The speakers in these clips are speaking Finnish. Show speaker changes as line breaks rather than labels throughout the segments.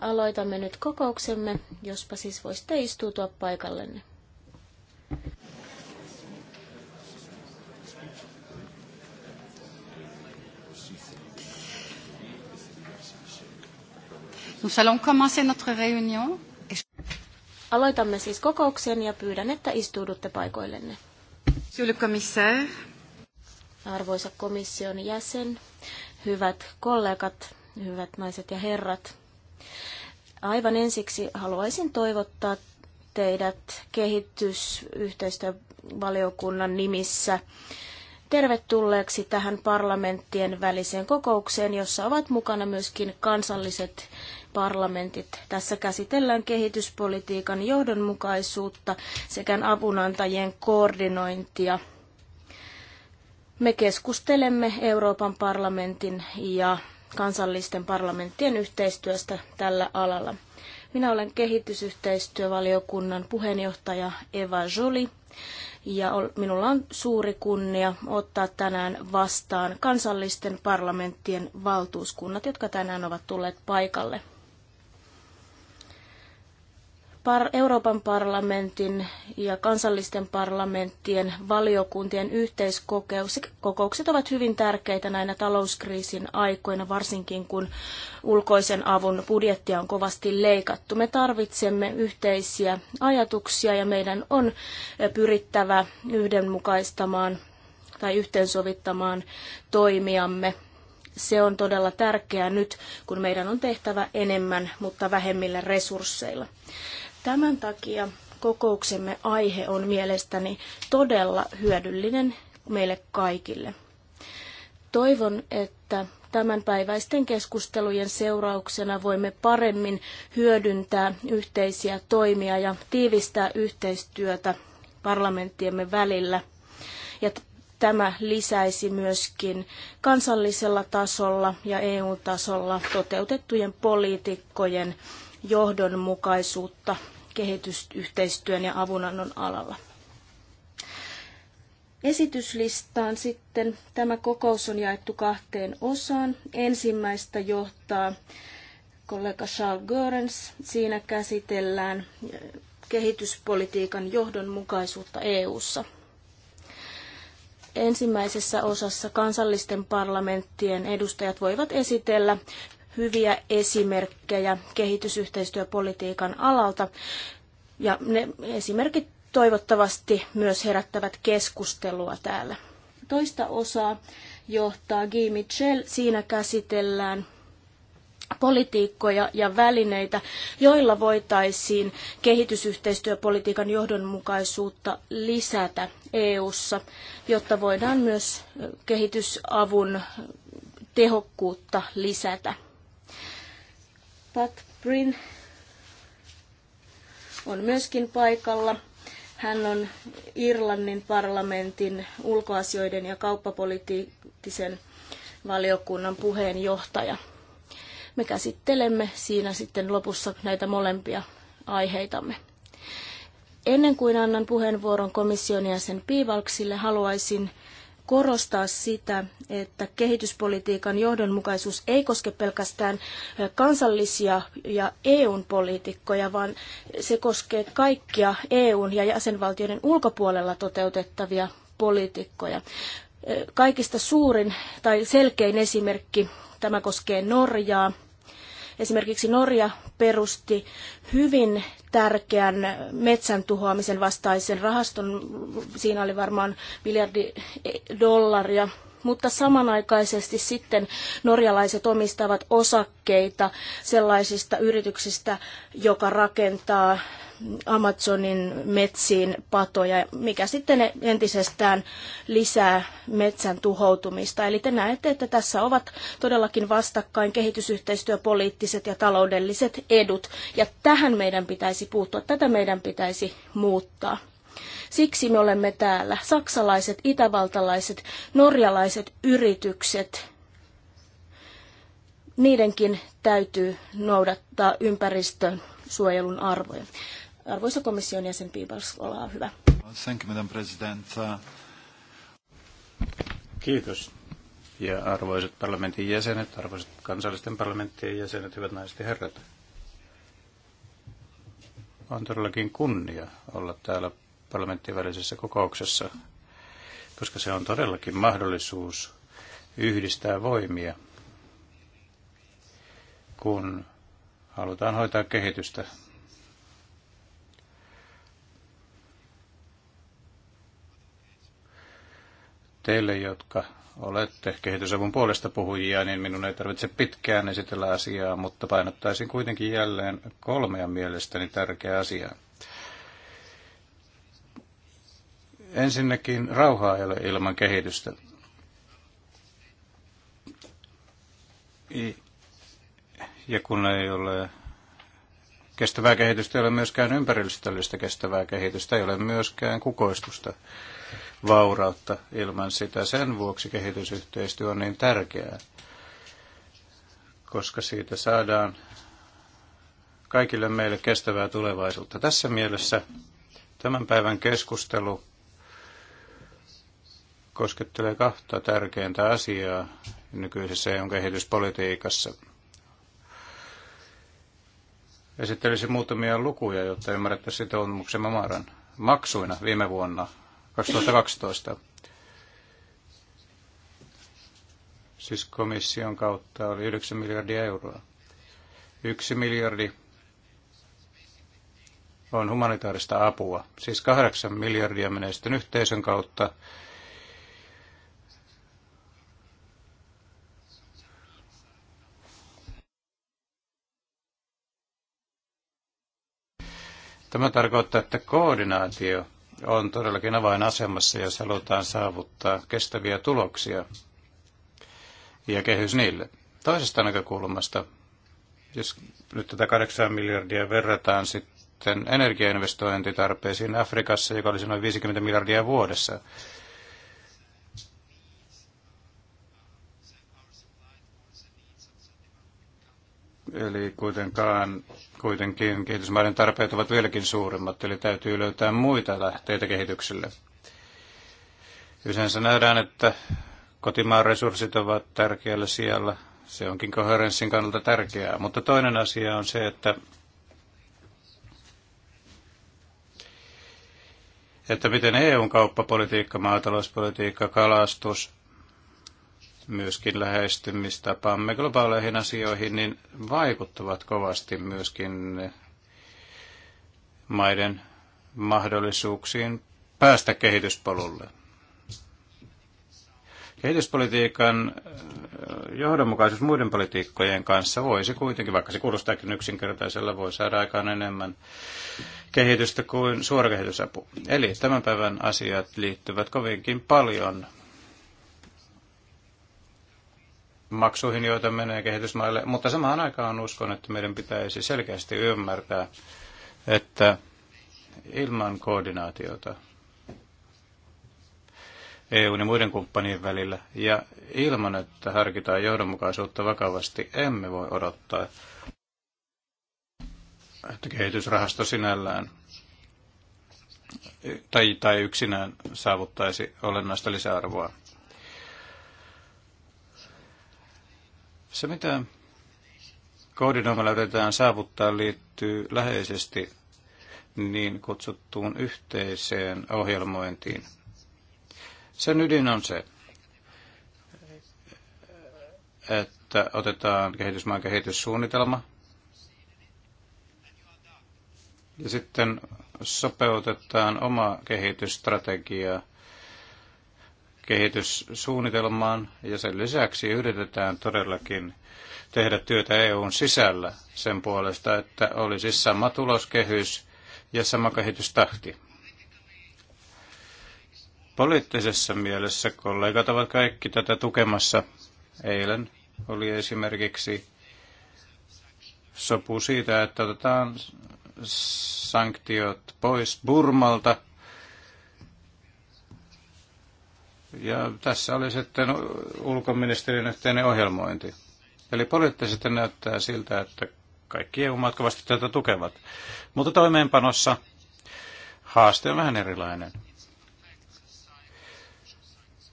Aloitamme nyt kokouksemme, jospa siis voisitte istuutua paikallenne.
Nous allons commencer notre réunion.
Aloitamme siis kokouksen ja pyydän, että istuudutte paikoillenne. Monsieur le commissaire. Arvoisa komission jäsen, hyvät kollegat, hyvät naiset ja herrat. Aivan ensiksi haluaisin toivottaa teidät kehitysyhteistyövaliokunnan nimissä tervetulleeksi tähän parlamenttien väliseen kokoukseen, jossa ovat mukana myöskin kansalliset parlamentit. Tässä käsitellään kehityspolitiikan johdonmukaisuutta sekä avunantajien koordinointia – me keskustelemme Euroopan parlamentin ja kansallisten parlamenttien yhteistyöstä tällä alalla. Minä olen kehitysyhteistyövaliokunnan puheenjohtaja Eva Joli ja minulla on suuri kunnia ottaa tänään vastaan kansallisten parlamenttien valtuuskunnat, jotka tänään ovat tulleet paikalle par- Euroopan parlamentin ja kansallisten parlamenttien valiokuntien yhteiskokoukset ovat hyvin tärkeitä näinä talouskriisin aikoina, varsinkin kun ulkoisen avun budjettia on kovasti leikattu. Me tarvitsemme yhteisiä ajatuksia ja meidän on pyrittävä yhdenmukaistamaan tai yhteensovittamaan toimiamme se on todella tärkeää nyt, kun meidän on tehtävä enemmän, mutta vähemmillä resursseilla. Tämän takia kokouksemme aihe on mielestäni todella hyödyllinen meille kaikille. Toivon, että tämänpäiväisten keskustelujen seurauksena voimme paremmin hyödyntää yhteisiä toimia ja tiivistää yhteistyötä parlamenttiemme välillä. Ja tämä lisäisi myöskin kansallisella tasolla ja EU-tasolla toteutettujen poliitikkojen johdonmukaisuutta kehitysyhteistyön ja avunannon alalla. Esityslistaan sitten tämä kokous on jaettu kahteen osaan. Ensimmäistä johtaa kollega Charles Görens. Siinä käsitellään kehityspolitiikan johdonmukaisuutta EU:ssa. Ensimmäisessä osassa kansallisten parlamenttien edustajat voivat esitellä hyviä esimerkkejä kehitysyhteistyöpolitiikan alalta. Ja ne esimerkit toivottavasti myös herättävät keskustelua täällä. Toista osaa johtaa Guy Mitchell. Siinä käsitellään politiikkoja ja välineitä, joilla voitaisiin kehitysyhteistyöpolitiikan johdonmukaisuutta lisätä EU:ssa, jotta voidaan myös kehitysavun tehokkuutta lisätä. Pat Brin on myöskin paikalla. Hän on Irlannin parlamentin ulkoasioiden ja kauppapoliittisen valiokunnan puheenjohtaja. Me käsittelemme siinä sitten lopussa näitä molempia aiheitamme. Ennen kuin annan puheenvuoron komission jäsen Piivalksille, haluaisin korostaa sitä, että kehityspolitiikan johdonmukaisuus ei koske pelkästään kansallisia ja EUn poliitikkoja, vaan se koskee kaikkia EUn ja jäsenvaltioiden ulkopuolella toteutettavia poliitikkoja. Kaikista suurin tai selkein esimerkki tämä koskee Norjaa, Esimerkiksi Norja perusti hyvin tärkeän metsän tuhoamisen vastaisen rahaston. Siinä oli varmaan miljardi dollaria mutta samanaikaisesti sitten norjalaiset omistavat osakkeita sellaisista yrityksistä, joka rakentaa Amazonin metsiin patoja, mikä sitten entisestään lisää metsän tuhoutumista. Eli te näette, että tässä ovat todellakin vastakkain kehitysyhteistyöpoliittiset ja taloudelliset edut, ja tähän meidän pitäisi puuttua, tätä meidän pitäisi muuttaa. Siksi me olemme täällä. Saksalaiset, itävaltalaiset, norjalaiset yritykset, niidenkin täytyy noudattaa ympäristön suojelun arvoja. Arvoisa komission jäsen Piibals, olkaa hyvä.
Thank you, Madam President. Kiitos. Ja arvoisat parlamentin jäsenet, arvoisat kansallisten parlamenttien jäsenet, hyvät naiset ja herrat. On todellakin kunnia olla täällä parlamenttien välisessä kokouksessa, koska se on todellakin mahdollisuus yhdistää voimia, kun halutaan hoitaa kehitystä teille, jotka olette kehitysavun puolesta puhujia, niin minun ei tarvitse pitkään esitellä asiaa, mutta painottaisin kuitenkin jälleen kolmea mielestäni tärkeää asiaa. Ensinnäkin rauhaa ei ole ilman kehitystä. Ja kun ei ole kestävää kehitystä, ei ole myöskään ympäristöllistä kestävää kehitystä, ei ole myöskään kukoistusta vaurautta ilman sitä. Sen vuoksi kehitysyhteistyö on niin tärkeää, koska siitä saadaan kaikille meille kestävää tulevaisuutta. Tässä mielessä tämän päivän keskustelu koskettelee kahta tärkeintä asiaa nykyisessä EUn kehityspolitiikassa. Esittelisin muutamia lukuja, jotta ymmärrätte sitoumuksemme määrän. Maksuina viime vuonna 2012 siis komission kautta oli 9 miljardia euroa. Yksi miljardi on humanitaarista apua. Siis kahdeksan miljardia menee sitten yhteisön kautta Tämä tarkoittaa, että koordinaatio on todellakin avainasemassa, jos halutaan saavuttaa kestäviä tuloksia ja kehys niille. Toisesta näkökulmasta, jos nyt tätä 8 miljardia verrataan sitten energiainvestointitarpeisiin Afrikassa, joka olisi noin 50 miljardia vuodessa, Eli kuitenkaan, kuitenkin kehitysmaiden tarpeet ovat vieläkin suuremmat, eli täytyy löytää muita lähteitä kehitykselle. Yleensä nähdään, että kotimaan resurssit ovat tärkeällä siellä. Se onkin koherenssin kannalta tärkeää. Mutta toinen asia on se, että, että miten EUn kauppapolitiikka, maatalouspolitiikka, kalastus – myöskin lähestymistapamme globaaleihin asioihin, niin vaikuttavat kovasti myöskin maiden mahdollisuuksiin päästä kehityspolulle. Kehityspolitiikan eh, johdonmukaisuus muiden politiikkojen kanssa voisi kuitenkin, vaikka se kuulostaakin yksinkertaisella, voi saada aikaan enemmän kehitystä kuin suora kehitysapu. Eli tämän päivän asiat liittyvät kovinkin paljon maksuihin, joita menee kehitysmaille, mutta samaan aikaan uskon, että meidän pitäisi selkeästi ymmärtää, että ilman koordinaatiota EUn ja muiden kumppanien välillä ja ilman, että harkitaan johdonmukaisuutta vakavasti, emme voi odottaa, että kehitysrahasto sinällään tai, tai yksinään saavuttaisi olennaista lisäarvoa. Se, mitä koordinoimalla yritetään saavuttaa, liittyy läheisesti niin kutsuttuun yhteiseen ohjelmointiin. Sen ydin on se, että otetaan kehitysmaan kehityssuunnitelma ja sitten sopeutetaan oma kehitysstrategia – kehityssuunnitelmaan ja sen lisäksi yritetään todellakin tehdä työtä EUn sisällä sen puolesta, että olisi sama tuloskehys ja sama kehitystahti. Poliittisessa mielessä kollegat ovat kaikki tätä tukemassa. Eilen oli esimerkiksi sopu siitä, että otetaan sanktiot pois Burmalta Ja tässä oli sitten ulkoministerin yhteinen ohjelmointi. Eli poliittisesti näyttää siltä, että kaikki EU-maat kovasti tätä tukevat. Mutta toimeenpanossa haaste on vähän erilainen,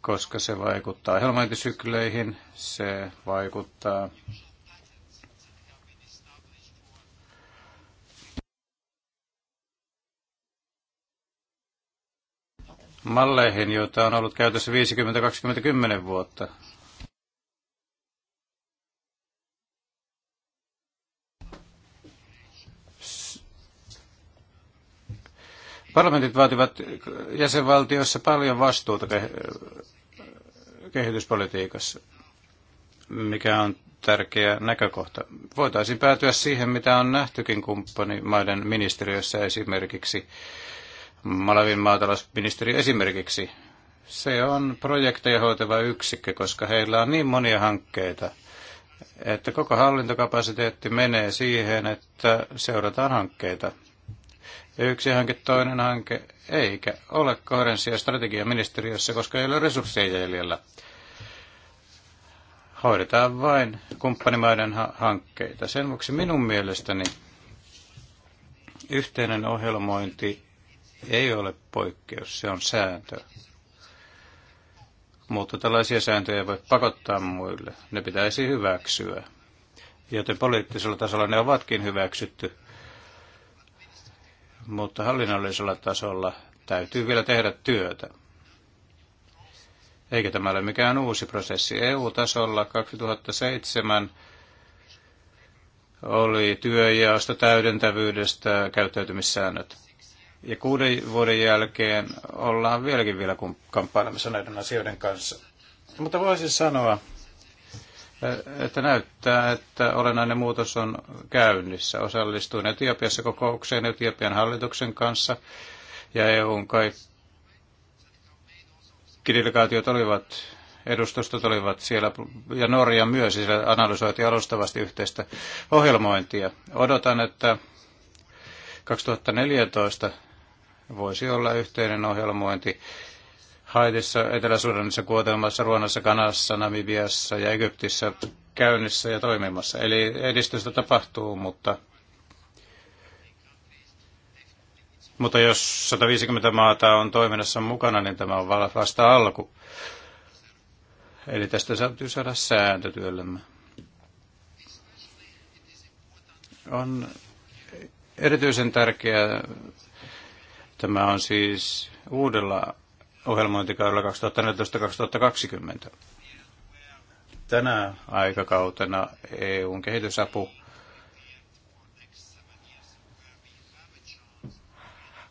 koska se vaikuttaa ohjelmointisykleihin, se vaikuttaa malleihin, joita on ollut käytössä 50-20 vuotta. Parlamentit vaativat jäsenvaltioissa paljon vastuuta kehityspolitiikassa, mikä on tärkeä näkökohta. Voitaisiin päätyä siihen, mitä on nähtykin kumppanimaiden ministeriössä esimerkiksi Malavin maatalousministeri esimerkiksi. Se on projekteja hoitava yksikkö, koska heillä on niin monia hankkeita, että koko hallintokapasiteetti menee siihen, että seurataan hankkeita. Yksi hanke, toinen hanke, eikä ole koherenssia strategiaministeriössä, koska ei ole resursseja jäljellä. Hoidetaan vain kumppanimaiden ha- hankkeita. Sen vuoksi minun mielestäni yhteinen ohjelmointi ei ole poikkeus, se on sääntö. Mutta tällaisia sääntöjä ei voi pakottaa muille. Ne pitäisi hyväksyä. Joten poliittisella tasolla ne ovatkin hyväksytty. Mutta hallinnollisella tasolla täytyy vielä tehdä työtä. Eikä tämä ole mikään uusi prosessi. EU-tasolla 2007 oli työjaosta täydentävyydestä käyttäytymissäännöt. Ja kuuden vuoden jälkeen ollaan vieläkin vielä kamppailemassa näiden asioiden kanssa. Mutta voisin sanoa, että näyttää, että olennainen muutos on käynnissä. Osallistuin Etiopiassa kokoukseen Etiopian hallituksen kanssa ja EUn kaikki delegaatiot olivat, edustustot olivat siellä ja Norja myös, siellä analysoitiin alustavasti yhteistä ohjelmointia. Odotan, että 2014 voisi olla yhteinen ohjelmointi Haitissa, Etelä-Sudanissa, Kuotelmassa, Ruonassa, Kanassa, Namibiassa ja Egyptissä käynnissä ja toimimassa. Eli edistystä tapahtuu, mutta, mutta jos 150 maata on toiminnassa mukana, niin tämä on vasta alku. Eli tästä täytyy saada sääntötyöllemme. On erityisen tärkeää Tämä on siis uudella ohjelmointikaudella 2014-2020. Tänä aikakautena EUn kehitysapu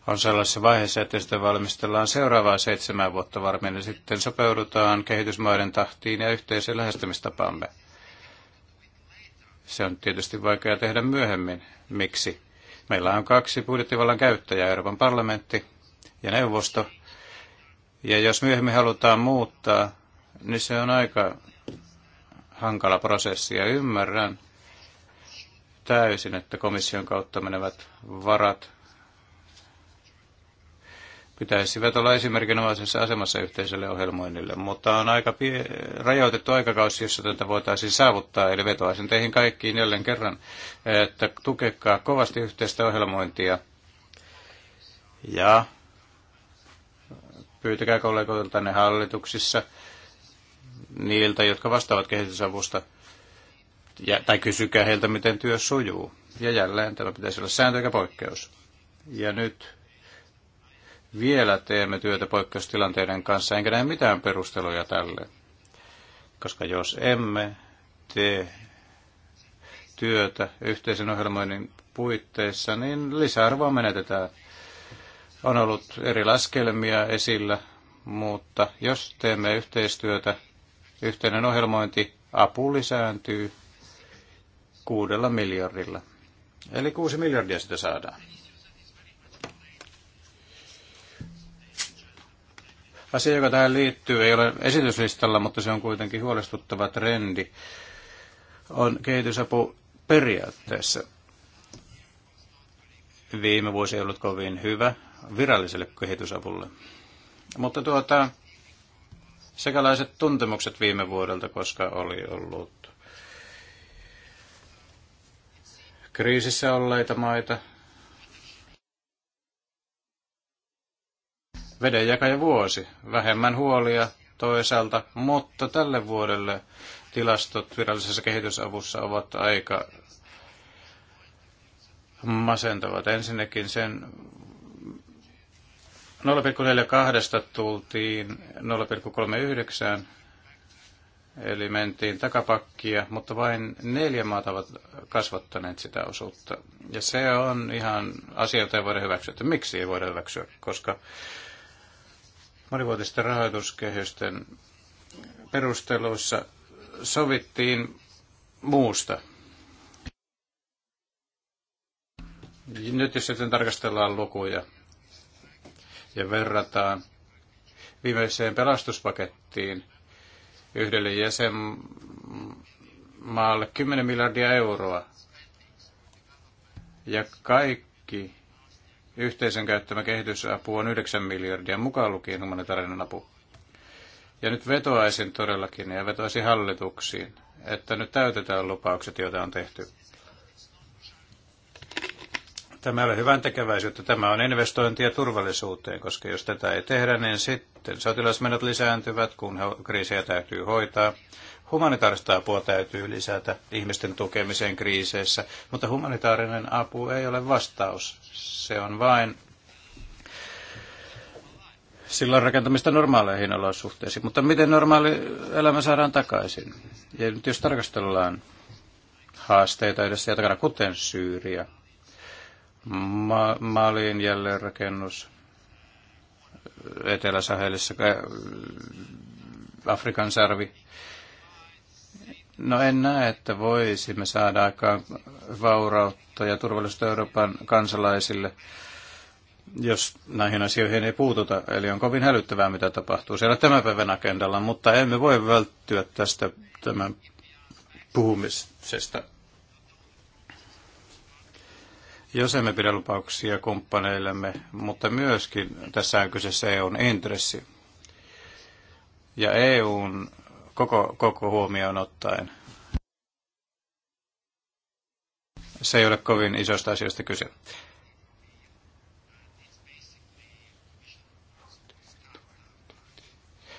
on sellaisessa vaiheessa, että sitä valmistellaan seuraavaa seitsemän vuotta varmin, ja sitten sopeudutaan kehitysmaiden tahtiin ja yhteiseen lähestymistapaamme. Se on tietysti vaikea tehdä myöhemmin. Miksi? Meillä on kaksi budjettivallan käyttäjää, Euroopan parlamentti ja neuvosto. Ja jos myöhemmin halutaan muuttaa, niin se on aika hankala prosessi ja ymmärrän täysin, että komission kautta menevät varat pitäisivät olla esimerkinomaisessa asemassa yhteiselle ohjelmoinnille, mutta on aika pie- rajoitettu aikakausi, jossa tätä voitaisiin saavuttaa, eli vetoaisin teihin kaikkiin jälleen kerran, että tukekaa kovasti yhteistä ohjelmointia ja pyytäkää ne hallituksissa niiltä, jotka vastaavat kehitysavusta, ja, tai kysykää heiltä, miten työ sujuu. Ja jälleen tämä pitäisi olla sääntö eikä poikkeus. Ja nyt vielä teemme työtä poikkeustilanteiden kanssa, enkä näe mitään perusteluja tälle. Koska jos emme tee työtä yhteisen ohjelmoinnin puitteissa, niin lisäarvoa menetetään. On ollut eri laskelmia esillä, mutta jos teemme yhteistyötä, yhteinen ohjelmointi, apu lisääntyy kuudella miljardilla. Eli kuusi miljardia sitä saadaan. Asia, joka tähän liittyy, ei ole esityslistalla, mutta se on kuitenkin huolestuttava trendi, on kehitysapu periaatteessa. Viime vuosi ei ollut kovin hyvä viralliselle kehitysavulle. Mutta tuota, sekalaiset tuntemukset viime vuodelta, koska oli ollut kriisissä olleita maita, vedenjakaja vuosi. Vähemmän huolia toisaalta, mutta tälle vuodelle tilastot virallisessa kehitysavussa ovat aika masentavat. Ensinnäkin sen 0,42 tultiin 0,39, eli mentiin takapakkia, mutta vain neljä maata ovat kasvattaneet sitä osuutta. Ja se on ihan asia, jota ei voida hyväksyä. Miksi ei voida hyväksyä? Koska monivuotisten rahoituskehysten perusteluissa sovittiin muusta. Nyt jos sitten tarkastellaan lukuja ja verrataan viimeiseen pelastuspakettiin yhdelle jäsenmaalle 10 miljardia euroa. Ja kaikki Yhteisön käyttämä kehitysapu on 9 miljardia, mukaan lukien humanitaarinen apu. Ja nyt vetoaisin todellakin ja vetoaisin hallituksiin, että nyt täytetään lupaukset, joita on tehty. Tämä ei ole hyvän tekeväisyyttä, tämä on investointia turvallisuuteen, koska jos tätä ei tehdä, niin sitten sotilasmenot lisääntyvät, kun kriisejä täytyy hoitaa. Humanitaarista apua täytyy lisätä ihmisten tukemiseen kriiseissä, mutta humanitaarinen apu ei ole vastaus. Se on vain silloin rakentamista normaaleihin olosuhteisiin. Mutta miten normaali elämä saadaan takaisin? Ja nyt jos tarkastellaan haasteita edessä ja takana, kuten Syyriä, ma- Malin jälleenrakennus, Etelä-Sahelissa, Afrikan sarvi, No en näe, että voisimme saada aikaan vaurautta ja turvallisuutta Euroopan kansalaisille, jos näihin asioihin ei puututa. Eli on kovin hälyttävää, mitä tapahtuu siellä tämän päivän agendalla, mutta emme voi välttyä tästä tämän puhumisesta. Jos emme pidä lupauksia kumppaneillemme, mutta myöskin tässä on kyseessä EUn intressi. Ja EUn koko, koko huomioon ottaen. Se ei ole kovin isosta asioista kyse.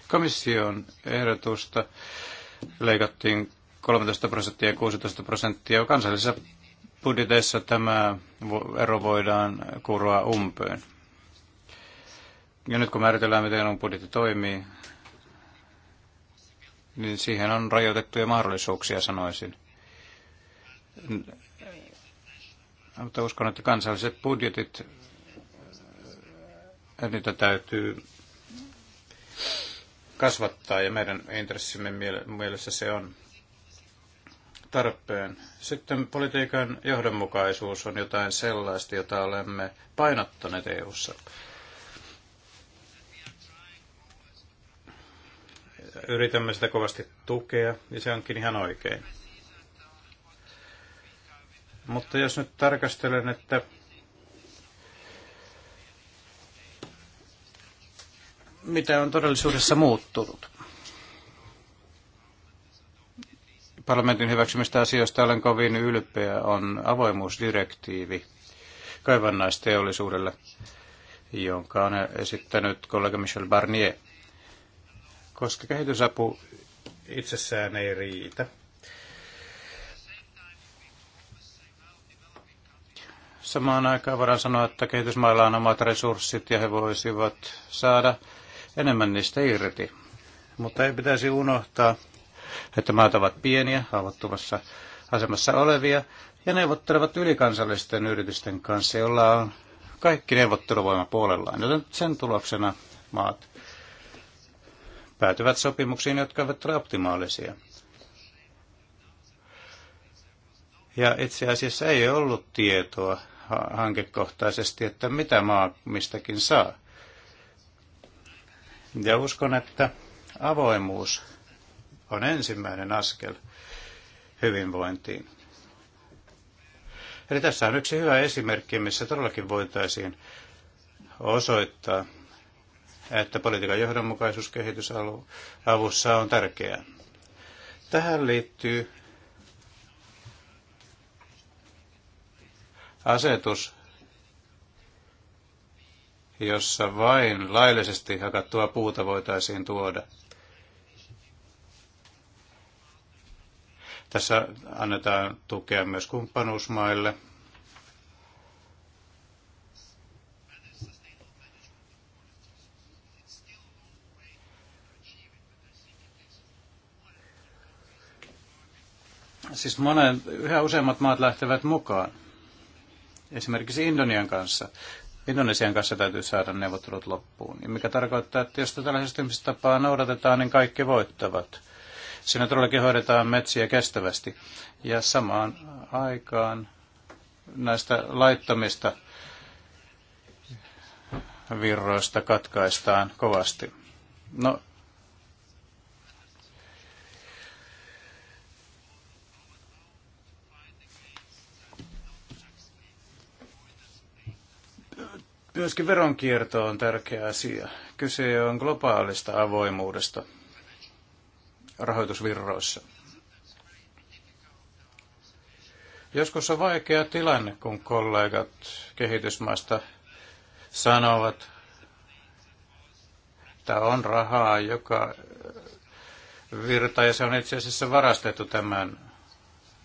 Komission ehdotusta leikattiin 13 prosenttia ja 16 prosenttia. Kansallisissa budjeteissa tämä ero voidaan kuroa umpeen. Ja nyt kun määritellään, miten on budjetti toimii, niin siihen on rajoitettuja mahdollisuuksia, sanoisin. Mutta uskon, että kansalliset budjetit, äh, niitä täytyy kasvattaa ja meidän intressimme mielessä se on tarpeen. Sitten politiikan johdonmukaisuus on jotain sellaista, jota olemme painottaneet EU:ssa. ssa yritämme sitä kovasti tukea, ja se onkin ihan oikein. Mutta jos nyt tarkastelen, että mitä on todellisuudessa muuttunut. Parlamentin hyväksymistä asioista olen kovin ylpeä on avoimuusdirektiivi kaivannaisteollisuudelle, jonka on esittänyt kollega Michel Barnier – koska kehitysapu itsessään ei riitä. Samaan aikaan voidaan sanoa, että kehitysmailla on omat resurssit ja he voisivat saada enemmän niistä irti. Mutta ei pitäisi unohtaa, että maat ovat pieniä, haavoittuvassa asemassa olevia ja neuvottelevat ylikansallisten yritysten kanssa, joilla on kaikki neuvotteluvoima puolellaan. Joten sen tuloksena maat päätyvät sopimuksiin, jotka ovat optimaalisia. Ja itse asiassa ei ollut tietoa hankekohtaisesti, että mitä maa mistäkin saa. Ja uskon, että avoimuus on ensimmäinen askel hyvinvointiin. Eli tässä on yksi hyvä esimerkki, missä todellakin voitaisiin osoittaa, että politiikan johdonmukaisuus kehitysavussa on tärkeää. Tähän liittyy asetus, jossa vain laillisesti hakattua puuta voitaisiin tuoda. Tässä annetaan tukea myös kumppanuusmaille – Siis monen, yhä useammat maat lähtevät mukaan. Esimerkiksi Indonian kanssa. Indonesian kanssa täytyy saada neuvottelut loppuun. Ja mikä tarkoittaa, että jos tätä tapaa noudatetaan, niin kaikki voittavat. Siinä todellakin hoidetaan metsiä kestävästi. Ja samaan aikaan näistä laittomista virroista katkaistaan kovasti. No, Myöskin veronkierto on tärkeä asia. Kyse on globaalista avoimuudesta rahoitusvirroissa. Joskus on vaikea tilanne, kun kollegat kehitysmaista sanovat, että on rahaa, joka virta, ja se on itse asiassa varastettu tämän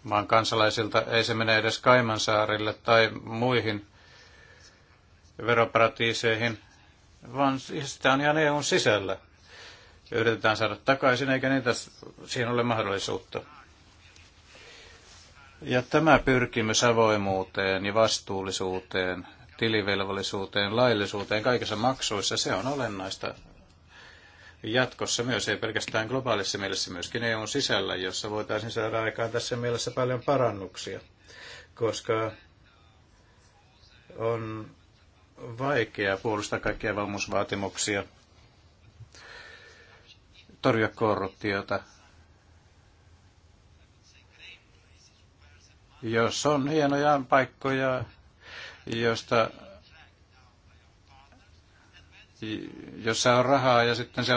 maan kansalaisilta. Ei se mene edes Kaimansaarille tai muihin veroparatiiseihin, vaan sitä siis on ihan EUn sisällä. Ja yritetään saada takaisin, eikä niitä siihen ole mahdollisuutta. Ja tämä pyrkimys avoimuuteen ja vastuullisuuteen, tilivelvollisuuteen, laillisuuteen kaikissa maksuissa, se on olennaista jatkossa myös, ei pelkästään globaalissa mielessä, myöskin EUn sisällä, jossa voitaisiin saada aikaan tässä mielessä paljon parannuksia, koska on vaikeaa puolustaa kaikkia valmuusvaatimuksia, torjua korruptiota, jos on hienoja paikkoja, josta, jossa on rahaa ja sitten se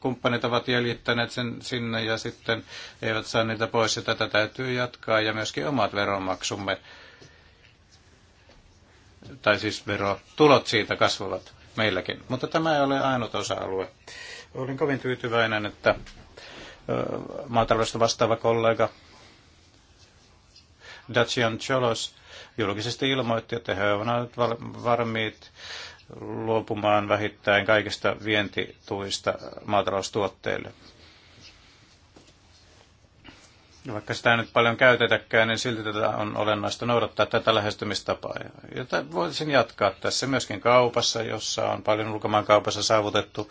kumppanit ovat jäljittäneet sen sinne ja sitten eivät saa niitä pois ja tätä täytyy jatkaa ja myöskin omat veronmaksumme tai siis verotulot siitä kasvavat meilläkin. Mutta tämä ei ole ainut osa-alue. Olin kovin tyytyväinen, että maataloudesta vastaava kollega Dacian Cholos julkisesti ilmoitti, että he ovat varmiit luopumaan vähittäin kaikista vientituista maataloustuotteille. No, vaikka sitä ei nyt paljon käytetäkään, niin silti tätä on olennaista noudattaa tätä lähestymistapaa, jota voisin jatkaa tässä myöskin kaupassa, jossa on paljon kaupassa saavutettu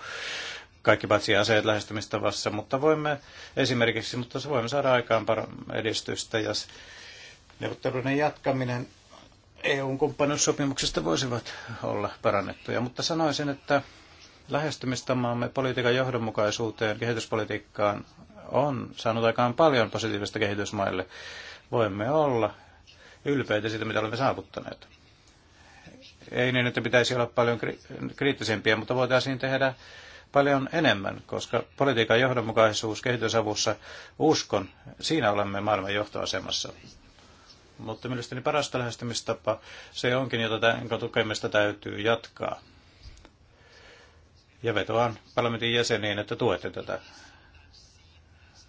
kaikki paitsi aseet lähestymistavassa, mutta voimme esimerkiksi, mutta se voimme saada aikaan edistystä ja neuvotteluiden jatkaminen eu kumppanuussopimuksesta voisivat olla parannettuja, mutta sanoisin, että lähestymistamaamme politiikan johdonmukaisuuteen, kehityspolitiikkaan on saanut aikaan paljon positiivista kehitysmaille. Voimme olla ylpeitä siitä, mitä olemme saavuttaneet. Ei niin, että pitäisi olla paljon kriittisempiä, mutta voitaisiin tehdä paljon enemmän, koska politiikan johdonmukaisuus kehitysavussa, uskon, siinä olemme maailman johtoasemassa. Mutta mielestäni parasta lähestymistapa se onkin, jota tämän tukemista täytyy jatkaa. Ja vetoan parlamentin jäseniin, että tuette tätä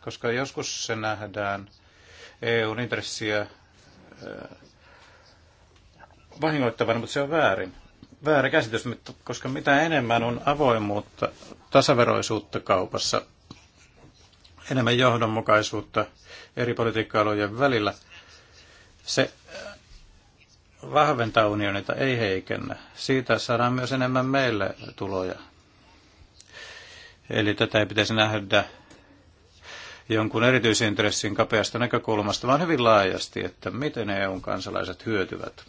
koska joskus se nähdään EUn intressiä äh, vahingoittavana, mutta se on väärin. Väärä käsitys, koska mitä enemmän on avoimuutta, tasaveroisuutta kaupassa, enemmän johdonmukaisuutta eri politiikka-alojen välillä, se äh, vahventaa unionita, ei heikennä. Siitä saadaan myös enemmän meille tuloja. Eli tätä ei pitäisi nähdä jonkun erityisintressin kapeasta näkökulmasta, vaan hyvin laajasti, että miten EUn kansalaiset hyötyvät.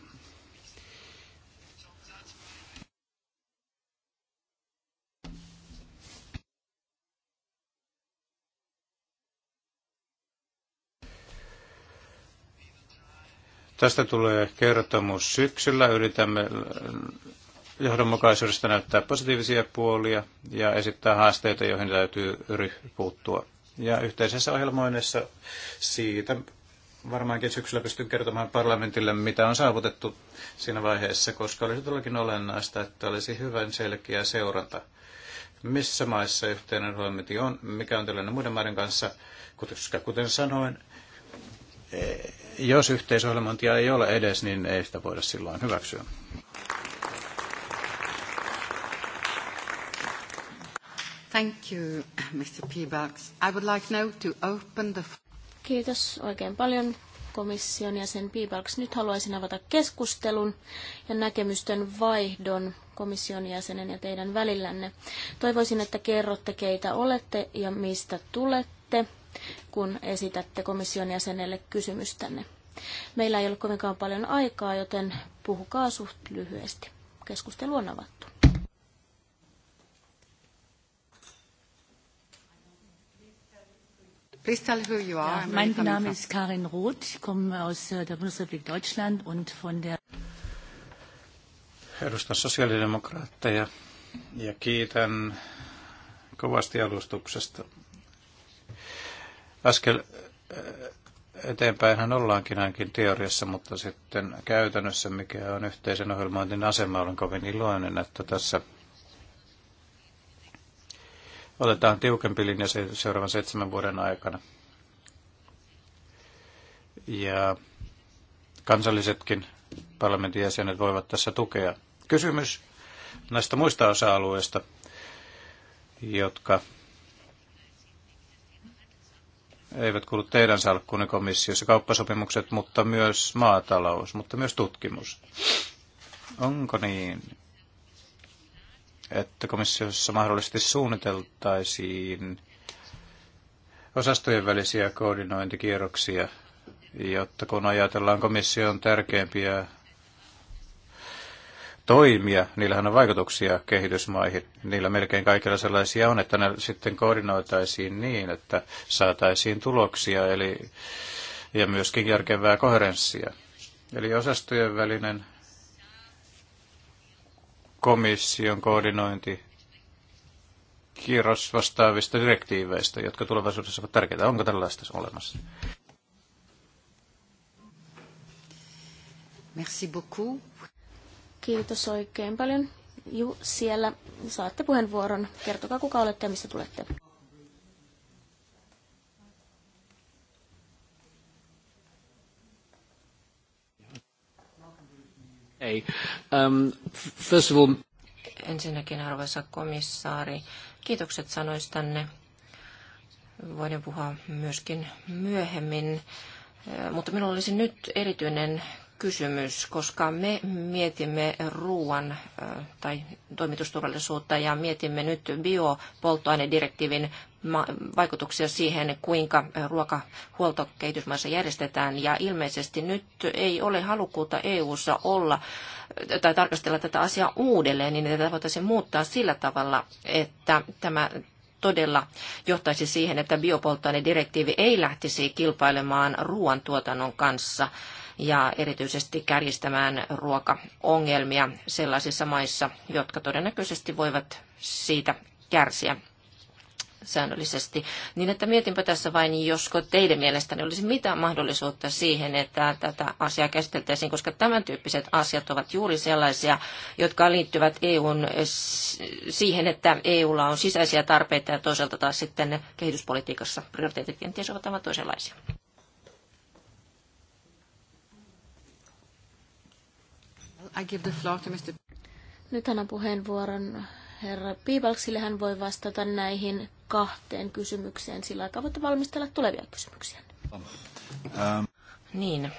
Tästä tulee kertomus syksyllä. Yritämme johdonmukaisuudesta näyttää positiivisia puolia ja esittää haasteita, joihin täytyy puuttua. Ja yhteisessä ohjelmoinnissa siitä varmaankin syksyllä pystyn kertomaan parlamentille, mitä on saavutettu siinä vaiheessa, koska olisi todellakin olennaista, että olisi hyvän selkeä seuranta, missä maissa yhteinen ohjelmointi on, mikä on tilanne muiden maiden kanssa, koska kuten sanoin, e, jos yhteisohjelmointia ei ole edes, niin ei sitä voida silloin hyväksyä.
Thank you, Mr. I would like now to open the... Kiitos oikein paljon komission jäsen Piebalgs. Nyt haluaisin avata keskustelun ja näkemysten vaihdon komission jäsenen ja teidän välillänne. Toivoisin, että kerrotte, keitä olette ja mistä tulette, kun esitätte komission jäsenelle kysymystänne. Meillä ei ole kovinkaan paljon aikaa, joten puhukaa suht lyhyesti. Keskustelu on avattu.
Please tell who you are. Ja, mein Name ist Karin Roth. Ich komme aus
äh, der Bundesrepublik Deutschland und von der...
Edustan sosiaalidemokraatteja ja kiitän kovasti alustuksesta. Askel äh, eteenpäinhän ollaankin ainakin teoriassa, mutta sitten käytännössä, mikä on yhteisen ohjelmointin asema, olen kovin iloinen, että tässä otetaan tiukempi linja seuraavan seitsemän vuoden aikana. Ja kansallisetkin parlamentin jäsenet voivat tässä tukea. Kysymys näistä muista osa-alueista, jotka eivät kuulu teidän salkkuunne komissiossa, kauppasopimukset, mutta myös maatalous, mutta myös tutkimus. Onko niin, että komissiossa mahdollisesti suunniteltaisiin osastojen välisiä koordinointikierroksia, jotta kun ajatellaan komission tärkeimpiä toimia, niillähän on vaikutuksia kehitysmaihin. Niillä melkein kaikilla sellaisia on, että ne sitten koordinoitaisiin niin, että saataisiin tuloksia eli, ja myöskin järkevää koherenssia. Eli osastojen välinen komission koordinointi kierros vastaavista direktiiveistä, jotka tulevaisuudessa ovat tärkeitä. Onko tällaista olemassa?
Merci
beaucoup. Kiitos oikein paljon. Ju, siellä saatte puheenvuoron. Kertokaa kuka olette ja mistä tulette. Um, first of all...
Ensinnäkin, arvoisa komissaari, kiitokset sanoistanne. Voin puhua myöskin myöhemmin, eh, mutta minulla olisi nyt erityinen kysymys, koska me mietimme ruoan tai toimitusturvallisuutta ja mietimme nyt biopolttoainedirektiivin vaikutuksia siihen, kuinka ruokahuolto kehitysmaissa järjestetään. Ja ilmeisesti nyt ei ole halukkuutta EU-ssa olla tai tarkastella tätä asiaa uudelleen, niin tätä voitaisiin muuttaa sillä tavalla, että tämä todella johtaisi siihen, että biopolttoainedirektiivi ei lähtisi kilpailemaan ruoantuotannon kanssa ja erityisesti kärjistämään ruokaongelmia sellaisissa maissa, jotka todennäköisesti voivat siitä kärsiä säännöllisesti. Niin että mietinpä tässä vain, josko teidän mielestäni olisi mitään mahdollisuutta siihen, että tätä asiaa käsiteltäisiin, koska tämän tyyppiset asiat ovat juuri sellaisia, jotka liittyvät EUn siihen, että EUlla on sisäisiä tarpeita ja toisaalta taas sitten kehityspolitiikassa prioriteetit kenties ovat aivan toisenlaisia.
I give the floor to Mr.
Nyt annan puheenvuoron herra Piivalksille. Hän voi vastata näihin kahteen kysymykseen sillä aikaa. Voitte valmistella tulevia kysymyksiä. Um.
Niin.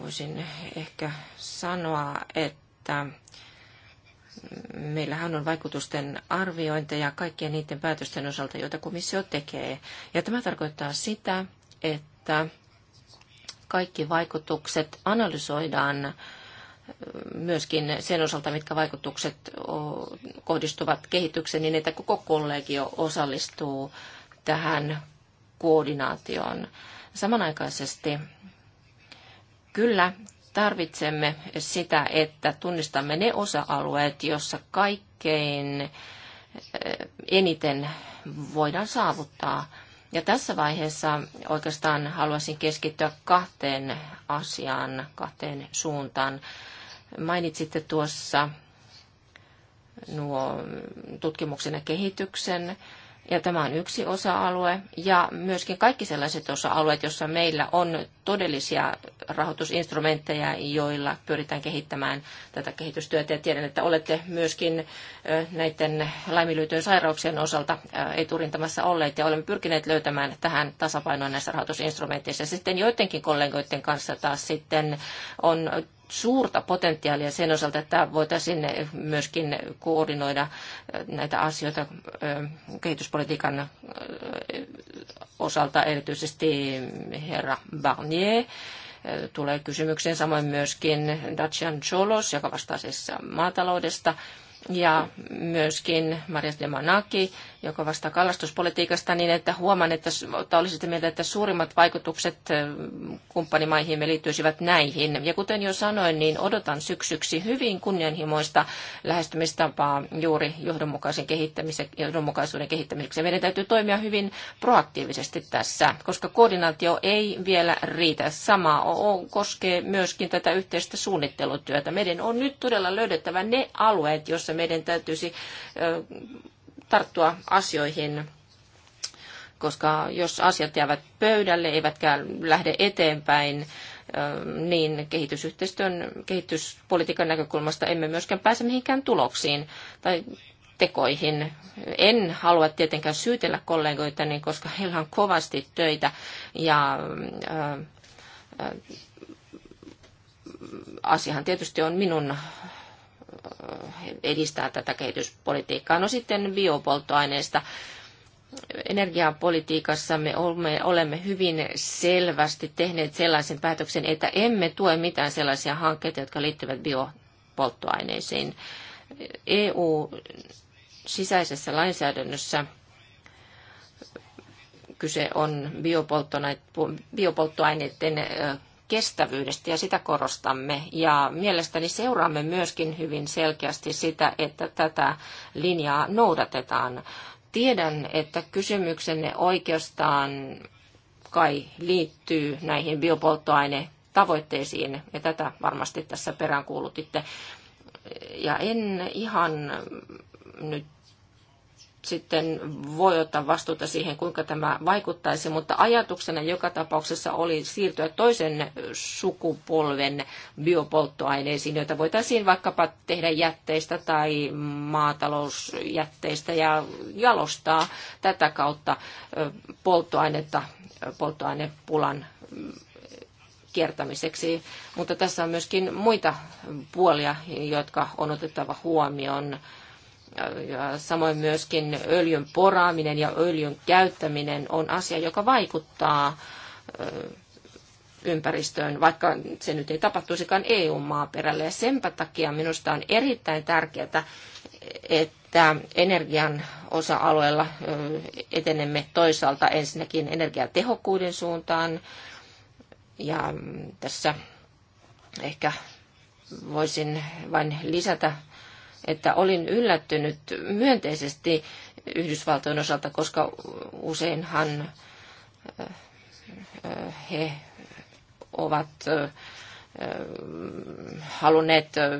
Voisin ehkä sanoa, että meillähän on vaikutusten arviointeja kaikkien niiden päätösten osalta, joita komissio tekee. Ja tämä tarkoittaa sitä, että kaikki vaikutukset analysoidaan myöskin sen osalta, mitkä vaikutukset kohdistuvat kehitykseen, niin että koko kollegio osallistuu tähän koordinaatioon. Samanaikaisesti kyllä tarvitsemme sitä, että tunnistamme ne osa-alueet, jossa kaikkein eniten voidaan saavuttaa ja tässä vaiheessa oikeastaan haluaisin keskittyä kahteen asiaan, kahteen suuntaan. Mainitsitte tuossa nuo tutkimuksen ja kehityksen ja tämä on yksi osa-alue, ja myöskin kaikki sellaiset osa-alueet, joissa meillä on todellisia rahoitusinstrumentteja, joilla pyritään kehittämään tätä kehitystyötä. Ja tiedän, että olette myöskin näiden laiminlyötyjen sairauksien osalta eturintamassa olleet, ja olemme pyrkineet löytämään tähän tasapainoon näissä rahoitusinstrumenteissa. Sitten joidenkin kollegoiden kanssa taas sitten on suurta potentiaalia sen osalta, että voitaisiin myöskin koordinoida äh, näitä asioita äh, kehityspolitiikan äh, osalta, erityisesti herra Barnier tulee kysymykseen, samoin myöskin Dacian Cholos, joka vastaa siis maataloudesta ja myöskin Marias Manaki, joka vastaa kalastuspolitiikasta, niin että huomaan, että, että olisi sitä mieltä, että suurimmat vaikutukset kumppanimaihimme liittyisivät näihin. Ja kuten jo sanoin, niin odotan syksyksi hyvin kunnianhimoista lähestymistapaa juuri johdonmukaisen kehittämisen, johdonmukaisuuden kehittämiseksi. Ja meidän täytyy toimia hyvin proaktiivisesti tässä, koska koordinaatio ei vielä riitä. Sama koskee myöskin tätä yhteistä suunnittelutyötä. Meidän on nyt todella löydettävä ne alueet, joissa meidän täytyisi tarttua asioihin koska jos asiat jäävät pöydälle eivätkä lähde eteenpäin, niin kehitysyhteistyön, kehityspolitiikan näkökulmasta emme myöskään pääse mihinkään tuloksiin tai tekoihin. En halua tietenkään syytellä kollegoita, niin koska heillä on kovasti töitä ja äh, äh, asiahan tietysti on minun edistää tätä kehityspolitiikkaa. No sitten biopolttoaineista. Energiapolitiikassa me olemme hyvin selvästi tehneet sellaisen päätöksen, että emme tue mitään sellaisia hankkeita, jotka liittyvät biopolttoaineisiin. EU-sisäisessä lainsäädännössä kyse on biopolttoaineiden kestävyydestä ja sitä korostamme. Ja mielestäni seuraamme myöskin hyvin selkeästi sitä, että tätä linjaa noudatetaan. Tiedän, että kysymyksenne oikeastaan kai liittyy näihin biopolttoaine tavoitteisiin, ja tätä varmasti tässä peräänkuulutitte. Ja en ihan nyt sitten voi ottaa vastuuta siihen, kuinka tämä vaikuttaisi, mutta ajatuksena joka tapauksessa oli siirtyä toisen sukupolven biopolttoaineisiin, joita voitaisiin vaikkapa tehdä jätteistä tai maatalousjätteistä ja jalostaa tätä kautta polttoainetta polttoainepulan kiertämiseksi. Mutta tässä on myöskin muita puolia, jotka on otettava huomioon ja samoin myöskin öljyn poraaminen ja öljyn käyttäminen on asia, joka vaikuttaa ympäristöön, vaikka se nyt ei tapahtuisikaan eu maaperälle Ja sen takia minusta on erittäin tärkeää, että energian osa-alueella etenemme toisaalta ensinnäkin energiatehokkuuden suuntaan. Ja mm, tässä ehkä voisin vain lisätä että olin yllättynyt myönteisesti Yhdysvaltojen osalta, koska useinhan eh, he ovat eh, halunneet eh,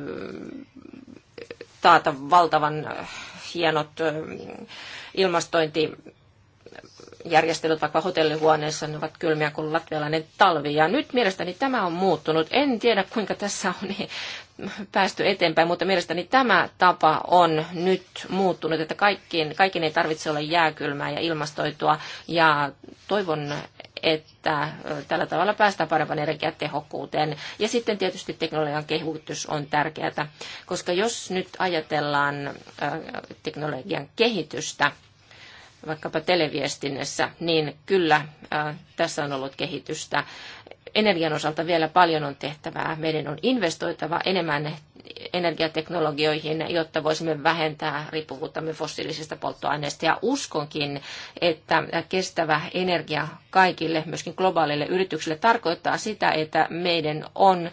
taata valtavan hienot ilmastointi järjestelyt vaikka hotellihuoneessa ne ovat kylmiä kuin latvialainen talvi. Ja nyt mielestäni tämä on muuttunut. En tiedä kuinka tässä on niin päästy eteenpäin, mutta mielestäni tämä tapa on nyt muuttunut, että kaikkiin, kaikkiin ei tarvitse olla jääkylmää ja ilmastoitua. Ja toivon, että tällä tavalla päästään parempaan energiatehokkuuteen. Ja sitten tietysti teknologian kehitys on tärkeää, koska jos nyt ajatellaan teknologian kehitystä, vaikkapa televiestinnässä, niin kyllä tässä on ollut kehitystä. Energian osalta vielä paljon on tehtävää. Meidän on investoitava enemmän energiateknologioihin, jotta voisimme vähentää riippuvuuttamme fossiilisista polttoaineista. Ja uskonkin, että kestävä energia kaikille, myöskin globaaleille yrityksille, tarkoittaa sitä, että meidän on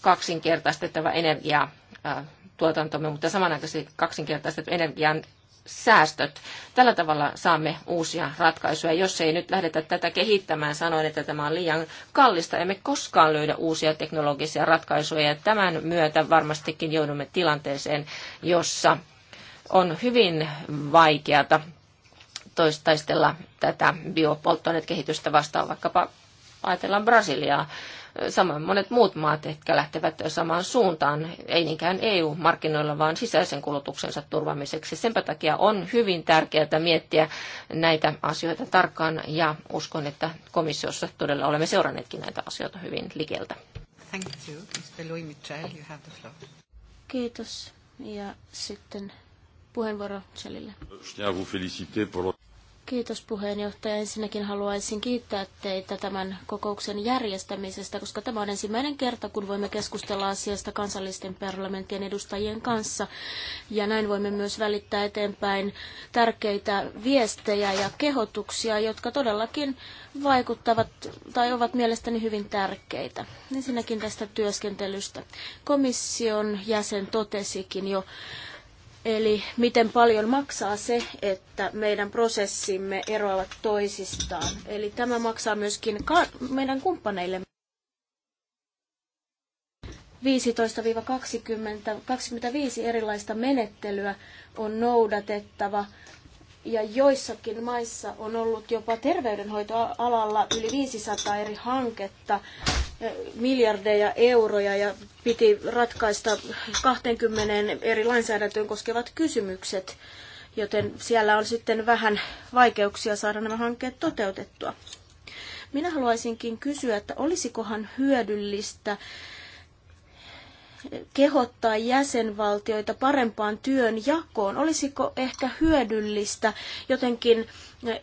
kaksinkertaistettava energia tuotantomme, mutta samanaikaisesti kaksinkertaistettava energian säästöt. Tällä tavalla saamme uusia ratkaisuja. Jos ei nyt lähdetä tätä kehittämään, sanoin, että tämä on liian kallista. Emme koskaan löydä uusia teknologisia ratkaisuja ja tämän myötä varmastikin joudumme tilanteeseen, jossa on hyvin vaikeata toistaistella tätä biopolttoainekehitystä vastaan, vaikkapa ajatellaan Brasiliaa. Samoin monet muut maat ehkä lähtevät samaan suuntaan, ei niinkään EU-markkinoilla, vaan sisäisen kulutuksensa turvamiseksi. Senpä takia on hyvin tärkeää miettiä näitä asioita tarkkaan ja uskon, että komissiossa todella olemme seuranneetkin näitä asioita hyvin likeltä. Thank you. Louis you have the floor.
Kiitos. Ja sitten puheenvuoro Chelille. Kiitos puheenjohtaja. Ensinnäkin haluaisin kiittää teitä tämän kokouksen järjestämisestä, koska tämä on ensimmäinen kerta, kun voimme keskustella asiasta kansallisten parlamenttien edustajien kanssa. Ja näin voimme myös välittää eteenpäin tärkeitä viestejä ja kehotuksia, jotka todellakin vaikuttavat tai ovat mielestäni hyvin tärkeitä. Ensinnäkin tästä työskentelystä. Komission jäsen totesikin jo Eli miten paljon maksaa se, että meidän prosessimme eroavat toisistaan. Eli tämä maksaa myöskin meidän kumppaneille 15-25 erilaista menettelyä on noudatettava. Ja joissakin maissa on ollut jopa terveydenhoitoalalla yli 500 eri hanketta miljardeja euroja ja piti ratkaista 20 eri lainsäädäntöön koskevat kysymykset, joten siellä on sitten vähän vaikeuksia saada nämä hankkeet toteutettua. Minä haluaisinkin kysyä, että olisikohan hyödyllistä kehottaa jäsenvaltioita parempaan työn jakoon? Olisiko ehkä hyödyllistä jotenkin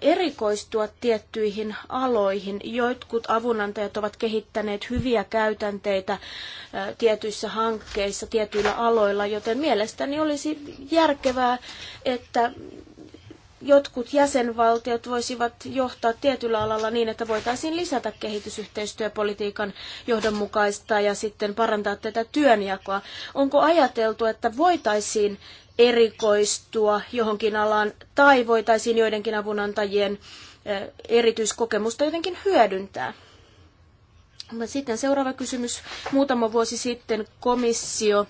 erikoistua tiettyihin aloihin? Jotkut avunantajat ovat kehittäneet hyviä käytänteitä tietyissä hankkeissa, tietyillä aloilla, joten mielestäni olisi järkevää, että jotkut jäsenvaltiot voisivat johtaa tietyllä alalla niin, että voitaisiin lisätä kehitysyhteistyöpolitiikan johdonmukaista ja sitten parantaa tätä työnjakoa. Onko ajateltu, että voitaisiin erikoistua johonkin alaan tai voitaisiin joidenkin avunantajien erityiskokemusta jotenkin hyödyntää? No sitten seuraava kysymys. Muutama vuosi sitten komissio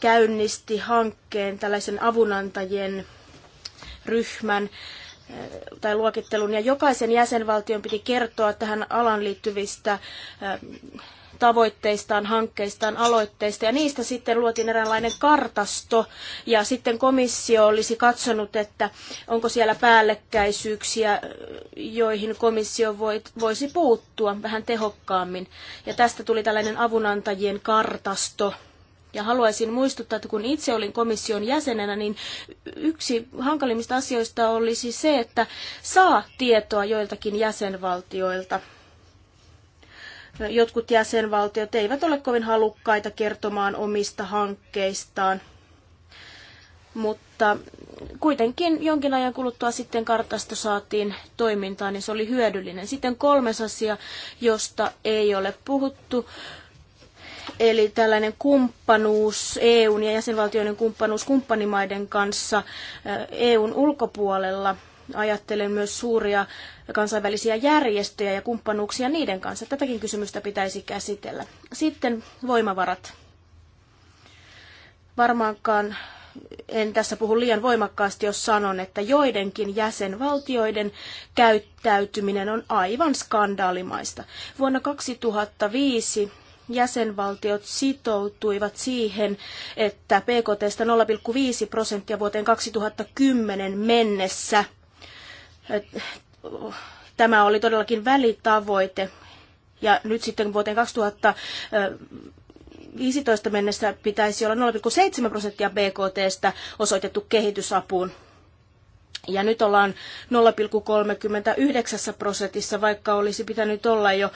käynnisti hankkeen tällaisen avunantajien ryhmän eh, tai luokittelun, ja jokaisen jäsenvaltion piti kertoa tähän alan liittyvistä eh, tavoitteistaan, hankkeistaan, aloitteista, ja niistä sitten luotiin eräänlainen kartasto, ja sitten komissio olisi katsonut, että onko siellä päällekkäisyyksiä, eh, joihin komissio voisi puuttua vähän tehokkaammin. Ja tästä tuli tällainen avunantajien kartasto, ja haluaisin muistuttaa, että kun itse olin komission jäsenenä, niin yksi hankalimmista asioista olisi se, että saa tietoa joiltakin jäsenvaltioilta. Jotkut jäsenvaltiot eivät ole kovin halukkaita kertomaan omista hankkeistaan mutta kuitenkin jonkin ajan kuluttua sitten kartasta saatiin toimintaan, niin se oli hyödyllinen. Sitten kolmas asia, josta ei ole puhuttu, Eli tällainen kumppanuus, EUn ja jäsenvaltioiden kumppanuus kumppanimaiden kanssa eh, EUn ulkopuolella. Ajattelen myös suuria kansainvälisiä järjestöjä ja kumppanuuksia niiden kanssa. Tätäkin kysymystä pitäisi käsitellä. Sitten voimavarat. Varmaankaan en tässä puhu liian voimakkaasti, jos sanon, että joidenkin jäsenvaltioiden käyttäytyminen on aivan skandaalimaista. Vuonna 2005 jäsenvaltiot sitoutuivat siihen, että BKT:stä 0,5 prosenttia vuoteen 2010 mennessä. Tämä oli todellakin välitavoite. Ja nyt sitten vuoteen 2015 mennessä pitäisi olla 0,7 prosenttia BKTstä osoitettu kehitysapuun. Ja nyt ollaan 0,39 prosentissa, vaikka olisi pitänyt olla jo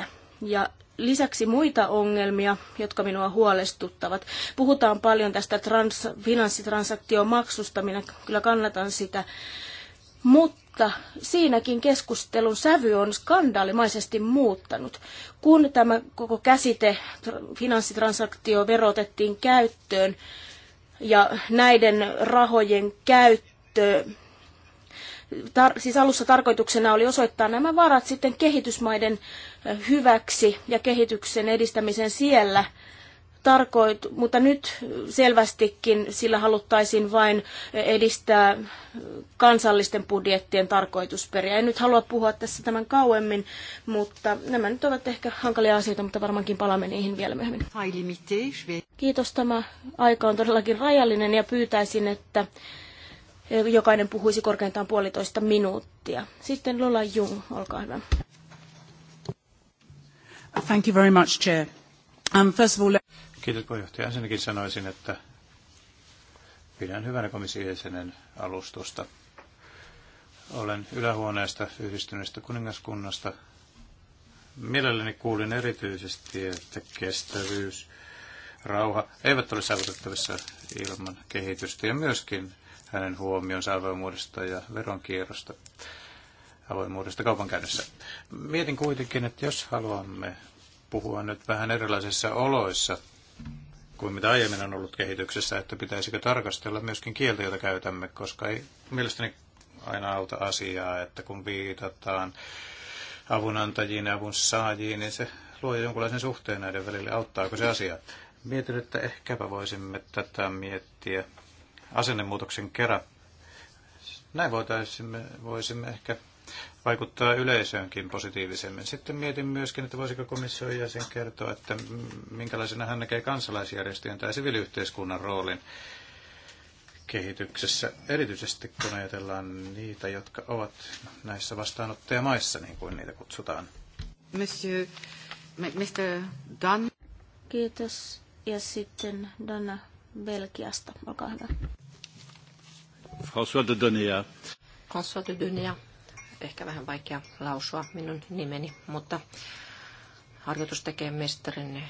0,5 ja lisäksi muita ongelmia, jotka minua huolestuttavat. Puhutaan paljon tästä trans, finanssitransaktiomaksusta, minä kyllä kannatan sitä, mutta siinäkin keskustelun sävy on skandaalimaisesti muuttanut. Kun tämä koko käsite finanssitransaktio verotettiin käyttöön ja näiden rahojen käyttö tar- siis alussa tarkoituksena oli osoittaa nämä varat sitten kehitysmaiden hyväksi ja kehityksen edistämisen siellä. Tarkoit- mutta nyt selvästikin sillä haluttaisiin vain edistää kansallisten budjettien tarkoitusperiä. En nyt halua puhua tässä tämän kauemmin, mutta nämä nyt ovat ehkä hankalia asioita, mutta varmaankin palaamme niihin vielä myöhemmin. Kiitos, tämä aika on todellakin rajallinen ja pyytäisin, että jokainen puhuisi korkeintaan puolitoista minuuttia. Sitten Lola Jung, olkaa hyvä.
Thank you very much, Chair. Um, first of all... Kiitos puheenjohtaja. Ensinnäkin sanoisin, että pidän hyvänä komission jäsenen alustusta. Olen ylähuoneesta yhdistyneestä kuningaskunnasta. Mielelläni kuulin erityisesti, että kestävyys, rauha eivät ole saavutettavissa ilman kehitystä ja myöskin hänen huomionsa avoimuudesta ja veronkierrosta avoimuudesta kaupankäynnissä. Mietin kuitenkin, että jos haluamme puhua nyt vähän erilaisissa oloissa kuin mitä aiemmin on ollut kehityksessä, että pitäisikö tarkastella myöskin kieltä, jota käytämme, koska ei mielestäni aina auta asiaa, että kun viitataan avunantajiin ja avun saajiin, niin se luo jonkunlaisen suhteen näiden välille. Auttaako se asia? Mietin, että ehkäpä voisimme tätä miettiä asennemuutoksen kerran. Näin voitaisimme, voisimme ehkä vaikuttaa yleisöönkin positiivisemmin. Sitten mietin myöskin, että voisiko komission jäsen kertoa, että minkälaisena hän näkee kansalaisjärjestöjen tai siviiliyhteiskunnan roolin kehityksessä, erityisesti kun ajatellaan niitä, jotka ovat näissä vastaanottajamaissa, niin kuin niitä kutsutaan.
Monsieur, Mr. Dunn. Kiitos. Ja sitten Donna Belgiasta, olkaa hyvä.
François de Donea.
François de Donea.
Ehkä vähän vaikea lausua minun nimeni, mutta harjoitus tekee mestarin,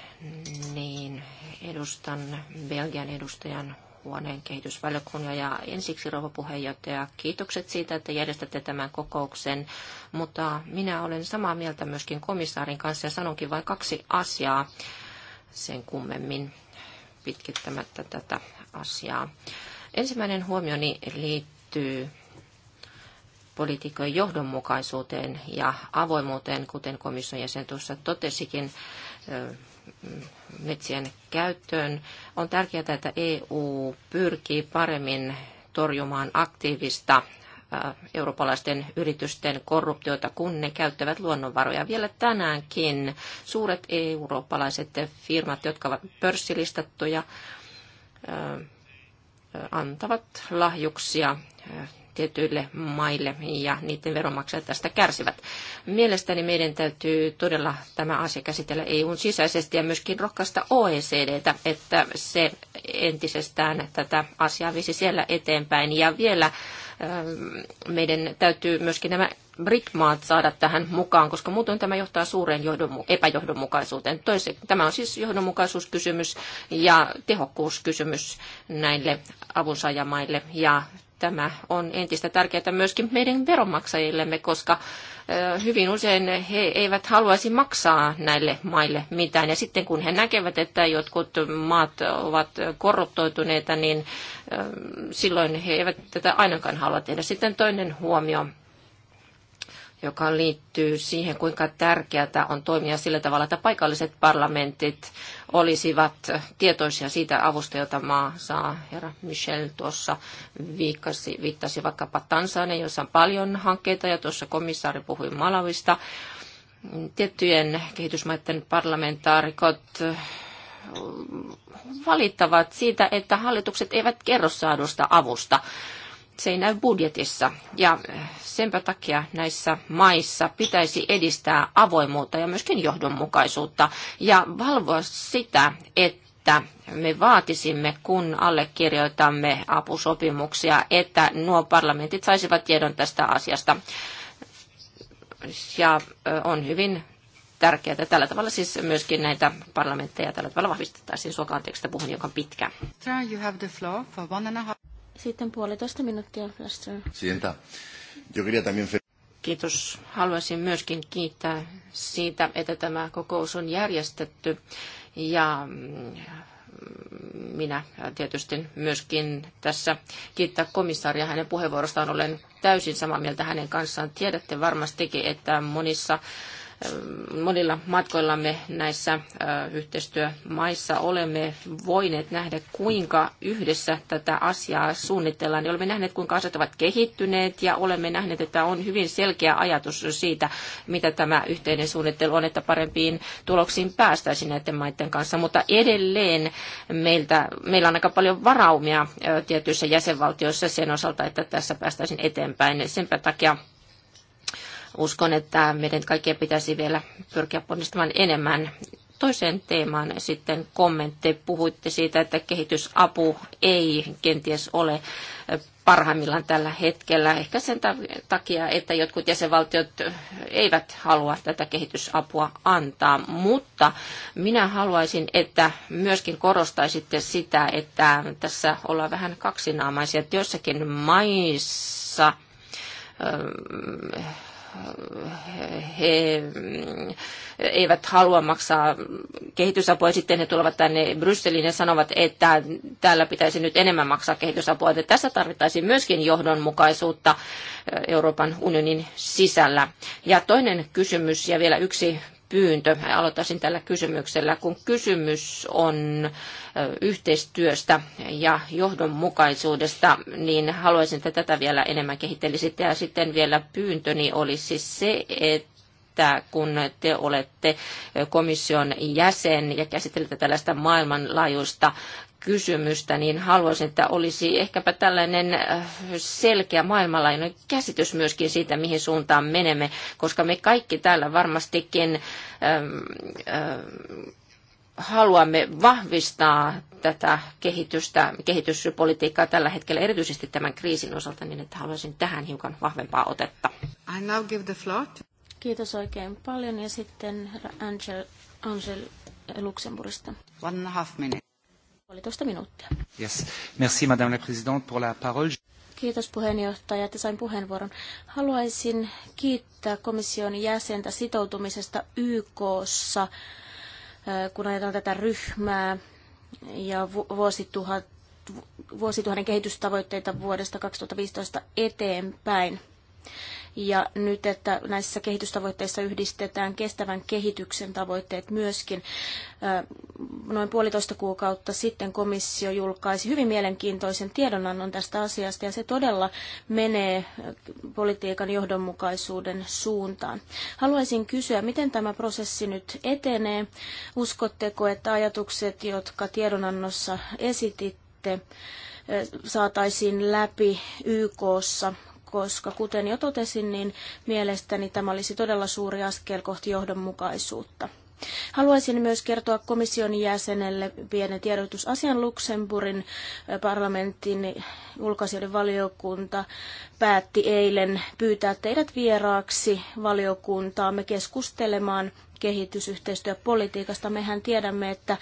niin edustan Belgian edustajan huoneen kehitysvaliokunnan ja ensiksi rouva puheenjohtaja, kiitokset siitä, että järjestätte tämän kokouksen, mutta minä olen samaa mieltä myöskin komissaarin kanssa ja sanonkin vain kaksi asiaa sen kummemmin pitkittämättä tätä asiaa. Ensimmäinen huomioni liittyy politiikkojen johdonmukaisuuteen ja avoimuuteen, kuten komission jäsen tuossa totesikin metsien käyttöön. On tärkeää, että EU pyrkii paremmin torjumaan aktiivista eurooppalaisten yritysten korruptiota, kun ne käyttävät luonnonvaroja. Vielä tänäänkin suuret eurooppalaiset firmat, jotka ovat pörssilistattuja, antavat lahjuksia tietyille maille ja niiden veronmaksajat tästä kärsivät. Mielestäni meidän täytyy todella tämä asia käsitellä EUn sisäisesti ja myöskin rohkaista OECDtä, että se entisestään tätä asiaa visi siellä eteenpäin ja vielä meidän täytyy myöskin nämä BRIC-maat saada tähän mukaan, koska muuten tämä johtaa suureen johdonmu- epäjohdonmukaisuuteen. Toise, tämä on siis johdonmukaisuuskysymys ja tehokkuuskysymys näille avunsaajamaille ja tämä on entistä tärkeää myöskin meidän veronmaksajillemme, koska hyvin usein he eivät haluaisi maksaa näille maille mitään. Ja sitten kun he näkevät, että jotkut maat ovat korruptoituneita, niin silloin he eivät tätä ainakaan halua tehdä. Sitten toinen huomio joka liittyy siihen, kuinka tärkeää on toimia sillä tavalla, että paikalliset parlamentit olisivat tietoisia siitä avusta, jota maa saa. Herra Michel tuossa viikasi, viittasi vaikkapa Tansania, jossa on paljon hankkeita, ja tuossa komissaari puhui Malavista. Tiettyjen kehitysmaiden parlamentaarikot eh, valittavat siitä, että hallitukset eivät kerro saadusta avusta se ei näy budjetissa. Ja eh, senpä takia näissä maissa pitäisi edistää avoimuutta ja myöskin johdonmukaisuutta ja valvoa sitä, että me vaatisimme, kun allekirjoitamme apusopimuksia, että nuo parlamentit saisivat tiedon tästä asiasta. Ja eh, on hyvin tärkeää, että tällä tavalla siis myöskin näitä parlamentteja tällä tavalla vahvistettaisiin. Suokaa tekstä puhun joka on pitkä.
you have the floor for one and a half. Sitten puolitoista minuuttia, Lester.
Sientä. Yo quería también Kiitos. Haluaisin myöskin kiittää siitä, että tämä kokous on järjestetty. Ja mm, minä tietysti myöskin tässä kiittää komissaaria hänen puheenvuorostaan. Olen täysin samaa mieltä hänen kanssaan. Tiedätte varmastikin, että monissa monilla matkoillamme näissä yhteistyömaissa olemme voineet nähdä, kuinka yhdessä tätä asiaa suunnitellaan. Ja niin olemme nähneet, kuinka asiat ovat kehittyneet ja olemme nähneet, että on hyvin selkeä ajatus siitä, mitä tämä yhteinen suunnittelu on, että parempiin tuloksiin päästäisiin näiden maiden kanssa. Mutta edelleen meiltä, meillä on aika paljon varaumia tietyissä jäsenvaltioissa sen osalta, että tässä päästäisiin eteenpäin. Senpä takia uskon, että meidän kaikkien pitäisi vielä pyrkiä ponnistamaan enemmän. Toiseen teemaan sitten kommentti. Puhuitte siitä, että kehitysapu ei kenties ole parhaimmillaan tällä hetkellä. Ehkä sen takia, että jotkut jäsenvaltiot eivät halua tätä kehitysapua antaa, mutta minä haluaisin, että myöskin korostaisitte sitä, että tässä ollaan vähän kaksinaamaisia. Että joissakin maissa he eivät halua maksaa kehitysapua. Sitten he tulevat tänne Brysseliin ja sanovat, että täällä pitäisi nyt enemmän maksaa kehitysapua. Että tässä tarvittaisiin myöskin johdonmukaisuutta Euroopan unionin sisällä. Ja toinen kysymys ja vielä yksi pyyntö. Aloitaisin tällä kysymyksellä, kun kysymys on yhteistyöstä ja johdonmukaisuudesta, niin haluaisin, että tätä vielä enemmän kehittelisitte. Ja sitten vielä pyyntöni olisi se, että että kun te olette komission jäsen ja käsittelette tällaista maailmanlaajuista kysymystä, niin haluaisin, että olisi ehkäpä tällainen äh, selkeä maailmanlainen käsitys myöskin siitä, mihin suuntaan menemme, koska me kaikki täällä varmastikin ähm, äh, haluamme vahvistaa tätä kehitystä, kehityspolitiikkaa tällä hetkellä, erityisesti tämän kriisin osalta, niin että haluaisin tähän hiukan vahvempaa otetta.
I now give the floor. Kiitos oikein paljon ja sitten Angel, Angel Luxemburgista. One and a half minute puolitoista minuuttia.
Yes. Merci, Madame la Présidente, pour la parole.
Kiitos puheenjohtaja, että sain puheenvuoron. Haluaisin kiittää komission jäsentä sitoutumisesta YKssa, kun ajatellaan tätä ryhmää ja vuosituhat, vuosituhannen kehitystavoitteita vuodesta 2015 eteenpäin ja nyt, että näissä kehitystavoitteissa yhdistetään kestävän kehityksen tavoitteet myöskin. Noin puolitoista kuukautta sitten komissio julkaisi hyvin mielenkiintoisen tiedonannon tästä asiasta ja se todella menee politiikan johdonmukaisuuden suuntaan. Haluaisin kysyä, miten tämä prosessi nyt etenee? Uskotteko, että ajatukset, jotka tiedonannossa esititte, saataisiin läpi YKssa koska kuten jo totesin, niin mielestäni tämä olisi todella suuri askel kohti johdonmukaisuutta. Haluaisin myös kertoa komission jäsenelle pienen tiedotusasian Luxemburgin parlamentin ulkoasioiden valiokunta päätti eilen pyytää teidät vieraaksi valiokuntaamme keskustelemaan kehitysyhteistyöpolitiikasta. Mehän tiedämme, että,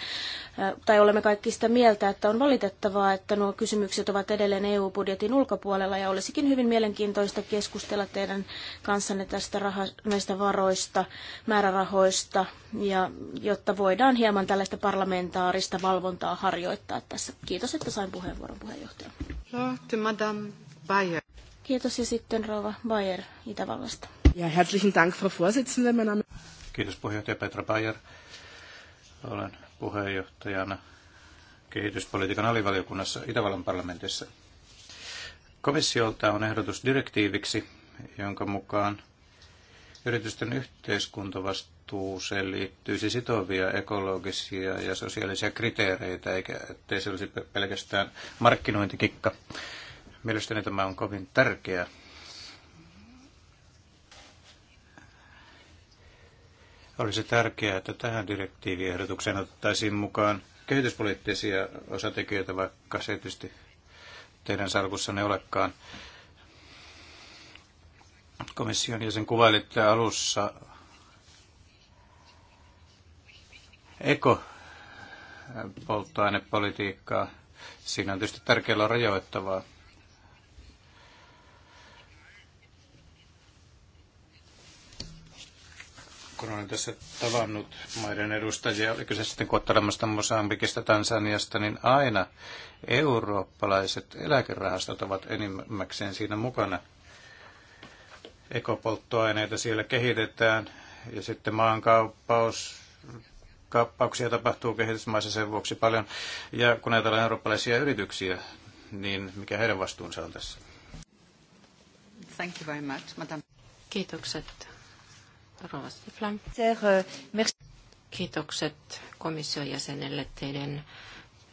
tai olemme kaikki sitä mieltä, että on valitettavaa, että nuo kysymykset ovat edelleen EU-budjetin ulkopuolella, ja olisikin hyvin mielenkiintoista keskustella teidän kanssanne tästä raha, näistä varoista, määrärahoista, ja jotta voidaan hieman tällaista parlamentaarista valvontaa harjoittaa tässä. Kiitos, että sain puheenvuoron puheenjohtaja. Kiitos ja sitten rouva Bayer Itävallasta. Ja herzlichen Dank, Frau Vorsitzende. Mein Name
Kiitos puheenjohtaja Petra Bayer. Olen puheenjohtajana kehityspolitiikan alivaliokunnassa Itävallan parlamentissa. Komissiolta on ehdotus direktiiviksi, jonka mukaan yritysten yhteiskuntavastuuseen liittyisi sitovia ekologisia ja sosiaalisia kriteereitä, eikä ettei se olisi pelkästään markkinointikikka. Mielestäni tämä on kovin tärkeä Olisi tärkeää, että tähän direktiiviehdotukseen otettaisiin mukaan kehityspoliittisia osatekijöitä, vaikka se tietysti teidän salkussanne olekaan. Komission jäsen kuvailitte alussa eko polttoainepolitiikkaa. Siinä on tietysti tärkeää olla rajoittavaa. kun olen tässä tavannut maiden edustajia, oliko se sitten Kottelamasta, Mosambikista, Tansaniasta, niin aina eurooppalaiset eläkerahastot ovat enimmäkseen siinä mukana. Ekopolttoaineita siellä kehitetään ja sitten maankauppaus, kaappauksia tapahtuu kehitysmaissa sen vuoksi paljon. Ja kun ajatellaan eurooppalaisia yrityksiä, niin mikä heidän vastuunsa on tässä?
Thank you very much, madam. Kiitokset. Eh, Kiitokset komission jäsenelle teidän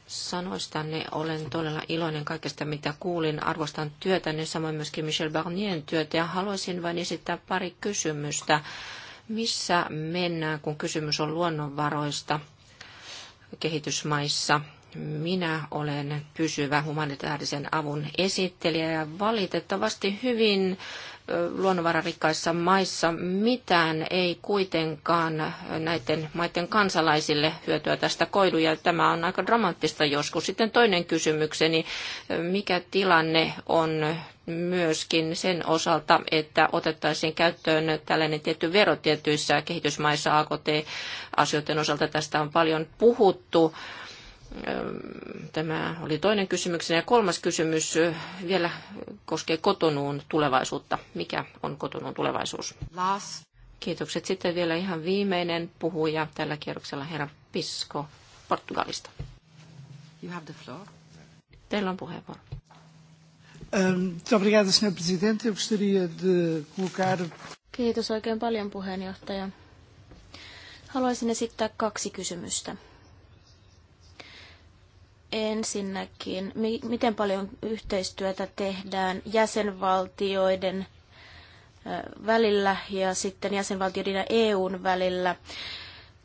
sanoistanne. Olen todella iloinen kaikesta, mitä kuulin. Arvostan työtänne, samoin myöskin Michel Barnien työtä. Ja haluaisin vain esittää pari kysymystä. Missä mennään, kun kysymys on luonnonvaroista kehitysmaissa? Minä olen pysyvä humanitaarisen avun esittelijä ja valitettavasti hyvin luonnonvararikkaissa maissa mitään ei kuitenkaan näiden maiden kansalaisille hyötyä tästä koidu, ja tämä on aika dramaattista joskus. Sitten toinen kysymykseni, mikä tilanne on myöskin sen osalta, että otettaisiin käyttöön tällainen tietty vero tietyissä kehitysmaissa AKT-asioiden osalta. Tästä on paljon puhuttu Tämä oli toinen kysymys. Ja kolmas kysymys vielä koskee kotonuun tulevaisuutta. Mikä on kotonuun tulevaisuus? Kiitokset. Sitten vielä ihan viimeinen puhuja tällä kierroksella, herra Pisko Portugalista. You have the floor. Teillä on puheenvuoro.
Ehm,
Kiitos oikein paljon, puheenjohtaja. Haluaisin esittää kaksi kysymystä ensinnäkin, mi- miten paljon yhteistyötä tehdään jäsenvaltioiden välillä ja sitten jäsenvaltioiden ja EUn välillä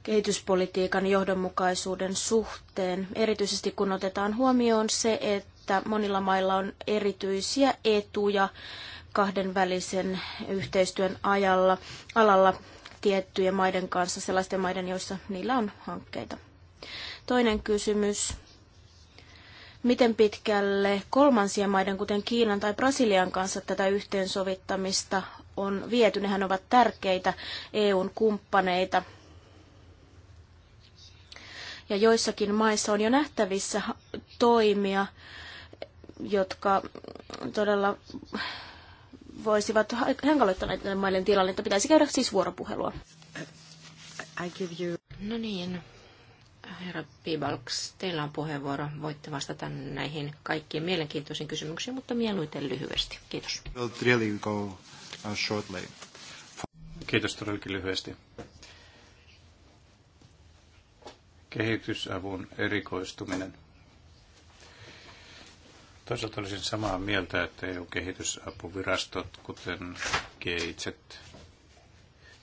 kehityspolitiikan johdonmukaisuuden suhteen, erityisesti kun otetaan huomioon se, että monilla mailla on erityisiä etuja kahdenvälisen yhteistyön ajalla, alalla tiettyjen maiden kanssa, sellaisten maiden, joissa niillä on hankkeita. Toinen kysymys miten pitkälle kolmansien maiden, kuten Kiinan tai Brasilian kanssa tätä yhteensovittamista on viety. Nehän ovat tärkeitä EUn kumppaneita. Ja joissakin maissa on jo nähtävissä toimia, jotka todella voisivat hankaloittaa näiden maiden tilannetta. Pitäisi käydä siis vuoropuhelua. No niin,
Herra Pibalks, teillä on puheenvuoro. Voitte vastata näihin kaikkiin mielenkiintoisiin kysymyksiin, mutta mieluiten lyhyesti. Kiitos.
Kiitos todellakin lyhyesti. Kehitysavun erikoistuminen. Toisaalta olisin samaa mieltä, että EU-kehitysapuvirastot, kuten Gateset,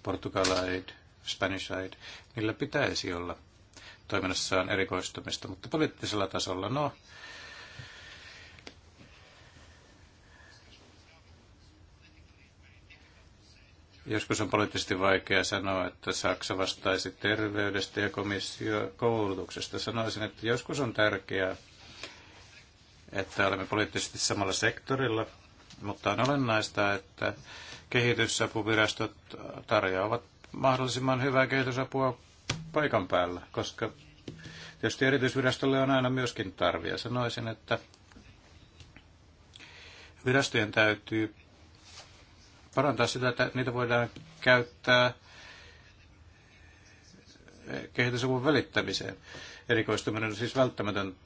Portugal Aid, Spanish Aid, niillä pitäisi olla toiminnassaan erikoistumista, mutta poliittisella tasolla, no, Joskus on poliittisesti vaikea sanoa, että Saksa vastaisi terveydestä ja komissio koulutuksesta. Sanoisin, että joskus on tärkeää, että olemme poliittisesti samalla sektorilla, mutta on olennaista, että kehitysapuvirastot tarjoavat mahdollisimman hyvää kehitysapua paikan päällä, koska tietysti erityisvirastolle on aina myöskin tarvia. Sanoisin, että virastojen täytyy parantaa sitä, että niitä voidaan käyttää kehitysavun välittämiseen. Erikoistuminen on siis välttämätöntä,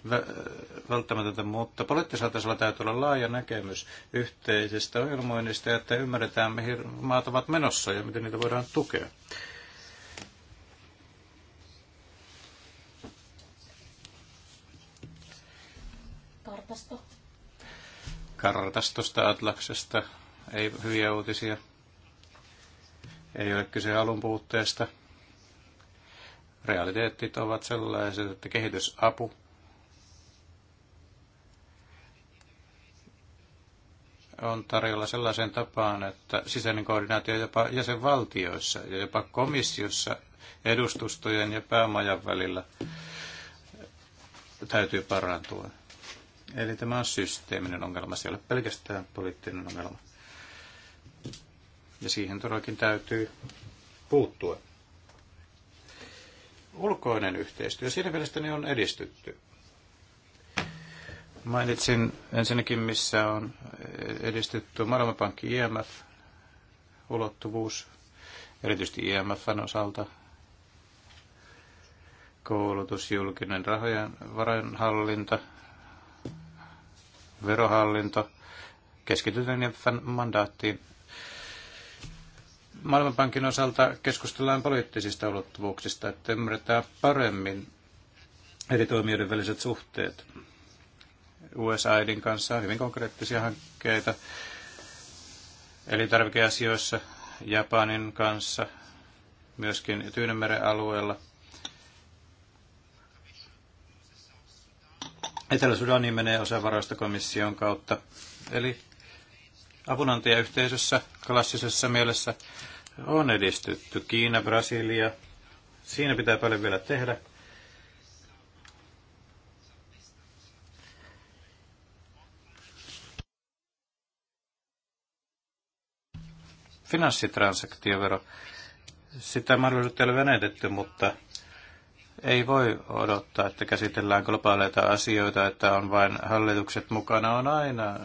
välttämätöntä, mutta poliittisella tasolla täytyy olla laaja näkemys yhteisestä ohjelmoinnista, että ymmärretään, mihin maat ovat menossa ja miten niitä voidaan tukea. kartasto? Kartastosta Atlaksesta ei hyviä uutisia. Ei ole kyse alun puutteesta. Realiteetit ovat sellaiset, että kehitysapu on tarjolla sellaiseen tapaan, että sisäinen koordinaatio jopa jäsenvaltioissa ja jopa komissiossa edustustojen ja päämajan välillä täytyy parantua. Eli tämä on systeeminen ongelma, se ei ole pelkästään poliittinen ongelma. Ja siihen todellakin täytyy puuttua. Ulkoinen yhteistyö, siinä mielestäni on edistytty. Mainitsin ensinnäkin, missä on edistytty Maailmanpankki IMF, ulottuvuus, erityisesti IMFn osalta, koulutus, julkinen rahojen varainhallinta, verohallinto, keskitytään IMFn mandaattiin. Maailmanpankin osalta keskustellaan poliittisista ulottuvuuksista, että ymmärretään paremmin eri toimijoiden väliset suhteet. USAIDin kanssa on hyvin konkreettisia hankkeita elintarvikeasioissa, Japanin kanssa, myöskin Tyynemeren alueella – Etelä-Sudaniin menee osa varoista komission kautta. Eli avunantajayhteisössä klassisessa mielessä on edistytty. Kiina, Brasilia, siinä pitää paljon vielä tehdä. Finanssitransaktiovero. Sitä mahdollisuutta ei ole venetetty, mutta ei voi odottaa, että käsitellään globaaleita asioita, että on vain hallitukset mukana. On aina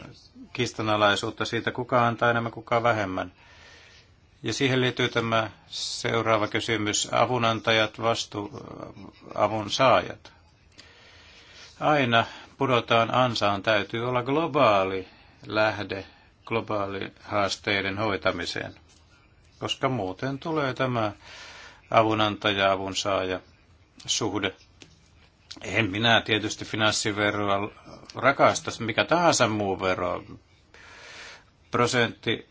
kistanalaisuutta siitä, kuka antaa enemmän, kuka vähemmän. Ja siihen liittyy tämä seuraava kysymys, avunantajat, vastu, avun saajat. Aina pudotaan ansaan, täytyy olla globaali lähde globaali haasteiden hoitamiseen, koska muuten tulee tämä avunantaja, avunsaaja suhde. En minä tietysti finanssiveroa rakasta, mikä tahansa muu vero. Prosentti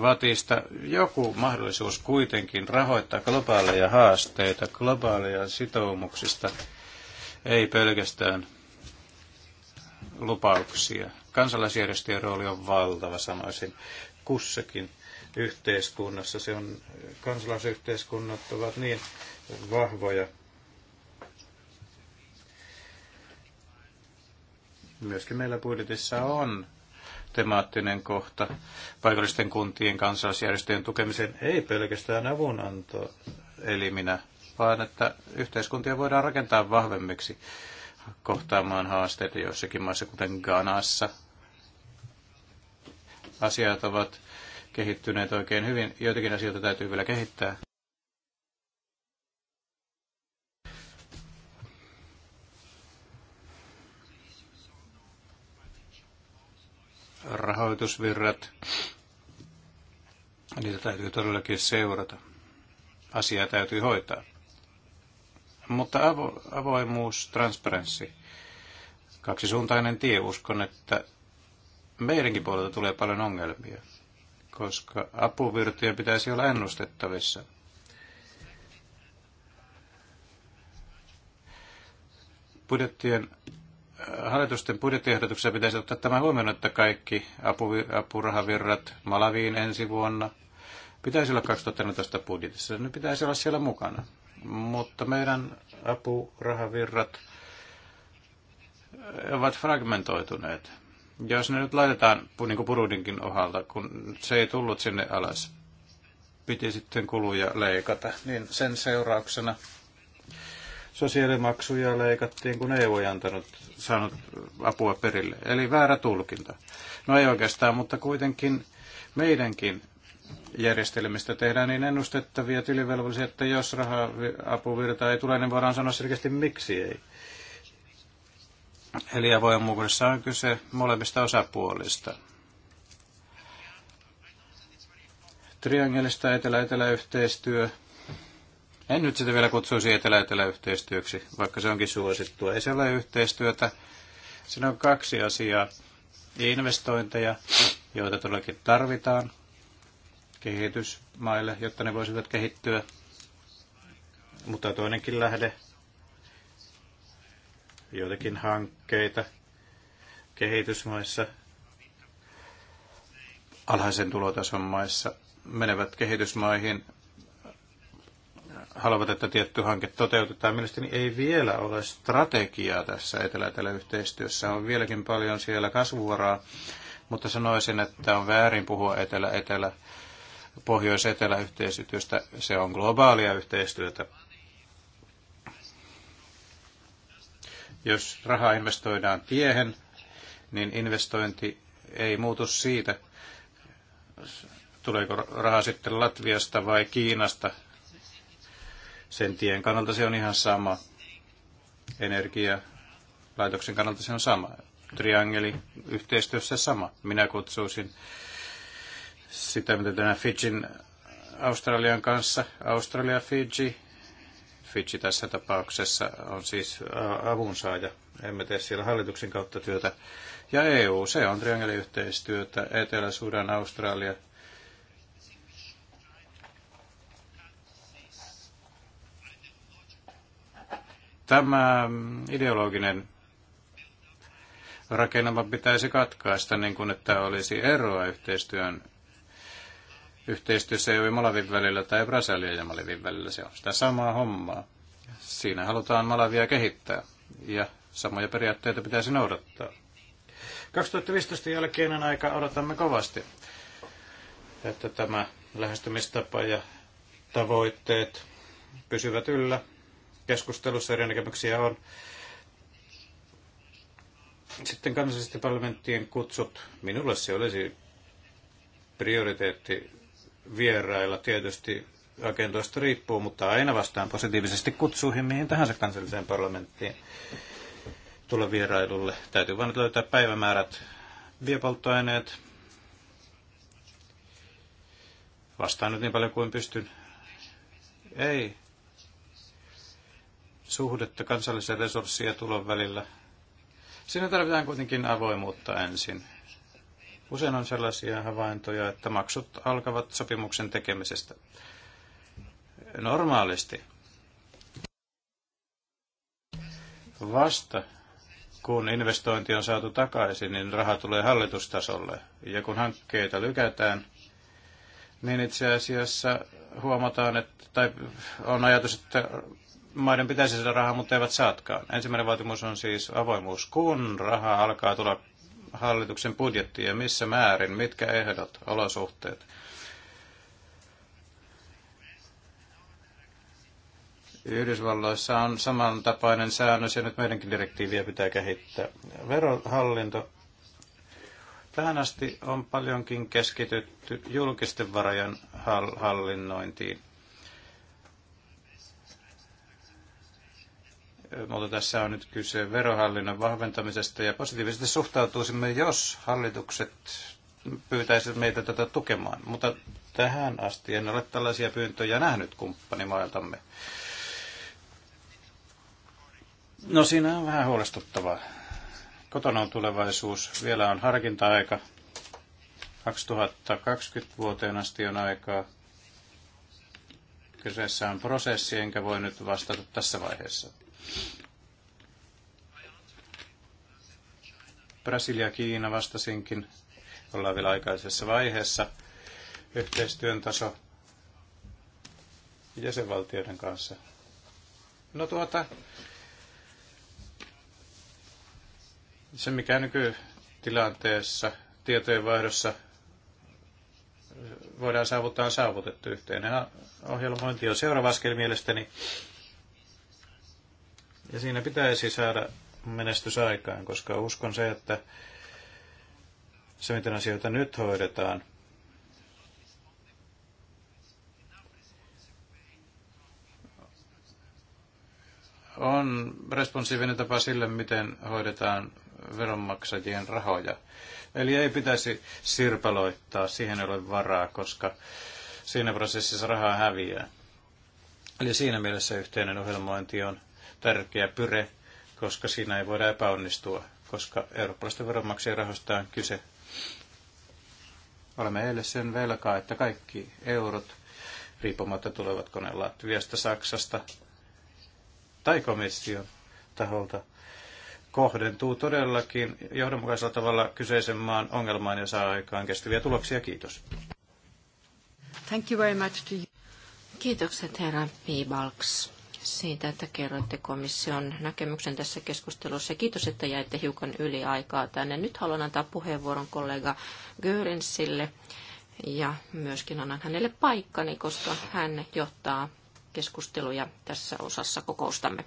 vatista joku mahdollisuus kuitenkin rahoittaa globaaleja haasteita, globaaleja sitoumuksista, ei pelkästään lupauksia. Kansalaisjärjestöjen rooli on valtava, sanoisin, kussakin yhteiskunnassa. Se on, kansalaisyhteiskunnat ovat niin vahvoja Myöskin meillä budjetissa on temaattinen kohta paikallisten kuntien kansalaisjärjestöjen tukemiseen, ei pelkästään avunanto eliminä, vaan että yhteiskuntia voidaan rakentaa vahvemmiksi kohtaamaan haasteita joissakin maissa, kuten Ganassa. Asiat ovat kehittyneet oikein hyvin, joitakin asioita täytyy vielä kehittää. rahoitusvirrat, niitä täytyy todellakin seurata. Asiaa täytyy hoitaa. Mutta avo, avoimuus, transparenssi, kaksisuuntainen tie. Uskon, että meidänkin puolelta tulee paljon ongelmia, koska apuvirtoja pitäisi olla ennustettavissa. Budjettien hallitusten budjettiehdotuksessa pitäisi ottaa tämä huomioon, että kaikki apurahavirrat Malaviin ensi vuonna pitäisi olla 2014 budjetissa. Ne pitäisi olla siellä mukana. Mutta meidän apurahavirrat ovat fragmentoituneet. Jos ne nyt laitetaan niin kuin Purudinkin ohalta, kun se ei tullut sinne alas, piti sitten kuluja leikata, niin sen seurauksena – sosiaalimaksuja leikattiin, kun EU ei antanut, saanut apua perille. Eli väärä tulkinta. No ei oikeastaan, mutta kuitenkin meidänkin järjestelmistä tehdään niin ennustettavia tilivelvollisia, että jos raha-apuvirta ei tule, niin voidaan sanoa selkeästi miksi ei. Eli avoimuudessa on kyse molemmista osapuolista. Triangelista etelä-etelä yhteistyö en nyt sitä vielä kutsuisi etelä-etelä-yhteistyöksi, vaikka se onkin suosittua. Ei se ole yhteistyötä. Siinä on kaksi asiaa. Investointeja, joita todellakin tarvitaan kehitysmaille, jotta ne voisivat kehittyä. Mutta toinenkin lähde, joitakin hankkeita kehitysmaissa, alhaisen tulotason maissa menevät kehitysmaihin haluavat, että tietty hanke toteutetaan. Mielestäni ei vielä ole strategiaa tässä etelä yhteistyössä. On vieläkin paljon siellä kasvuvaraa, mutta sanoisin, että on väärin puhua etelä-etelä, pohjois-etelä yhteistyöstä. Se on globaalia yhteistyötä. Jos rahaa investoidaan tiehen, niin investointi ei muutu siitä, tuleeko raha sitten Latviasta vai Kiinasta sen tien kannalta se on ihan sama. Energia, laitoksen kannalta se on sama. Triangeli, yhteistyössä sama. Minä kutsuisin sitä, mitä tänään Fijin Australian kanssa, Australia Fiji, Fiji tässä tapauksessa on siis avunsaaja. Emme tee siellä hallituksen kautta työtä. Ja EU, se on triangeliyhteistyötä, Etelä-Sudan, Australia, Tämä ideologinen rakennelma pitäisi katkaista niin kuin, että olisi eroa yhteistyön yhteistyössä EU ja Malavin välillä tai Brasilia ja Malavin välillä. Se on sitä samaa hommaa. Siinä halutaan Malavia kehittää ja samoja periaatteita pitäisi noudattaa. 2015 jälkeinen aika odotamme kovasti, että tämä lähestymistapa ja tavoitteet pysyvät yllä keskustelussa eri näkemyksiä on. Sitten kansallisten parlamenttien kutsut. Minulle se olisi prioriteetti vierailla tietysti agendoista riippuu, mutta aina vastaan positiivisesti kutsuihin mihin tahansa kansalliseen parlamenttiin tulla vierailulle. Täytyy vain löytää päivämäärät, biopolttoaineet. Vastaan nyt niin paljon kuin pystyn. Ei suhdetta kansallisen resurssien ja tulon välillä. Siinä tarvitaan kuitenkin avoimuutta ensin. Usein on sellaisia havaintoja, että maksut alkavat sopimuksen tekemisestä. Normaalisti. Vasta kun investointi on saatu takaisin, niin raha tulee hallitustasolle. Ja kun hankkeita lykätään, niin itse asiassa huomataan, että, tai on ajatus, että maiden pitäisi saada rahaa, mutta eivät saatkaan. Ensimmäinen vaatimus on siis avoimuus. Kun rahaa alkaa tulla hallituksen budjettiin ja missä määrin, mitkä ehdot, olosuhteet. Yhdysvalloissa on samantapainen säännös ja nyt meidänkin direktiiviä pitää kehittää. Verohallinto. Tähän asti on paljonkin keskitytty julkisten varojen hallinnointiin mutta tässä on nyt kyse verohallinnon vahventamisesta ja positiivisesti suhtautuisimme, jos hallitukset pyytäisivät meitä tätä tukemaan. Mutta tähän asti en ole tällaisia pyyntöjä nähnyt kumppanimailtamme. No siinä on vähän huolestuttavaa. Kotona on tulevaisuus, vielä on harkinta-aika. 2020 vuoteen asti on aikaa. Kyseessä on prosessi, enkä voi nyt vastata tässä vaiheessa. Brasilia ja Kiina vastasinkin. Ollaan vielä aikaisessa vaiheessa. Yhteistyön taso jäsenvaltioiden kanssa. No tuota, se mikä nykytilanteessa vaihdossa voidaan saavuttaa on saavutettu yhteinen ohjelmointi on seuraava askel mielestäni. Niin ja siinä pitäisi saada menestys aikaan, koska uskon se, että se, miten asioita nyt hoidetaan, on responsiivinen tapa sille, miten hoidetaan veronmaksajien rahoja. Eli ei pitäisi sirpaloittaa, siihen ei ole varaa, koska siinä prosessissa rahaa häviää. Eli siinä mielessä yhteinen ohjelmointi on tärkeä pyre, koska siinä ei voida epäonnistua, koska eurooppalaisten veronmaksajien rahoista on kyse. Olemme eilen sen velkaa, että kaikki eurot, riippumatta tulevatko ne Latviasta, Saksasta tai komission taholta, kohdentuu todellakin johdonmukaisella tavalla kyseisen maan ongelmaan ja saa aikaan kestäviä tuloksia. Kiitos.
Thank you very much to you. Kiitokset herra Piibalks siitä, että kerroitte komission näkemyksen tässä keskustelussa. Kiitos, että jäitte hiukan yli aikaa tänne. Nyt haluan antaa puheenvuoron kollega Görensille ja myöskin annan hänelle paikkani, koska hän johtaa keskusteluja tässä osassa kokoustamme.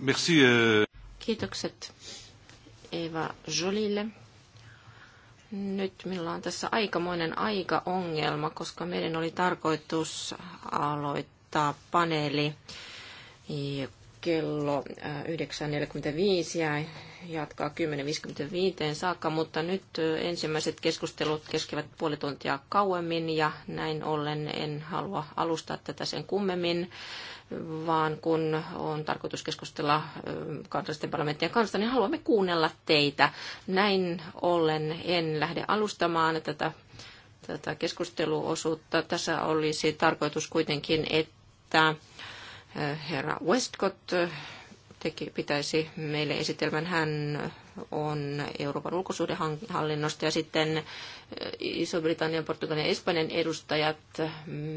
Merci. Euh.
Kiitokset Eva Jolille. Nyt minulla on tässä aikamoinen aikaongelma, koska meidän oli tarkoitus aloittaa paneeli äh, kello 9.45 äh, ja jatkaa 10.55 saakka, mutta nyt ensimmäiset keskustelut keskevät puoli tuntia kauemmin ja näin ollen en halua alustaa tätä sen kummemmin, vaan kun on tarkoitus keskustella kansallisten parlamenttien kanssa, niin haluamme kuunnella teitä. Näin ollen en lähde alustamaan tätä, tätä keskusteluosuutta. Tässä olisi tarkoitus kuitenkin, että herra Westcott teki, pitäisi meille esitelmän. Hän on Euroopan ulkosuhdehallinnosta ja sitten eh, Iso-Britannian, Portugalin ja Espanjan edustajat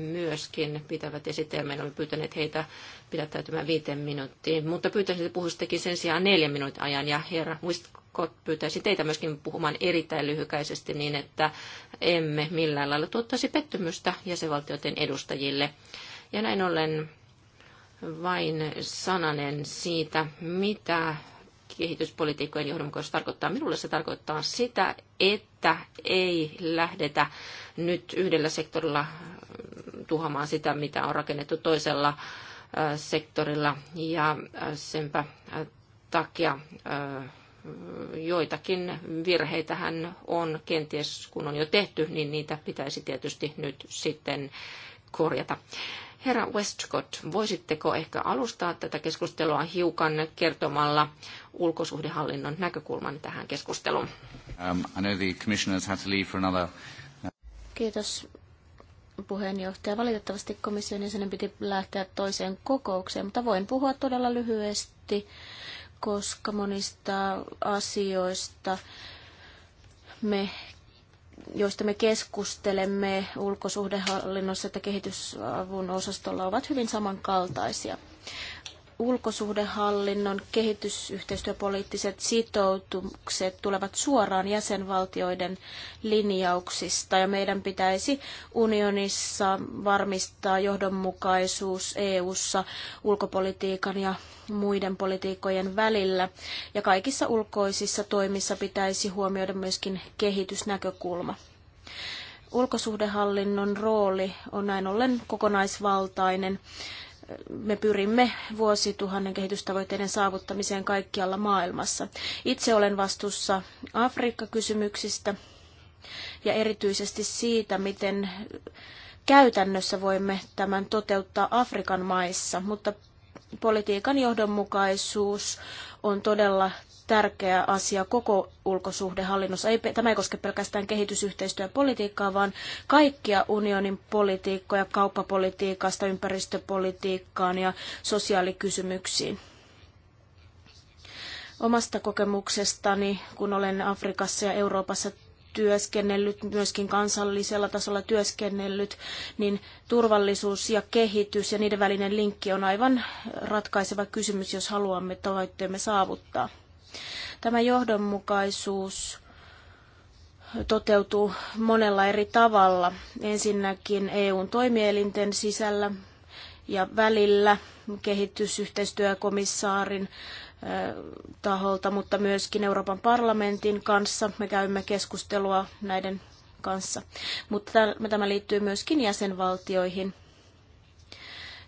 myöskin pitävät esitelmän. Olen pyytäneet heitä pidättäytymään viiteen minuuttiin, mutta pyytäisin, että puhuisittekin sen sijaan neljän minuutin ajan. Ja herra muistatko, pyytäisin teitä myöskin puhumaan erittäin lyhykäisesti niin, että emme millään lailla tuottaisi pettymystä jäsenvaltioiden edustajille. Ja näin ollen vain sananen siitä, mitä kehityspolitiikkojen johdonmukaisuus tarkoittaa. Minulle se tarkoittaa sitä, että ei lähdetä nyt yhdellä sektorilla tuhamaan sitä, mitä on rakennettu toisella sektorilla. Ja senpä takia joitakin virheitähän on kenties, kun on jo tehty, niin niitä pitäisi tietysti nyt sitten korjata. Herra Westcott, voisitteko ehkä alustaa tätä keskustelua hiukan kertomalla ulkosuhdehallinnon näkökulman tähän keskusteluun?
Um, I know the to leave for another... Uh,
Kiitos puheenjohtaja. Valitettavasti komission jäsenen piti lähteä toiseen kokoukseen, mutta voin puhua todella lyhyesti, koska monista asioista me joista me keskustelemme ulkosuhdehallinnossa että kehitysavun osastolla, ovat hyvin samankaltaisia ulkosuhdehallinnon kehitysyhteistyöpoliittiset sitoutukset tulevat suoraan jäsenvaltioiden linjauksista ja meidän pitäisi unionissa varmistaa johdonmukaisuus EU:ssa ulkopolitiikan ja muiden politiikkojen välillä ja kaikissa ulkoisissa toimissa pitäisi huomioida myöskin kehitysnäkökulma. Ulkosuhdehallinnon rooli on näin ollen kokonaisvaltainen me pyrimme vuosituhannen kehitystavoitteiden saavuttamiseen kaikkialla maailmassa. Itse olen vastuussa Afrikka-kysymyksistä ja erityisesti siitä, miten käytännössä voimme tämän toteuttaa Afrikan maissa, mutta politiikan johdonmukaisuus on todella tärkeä asia koko ulkosuhdehallinnossa. Ei, tämä ei koske pelkästään kehitysyhteistyöpolitiikkaa, vaan kaikkia unionin politiikkoja, kauppapolitiikasta, ympäristöpolitiikkaan ja sosiaalikysymyksiin. Omasta kokemuksestani, kun olen Afrikassa ja Euroopassa työskennellyt, myöskin kansallisella tasolla työskennellyt, niin turvallisuus ja kehitys ja niiden välinen linkki on aivan ratkaiseva kysymys, jos haluamme tavoitteemme saavuttaa. Tämä johdonmukaisuus toteutuu monella eri tavalla. Ensinnäkin EUn toimielinten sisällä ja välillä kehitysyhteistyökomissaarin taholta, mutta myöskin Euroopan parlamentin kanssa. Me käymme keskustelua näiden kanssa. Mutta tämä liittyy myöskin jäsenvaltioihin.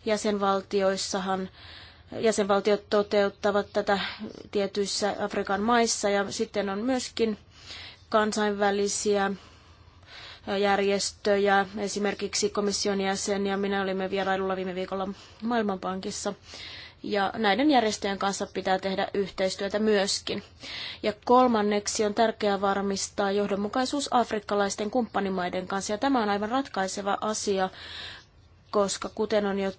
Jäsenvaltioissahan jäsenvaltiot toteuttavat tätä tietyissä Afrikan maissa ja sitten on myöskin kansainvälisiä järjestöjä, esimerkiksi komission jäsen ja minä olimme vierailulla viime viikolla Maailmanpankissa ja näiden järjestöjen kanssa pitää tehdä yhteistyötä myöskin. Ja kolmanneksi on tärkeää varmistaa johdonmukaisuus afrikkalaisten kumppanimaiden kanssa ja tämä on aivan ratkaiseva asia, koska kuten on jo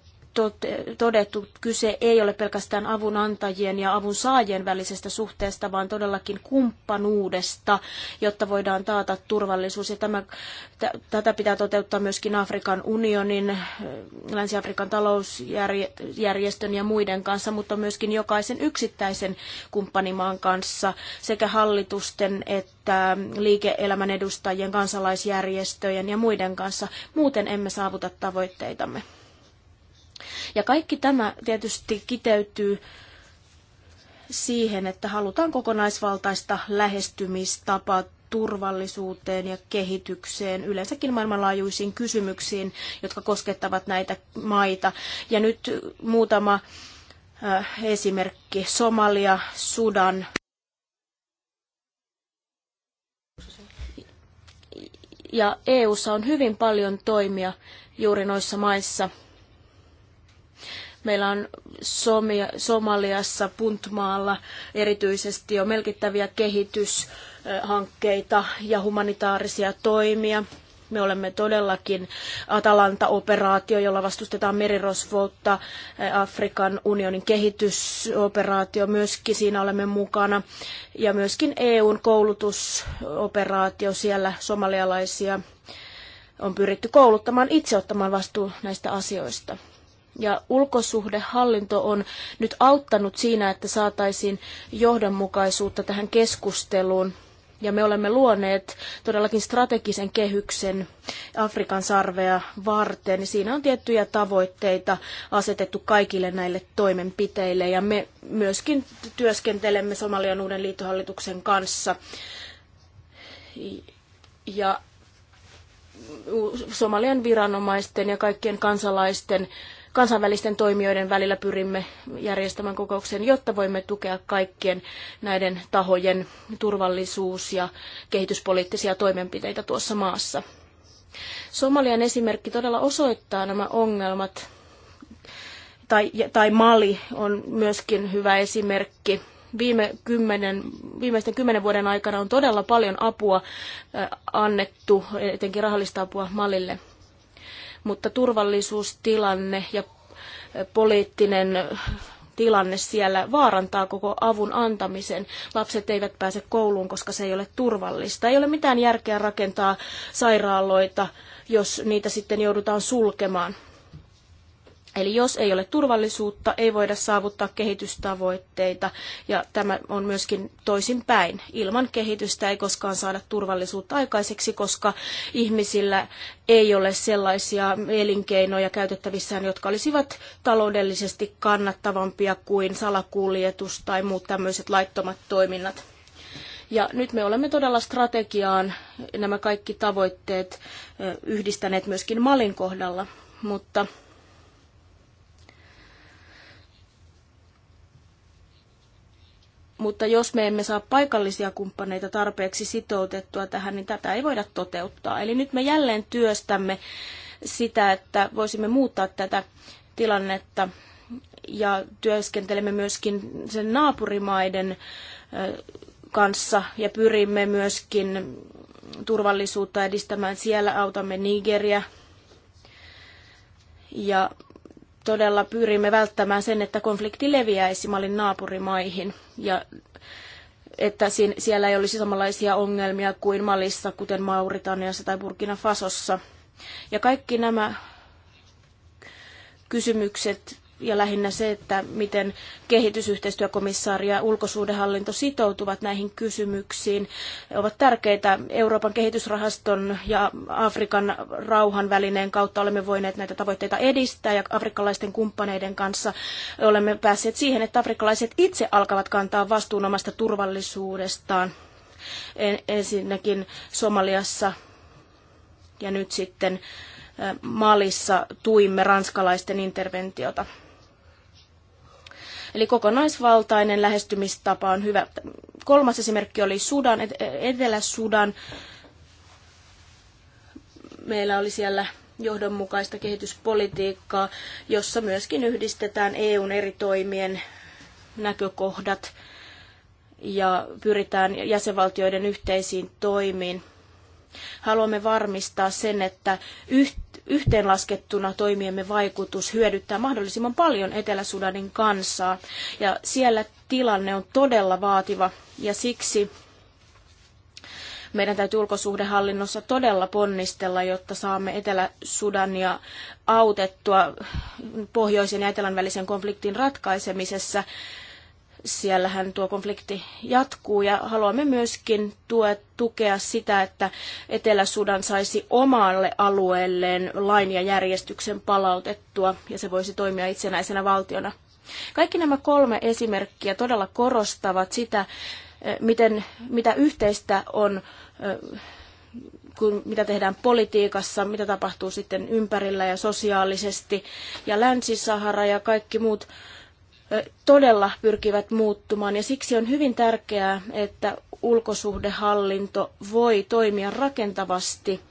todettu, kyse ei ole pelkästään avunantajien ja avun saajien välisestä suhteesta, vaan todellakin kumppanuudesta, jotta voidaan taata turvallisuus. Ja tämä, tätä pitää toteuttaa myöskin Afrikan unionin, äh, Länsi-Afrikan talousjärjestön ja muiden kanssa, mutta myöskin jokaisen yksittäisen kumppanimaan kanssa sekä hallitusten että liike-elämän edustajien, kansalaisjärjestöjen ja muiden kanssa. Muuten emme saavuta tavoitteitamme. Ja kaikki tämä tietysti kiteytyy siihen, että halutaan kokonaisvaltaista lähestymistapaa turvallisuuteen ja kehitykseen, yleensäkin maailmanlaajuisiin kysymyksiin, jotka koskettavat näitä maita. Ja nyt muutama äh, esimerkki. Somalia, Sudan. Ja EU:ssa on hyvin paljon toimia juuri noissa maissa – Meillä on Somia, Somaliassa, Puntmaalla erityisesti jo melkittäviä kehityshankkeita ja humanitaarisia toimia. Me olemme todellakin Atalanta-operaatio, jolla vastustetaan merirosvoutta, eh, Afrikan unionin kehitysoperaatio, myöskin siinä olemme mukana. Ja myöskin EUn koulutusoperaatio, siellä somalialaisia on pyritty kouluttamaan itse ottamaan vastuu näistä asioista. Ja ulkosuhdehallinto on nyt auttanut siinä, että saataisiin johdonmukaisuutta tähän keskusteluun. Ja me olemme luoneet todellakin strategisen kehyksen Afrikan sarvea varten. Siinä on tiettyjä tavoitteita asetettu kaikille näille toimenpiteille. Ja me myöskin työskentelemme Somalian uuden liittohallituksen kanssa. Ja Somalian viranomaisten ja kaikkien kansalaisten kansainvälisten toimijoiden välillä pyrimme järjestämään kokouksen, jotta voimme tukea kaikkien näiden tahojen turvallisuus- ja kehityspoliittisia toimenpiteitä tuossa maassa. Somalian esimerkki todella osoittaa nämä ongelmat, tai, tai Mali on myöskin hyvä esimerkki viime kymmenen, viimeisten kymmenen vuoden aikana on todella paljon apua annettu, etenkin rahallista apua Malille mutta turvallisuustilanne ja äh, poliittinen äh, tilanne siellä vaarantaa koko avun antamisen. Lapset eivät pääse kouluun, koska se ei ole turvallista. Ei ole mitään järkeä rakentaa sairaaloita, jos niitä sitten joudutaan sulkemaan. Eli jos ei ole turvallisuutta, ei voida saavuttaa kehitystavoitteita, ja tämä on myöskin toisinpäin. Ilman kehitystä ei koskaan saada turvallisuutta aikaiseksi, koska ihmisillä ei ole sellaisia elinkeinoja käytettävissään, jotka olisivat taloudellisesti kannattavampia kuin salakuljetus tai muut tämmöiset laittomat toiminnat. Ja nyt me olemme todella strategiaan nämä kaikki tavoitteet yhdistäneet myöskin Malin kohdalla, mutta mutta jos me emme saa paikallisia kumppaneita tarpeeksi sitoutettua tähän, niin tätä ei voida toteuttaa. Eli nyt me jälleen työstämme sitä, että voisimme muuttaa tätä tilannetta ja työskentelemme myöskin sen naapurimaiden kanssa ja pyrimme myöskin turvallisuutta edistämään. Siellä autamme Nigeria ja todella pyrimme välttämään sen, että konflikti leviäisi Malin naapurimaihin ja että siellä ei olisi samanlaisia ongelmia kuin Malissa, kuten Mauritaniassa tai Burkina Fasossa. Ja kaikki nämä kysymykset ja lähinnä se, että miten kehitysyhteistyökomissaari ja ulkosuudenhallinto sitoutuvat näihin kysymyksiin, ovat tärkeitä. Euroopan kehitysrahaston ja Afrikan rauhanvälineen kautta olemme voineet näitä tavoitteita edistää ja afrikkalaisten kumppaneiden kanssa olemme päässeet siihen, että afrikkalaiset itse alkavat kantaa vastuun omasta turvallisuudestaan. E- ensinnäkin Somaliassa ja nyt sitten Malissa tuimme ranskalaisten interventiota. Eli kokonaisvaltainen lähestymistapa on hyvä. Kolmas esimerkki oli Sudan, Etelä-Sudan. Meillä oli siellä johdonmukaista kehityspolitiikkaa, jossa myöskin yhdistetään EUn eri toimien näkökohdat ja pyritään jäsenvaltioiden yhteisiin toimiin. Haluamme varmistaa sen, että yht, yhteenlaskettuna toimiemme vaikutus hyödyttää mahdollisimman paljon Etelä-Sudanin kansaa. Ja siellä tilanne on todella vaativa ja siksi meidän täytyy ulkosuhdehallinnossa todella ponnistella, jotta saamme Etelä-Sudania autettua pohjoisen ja etelän välisen konfliktin ratkaisemisessa siellähän tuo konflikti jatkuu ja haluamme myöskin tue, tukea sitä, että Etelä-Sudan saisi omalle alueelleen lain ja järjestyksen palautettua ja se voisi toimia itsenäisenä valtiona. Kaikki nämä kolme esimerkkiä todella korostavat sitä, eh, miten, mitä yhteistä on, eh, kun, mitä tehdään politiikassa, mitä tapahtuu sitten ympärillä ja sosiaalisesti. Ja Länsi-Sahara ja kaikki muut todella pyrkivät muuttumaan ja siksi on hyvin tärkeää, että ulkosuhdehallinto voi toimia rakentavasti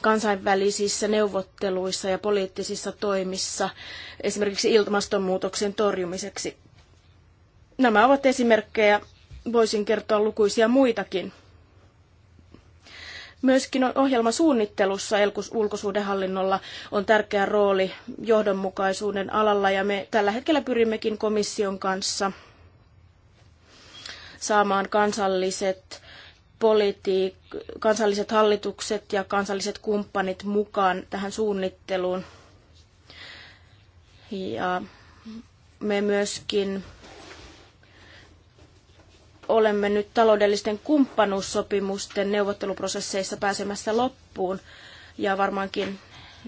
kansainvälisissä neuvotteluissa ja poliittisissa toimissa, esimerkiksi ilmastonmuutoksen torjumiseksi. Nämä ovat esimerkkejä, voisin kertoa lukuisia muitakin. Myöskin ohjelmasuunnittelussa ulkosuudenhallinnolla on tärkeä rooli johdonmukaisuuden alalla ja me tällä hetkellä pyrimmekin komission kanssa saamaan kansalliset politiik- kansalliset hallitukset ja kansalliset kumppanit mukaan tähän suunnitteluun. Ja me myöskin olemme nyt taloudellisten kumppanuussopimusten neuvotteluprosesseissa pääsemässä loppuun ja varmaankin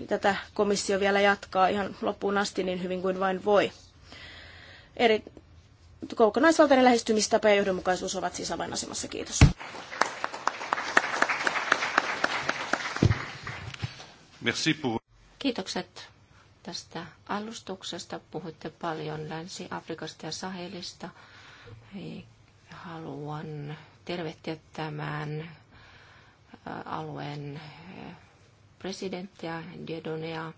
tätä komissio vielä jatkaa ihan loppuun asti niin hyvin kuin vain voi. Eri, kokonaisvaltainen lähestymistapa ja johdonmukaisuus ovat siis avainasemassa. Kiitos.
Kiitokset tästä alustuksesta. Puhuitte paljon Länsi-Afrikasta ja Sahelista haluan tervehtiä tämän alueen presidenttiä Diedonea.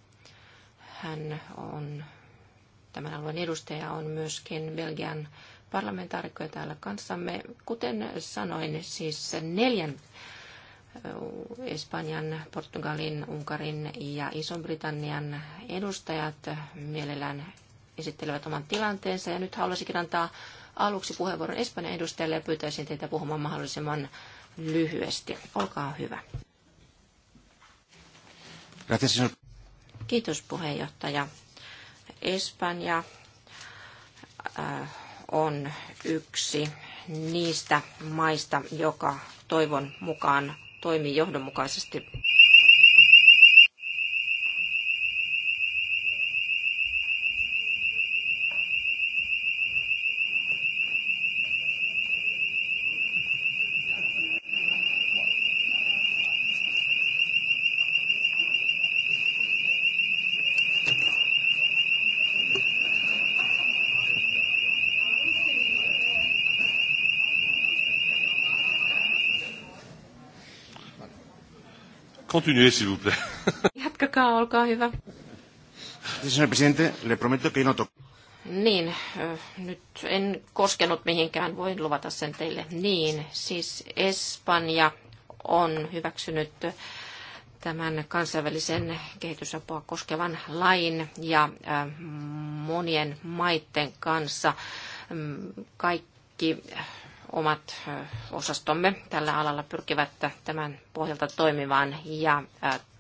Hän on, tämän alueen edustaja on myöskin Belgian parlamentaarikkoja täällä kanssamme. Kuten sanoin, siis neljän Espanjan, Portugalin, Unkarin ja Ison-Britannian edustajat mielellään esittelevät oman tilanteensa. Ja nyt haluaisinkin antaa aluksi puheenvuoron Espanjan edustajalle ja pyytäisin teitä puhumaan mahdollisimman lyhyesti. Olkaa hyvä. Kiitos puheenjohtaja. Espanja äh, on yksi niistä maista, joka toivon mukaan toimii johdonmukaisesti
continuez, s'il vous plaît.
Jatkakaa, olkaa hyvä.
Señor presidente, le prometo que no toco.
Niin, nyt en koskenut mihinkään, voin luvata sen teille. Niin, siis Espanja on hyväksynyt tämän kansainvälisen kehitysapua koskevan lain ja monien maiden kanssa kaikki omat osastomme tällä alalla pyrkivät tämän pohjalta toimimaan ja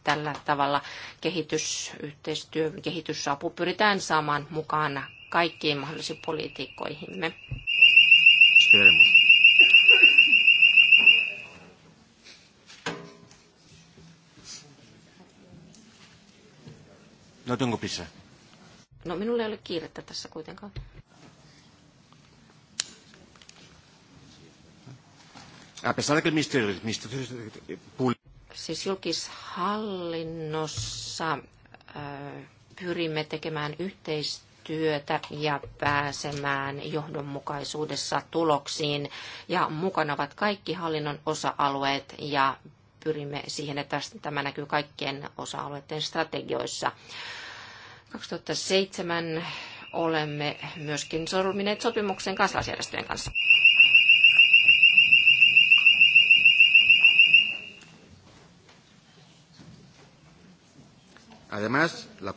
tällä tavalla kehitysyhteistyö, kehitysapu pyritään saamaan mukaan kaikkiin mahdollisiin politiikkoihimme. No tengo pizza. No minulla ei ole kiirettä tässä kuitenkaan.
A ah, pesar de que el ministerio,
Siis julkishallinnossa äh, pyrimme tekemään yhteistyötä ja pääsemään johdonmukaisuudessa tuloksiin. Ja mukana ovat kaikki hallinnon osa-alueet ja pyrimme siihen, että tämä näkyy kaikkien osa-alueiden strategioissa. 2007 olemme myöskin sormineet sopimuksen kansalaisjärjestöjen kanssa.
Además, la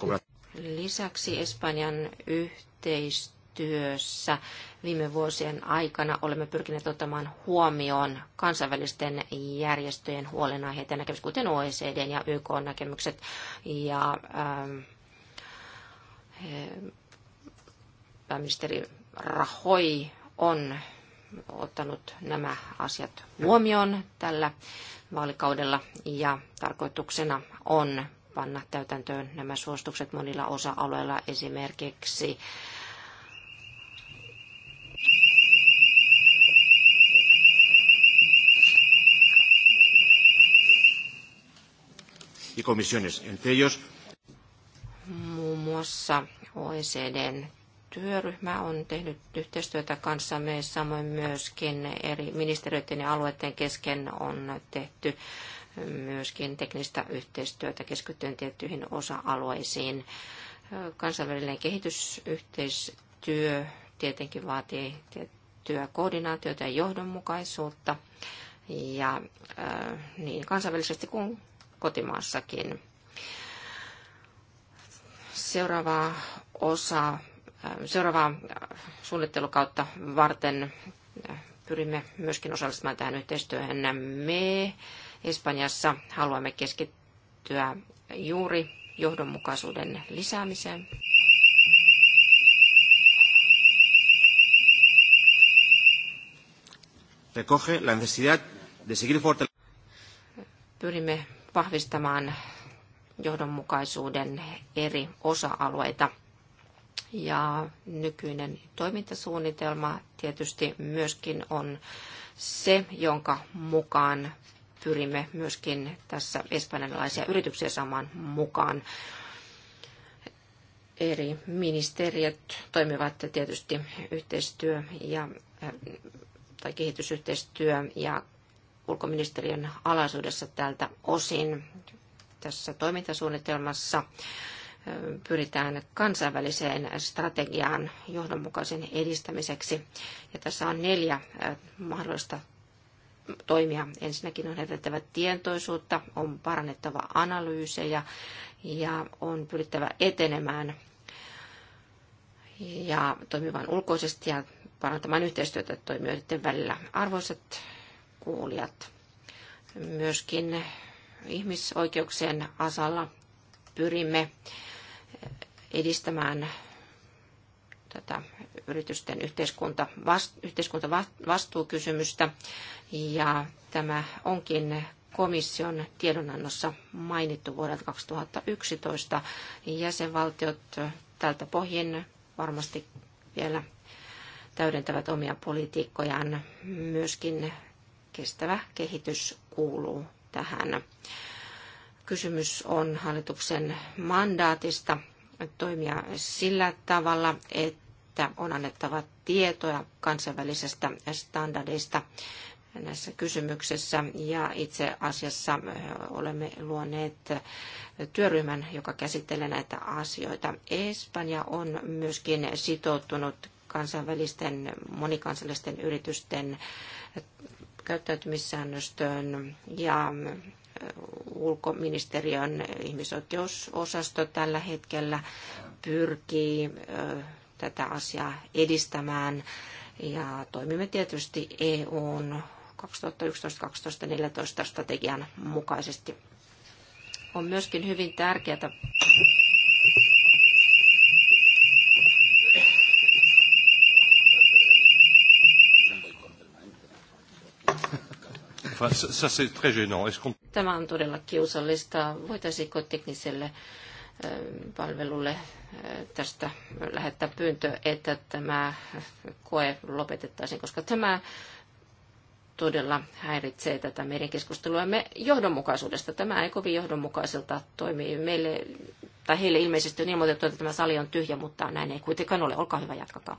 Lisäksi Espanjan yhteistyössä viime vuosien aikana olemme pyrkineet ottamaan huomioon kansainvälisten järjestöjen huolenaiheet ja näkemykset, kuten OECD ja YK näkemykset. Ja, ähm, eh, pääministeri Rahoi on ottanut nämä asiat huomioon tällä vaalikaudella ja tarkoituksena on panna täytäntöön nämä suositukset monilla osa-alueilla, esimerkiksi
y comisiones, entre ellos
muun muassa OECDn työryhmä on tehnyt yhteistyötä kanssamme, samoin myöskin eri ministeriöiden ja alueiden kesken on tehty myöskin teknistä yhteistyötä keskittyen tiettyihin osa-alueisiin. Kansainvälinen kehitysyhteistyö tietenkin vaatii tiettyä koordinaatiota ja johdonmukaisuutta, ja niin kansainvälisesti kuin kotimaassakin. Seuraava osa, seuraavaa suunnittelukautta varten pyrimme myöskin osallistumaan tähän yhteistyöhön. Me Espanjassa haluamme keskittyä juuri johdonmukaisuuden lisäämiseen.
Recoge la necesidad de seguir
Pyrimme vahvistamaan johdonmukaisuuden eri osa-alueita. Ja nykyinen toimintasuunnitelma tietysti myöskin on se, jonka mukaan pyrimme myöskin tässä espanjalaisia yrityksiä saamaan mukaan. Eri ministeriöt toimivat tietysti yhteistyö ja, eh, tai kehitysyhteistyö ja ulkoministeriön alaisuudessa tältä osin tässä toimintasuunnitelmassa eh, pyritään kansainväliseen strategiaan johdonmukaisen edistämiseksi. Ja tässä on neljä eh, mahdollista toimia. Ensinnäkin on herätettävä tietoisuutta, on parannettava analyysejä ja on pyrittävä etenemään ja toimivan ulkoisesti ja parantamaan yhteistyötä toimijoiden välillä. Arvoisat kuulijat, myöskin ihmisoikeuksien asalla pyrimme edistämään tätä yritysten yhteiskunta, vastuukysymystä. Ja tämä onkin komission tiedonannossa mainittu vuodelta 2011. Jäsenvaltiot tältä pohjin varmasti vielä täydentävät omia politiikkojaan. Myöskin kestävä kehitys kuuluu tähän. Kysymys on hallituksen mandaatista toimia sillä tavalla, että että on annettava tietoja kansainvälisestä standardista näissä kysymyksissä. Ja itse asiassa olemme luoneet työryhmän, joka käsittelee näitä asioita. Espanja on myöskin sitoutunut kansainvälisten monikansallisten yritysten käyttäytymissäännöstöön ja ulkoministeriön ihmisoikeusosasto tällä hetkellä pyrkii tätä asiaa edistämään. Ja toimimme tietysti EUn 2011-2014 strategian mukaisesti. On myöskin hyvin tärkeää Tämä on todella kiusallista. Voitaisiko tekniselle palvelulle äh, tästä lähettää pyyntö, että tämä koe lopetettaisiin, koska tämä todella häiritsee tätä meidän keskusteluamme johdonmukaisuudesta. Tämä ei kovin johdonmukaiselta toimi. Meille, tai heille ilmeisesti on ilmoitettu, että tämä sali on tyhjä, mutta näin ei kuitenkaan ole. Olkaa hyvä, jatkakaa.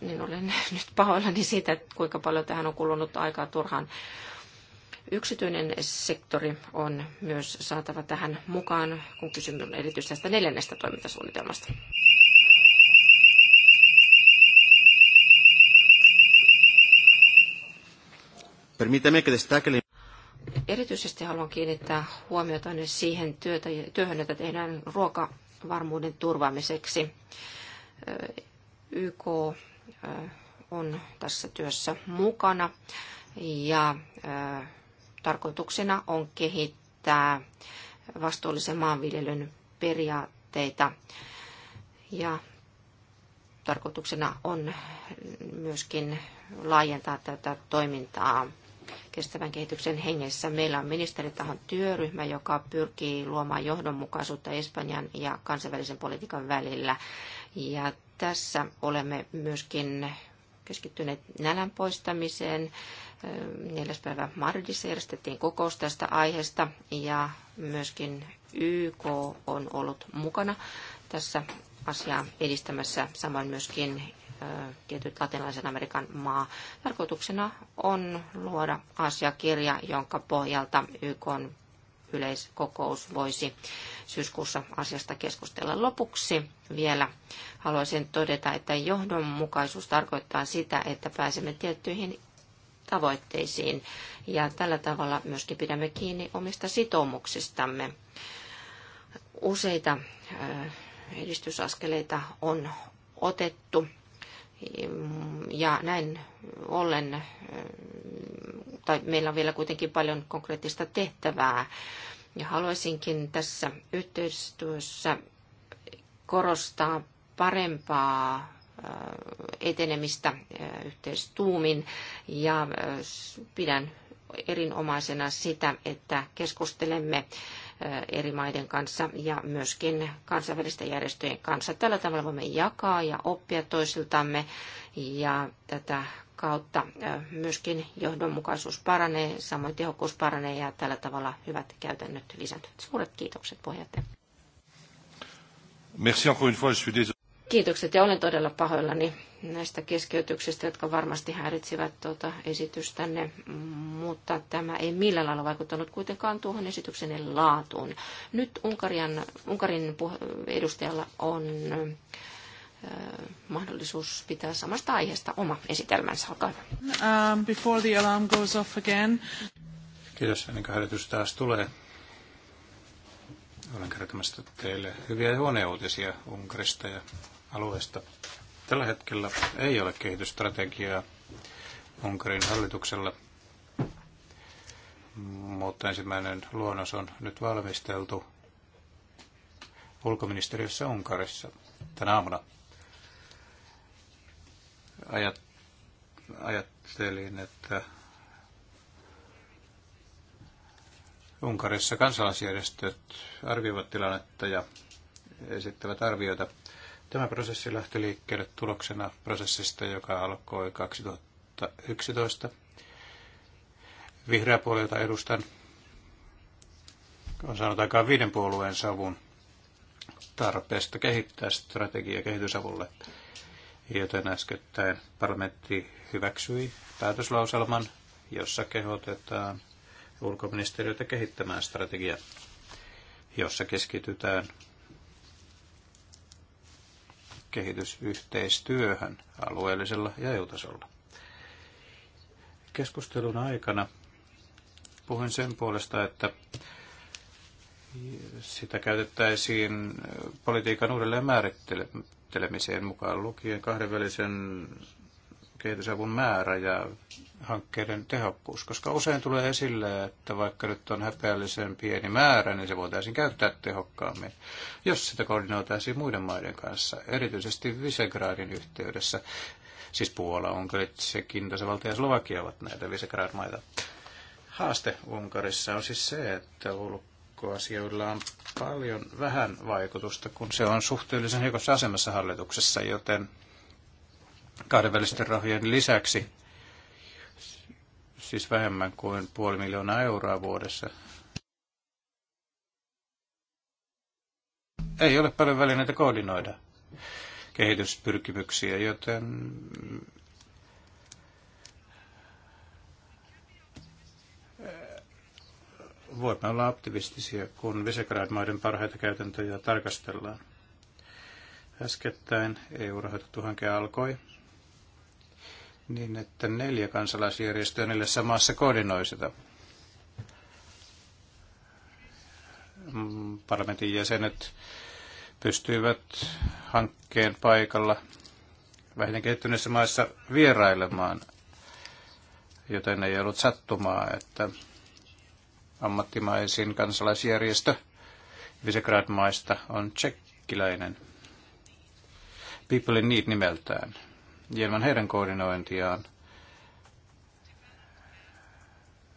Niin olen nyt pahoillani siitä, kuinka paljon tähän on kulunut aikaa turhaan. Yksityinen sektori on myös saatava tähän mukaan, kun kysymys on erityisesti tästä neljännestä toimintasuunnitelmasta. erityisesti haluan kiinnittää huomiota siihen työtä, työhön, jota tehdään ruokavarmuuden turvaamiseksi. YK on tässä työssä mukana ja tarkoituksena on kehittää vastuullisen maanviljelyn periaatteita ja tarkoituksena on myöskin laajentaa tätä toimintaa kestävän kehityksen hengessä. Meillä on ministeritahon työryhmä, joka pyrkii luomaan johdonmukaisuutta Espanjan ja kansainvälisen politiikan välillä. Ja tässä olemme myöskin keskittyneet nälän poistamiseen 4. päivä Mardissa järjestettiin kokous tästä aiheesta ja myöskin YK on ollut mukana tässä asiaa edistämässä, samoin myöskin tietyt latinalaisen Amerikan maa. Tarkoituksena on luoda asiakirja, jonka pohjalta YK on yleiskokous voisi syyskuussa asiasta keskustella. Lopuksi vielä haluaisin todeta, että johdonmukaisuus tarkoittaa sitä, että pääsemme tiettyihin tavoitteisiin. Ja tällä tavalla myöskin pidämme kiinni omista sitoumuksistamme. Useita edistysaskeleita on otettu ja näin ollen, tai meillä on vielä kuitenkin paljon konkreettista tehtävää. Ja haluaisinkin tässä yhteistyössä korostaa parempaa Äh, etenemistä äh, yhteistuumin ja äh, pidän erinomaisena sitä, että keskustelemme eri maiden kanssa ja myöskin kansainvälisten järjestöjen kanssa. Tällä tavalla voimme jakaa ja oppia toisiltamme ja tätä kautta myöskin johdonmukaisuus paranee, samoin tehokkuus paranee ja tällä tavalla hyvät käytännöt lisääntyvät. Suuret kiitokset puheenjohtaja.
Merci encore une fois, je suis
Kiitokset ja olen todella pahoillani näistä keskeytyksistä, jotka varmasti häiritsivät tuota esitystänne, mutta tämä ei millään lailla vaikuttanut kuitenkaan tuohon esityksenne laatuun. Nyt Unkarian, Unkarin edustajalla on äh, mahdollisuus pitää samasta aiheesta oma esitelmänsä. Olkaa hyvä.
Um, before the alarm goes off again. Kiitos, ennen kuin hälytys taas tulee. Olen kertomassa teille hyviä huoneuutisia Unkarista ja alueesta. Tällä hetkellä ei ole kehitysstrategiaa Unkarin hallituksella, mutta ensimmäinen luonnos on nyt valmisteltu ulkoministeriössä Unkarissa tänä aamuna. Ajat, ajattelin, että Unkarissa kansalaisjärjestöt arvioivat tilannetta ja esittävät arvioita – Tämä prosessi lähti liikkeelle tuloksena prosessista, joka alkoi 2011. Vihreä puoli, jota edustan, on saanut aikaan viiden puolueen savun tarpeesta kehittää strategia kehitysavulle, joten äskettäin parlamentti hyväksyi päätöslauselman, jossa kehotetaan ulkoministeriötä kehittämään strategia, jossa keskitytään kehitysyhteistyöhön alueellisella ja EU-tasolla. Keskustelun aikana puhuin sen puolesta, että sitä käytettäisiin politiikan uudelleen määrittelemiseen mukaan lukien kahdenvälisen kehitysavun määrä ja hankkeiden tehokkuus, koska usein tulee esille, että vaikka nyt on häpeällisen pieni määrä, niin se voitaisiin käyttää tehokkaammin, jos sitä koordinoitaisiin muiden maiden kanssa, erityisesti Visegradin yhteydessä. Siis Puola, Unkari, Tsekin, tasavalta ja Slovakia ovat näitä Visegrad-maita. Haaste Unkarissa on siis se, että ulkoasioilla on paljon vähän vaikutusta, kun se on suhteellisen heikossa asemassa hallituksessa, joten kahdenvälisten rahojen lisäksi, siis vähemmän kuin puoli miljoonaa euroa vuodessa. Ei ole paljon välineitä koordinoida kehityspyrkimyksiä, joten voimme olla optimistisia, kun Visegrad-maiden parhaita käytäntöjä tarkastellaan. Äskettäin EU-rahoitettu hanke alkoi niin, että neljä kansalaisjärjestöä niille samassa koordinoi sitä. Mm, parlamentin jäsenet pystyivät hankkeen paikalla vähiten kehittyneissä maissa vierailemaan, joten ei ollut sattumaa, että ammattimaisin kansalaisjärjestö Visegrad-maista on tsekkiläinen. People in Need nimeltään ilman heidän koordinointiaan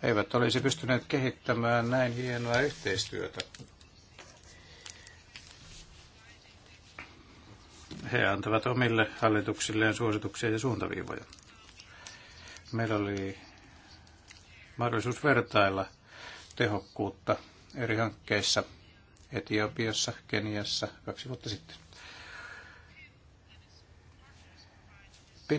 eivät olisi pystyneet kehittämään näin hienoa yhteistyötä. He antavat omille hallituksilleen suosituksia ja suuntaviivoja. Meillä oli mahdollisuus vertailla tehokkuutta eri hankkeissa Etiopiassa, Keniassa kaksi vuotta sitten.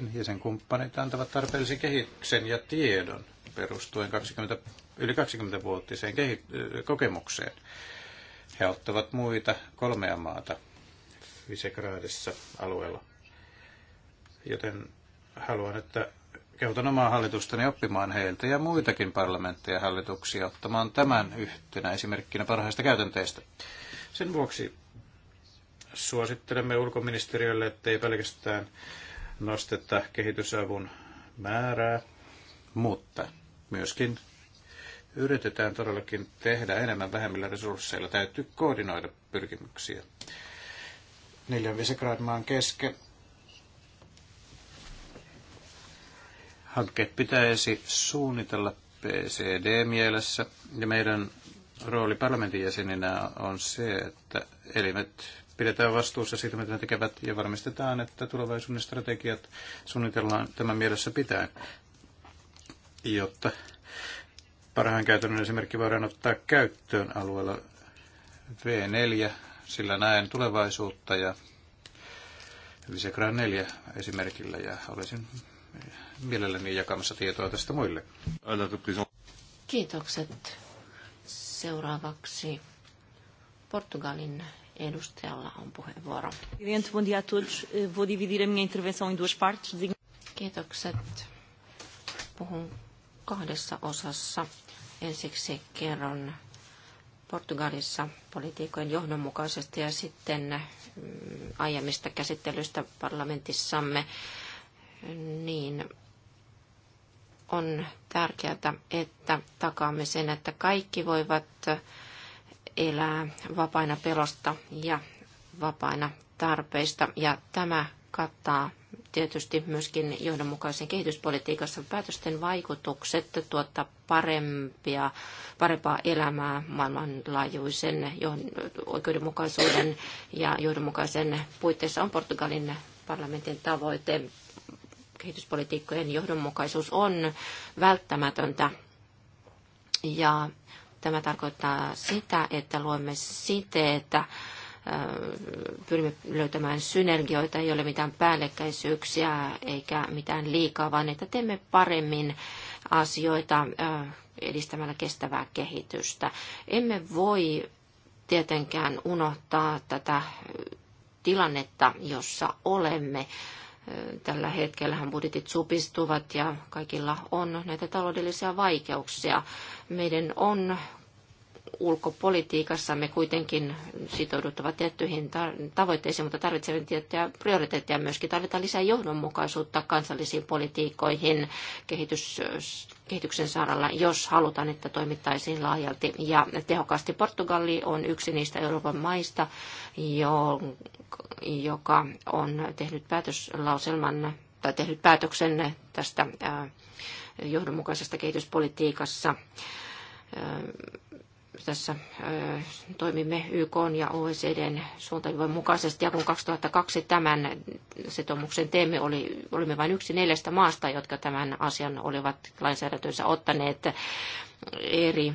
Trumpin ja sen kumppanit antavat tarpeellisen kehityksen ja tiedon perustuen 20, yli 20-vuotiseen kokemukseen. He auttavat muita kolmea maata Visegradissa alueella. Joten haluan, että kehotan omaa hallitustani oppimaan heiltä ja muitakin parlamentteja hallituksia ottamaan tämän yhtenä esimerkkinä parhaista käytänteistä. Sen vuoksi suosittelemme ulkoministeriölle, ettei pelkästään nostetta kehitysavun määrää, mutta myöskin yritetään todellakin tehdä enemmän vähemmillä resursseilla. Täytyy koordinoida pyrkimyksiä. Neljän Visegrad-maan kesken hankkeet pitäisi suunnitella PCD-mielessä. Ja meidän rooli parlamentin jäseninä on se, että elimet pidetään vastuussa siitä, mitä ne tekevät, ja varmistetaan, että tulevaisuuden strategiat suunnitellaan tämän mielessä pitäen, jotta parhaan käytännön esimerkki voidaan ottaa käyttöön alueella V4, sillä näen tulevaisuutta ja Visegrad 4 esimerkillä ja olisin mielelläni jakamassa tietoa tästä muille.
Kiitokset. Seuraavaksi Portugalin edustajalla on puheenvuoro. Eh, Kiitokset. Puhun kahdessa osassa. Ensiksi kerron Portugalissa politiikojen johdonmukaisesti ja sitten mm, aiemmista käsittelyistä parlamentissamme. Niin on tärkeää, että takaamme sen, että kaikki voivat elää vapaina pelosta ja vapaina tarpeista. Ja tämä kattaa tietysti myöskin johdonmukaisen kehityspolitiikassa päätösten vaikutukset tuottaa parempia, parempaa elämää maailmanlaajuisen oikeudenmukaisuuden ja johdonmukaisen puitteissa on Portugalin parlamentin tavoite. Kehityspolitiikkojen johdonmukaisuus on välttämätöntä ja Tämä tarkoittaa sitä, että luomme siteitä, äh, pyrimme löytämään synergioita, ei ole mitään päällekkäisyyksiä eikä mitään liikaa, vaan että teemme paremmin asioita äh, edistämällä kestävää kehitystä. Emme voi tietenkään unohtaa tätä tilannetta, jossa olemme. Tällä hetkellähän budjetit supistuvat ja kaikilla on näitä taloudellisia vaikeuksia. Meidän on ulkopolitiikassamme kuitenkin sitouduttava tiettyihin tavoitteisiin, mutta tarvitsemme tiettyjä prioriteetteja myöskin. Tarvitaan lisää johdonmukaisuutta kansallisiin politiikkoihin kehitys, kehityksen saaralla, jos halutaan, että toimittaisiin laajalti ja tehokkaasti. Portugali on yksi niistä Euroopan maista, joka on tehnyt päätöslauselman tai tehnyt päätöksen tästä johdonmukaisesta kehityspolitiikassa tässä toimimme YK ja OECDn suuntaviivan mukaisesti. Ja kun 2002 tämän sitoumuksen teemme, oli, olimme vain yksi neljästä maasta, jotka tämän asian olivat lainsäädäntönsä ottaneet eri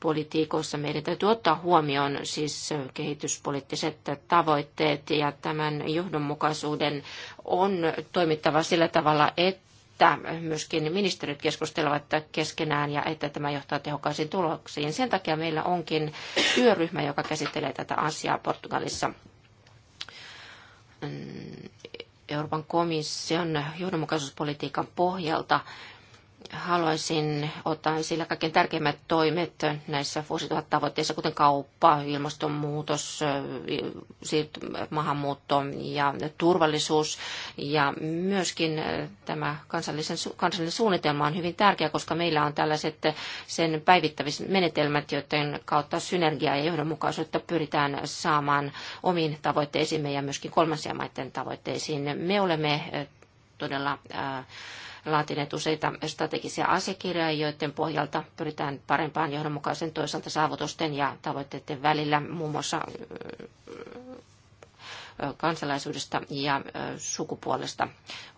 politiikoissa meidän täytyy ottaa huomioon siis kehityspoliittiset tavoitteet ja tämän johdonmukaisuuden on toimittava sillä tavalla, että että myöskin ministerit keskustelevat keskenään ja että tämä johtaa tehokkaisiin tuloksiin. Sen takia meillä onkin työryhmä, joka käsittelee tätä asiaa Portugalissa. Mm, Euroopan komission johdonmukaisuuspolitiikan pohjalta haluaisin ottaa esille kaikkein tärkeimmät toimet näissä vuosituhattavoitteissa, kuten kauppa, ilmastonmuutos, maahanmuutto ja turvallisuus. Ja myöskin tämä kansallisen, kansallinen suunnitelma on hyvin tärkeä, koska meillä on tällaiset sen päivittämismenetelmät, joiden kautta synergiaa ja johdonmukaisuutta pyritään saamaan omiin tavoitteisiimme ja myöskin kolmansien maiden tavoitteisiin. Me olemme todella äh, laatineet useita strategisia asiakirjoja, joiden pohjalta pyritään parempaan johdonmukaisen toisaalta saavutusten ja tavoitteiden välillä, muun muassa kansalaisuudesta ja sukupuolesta.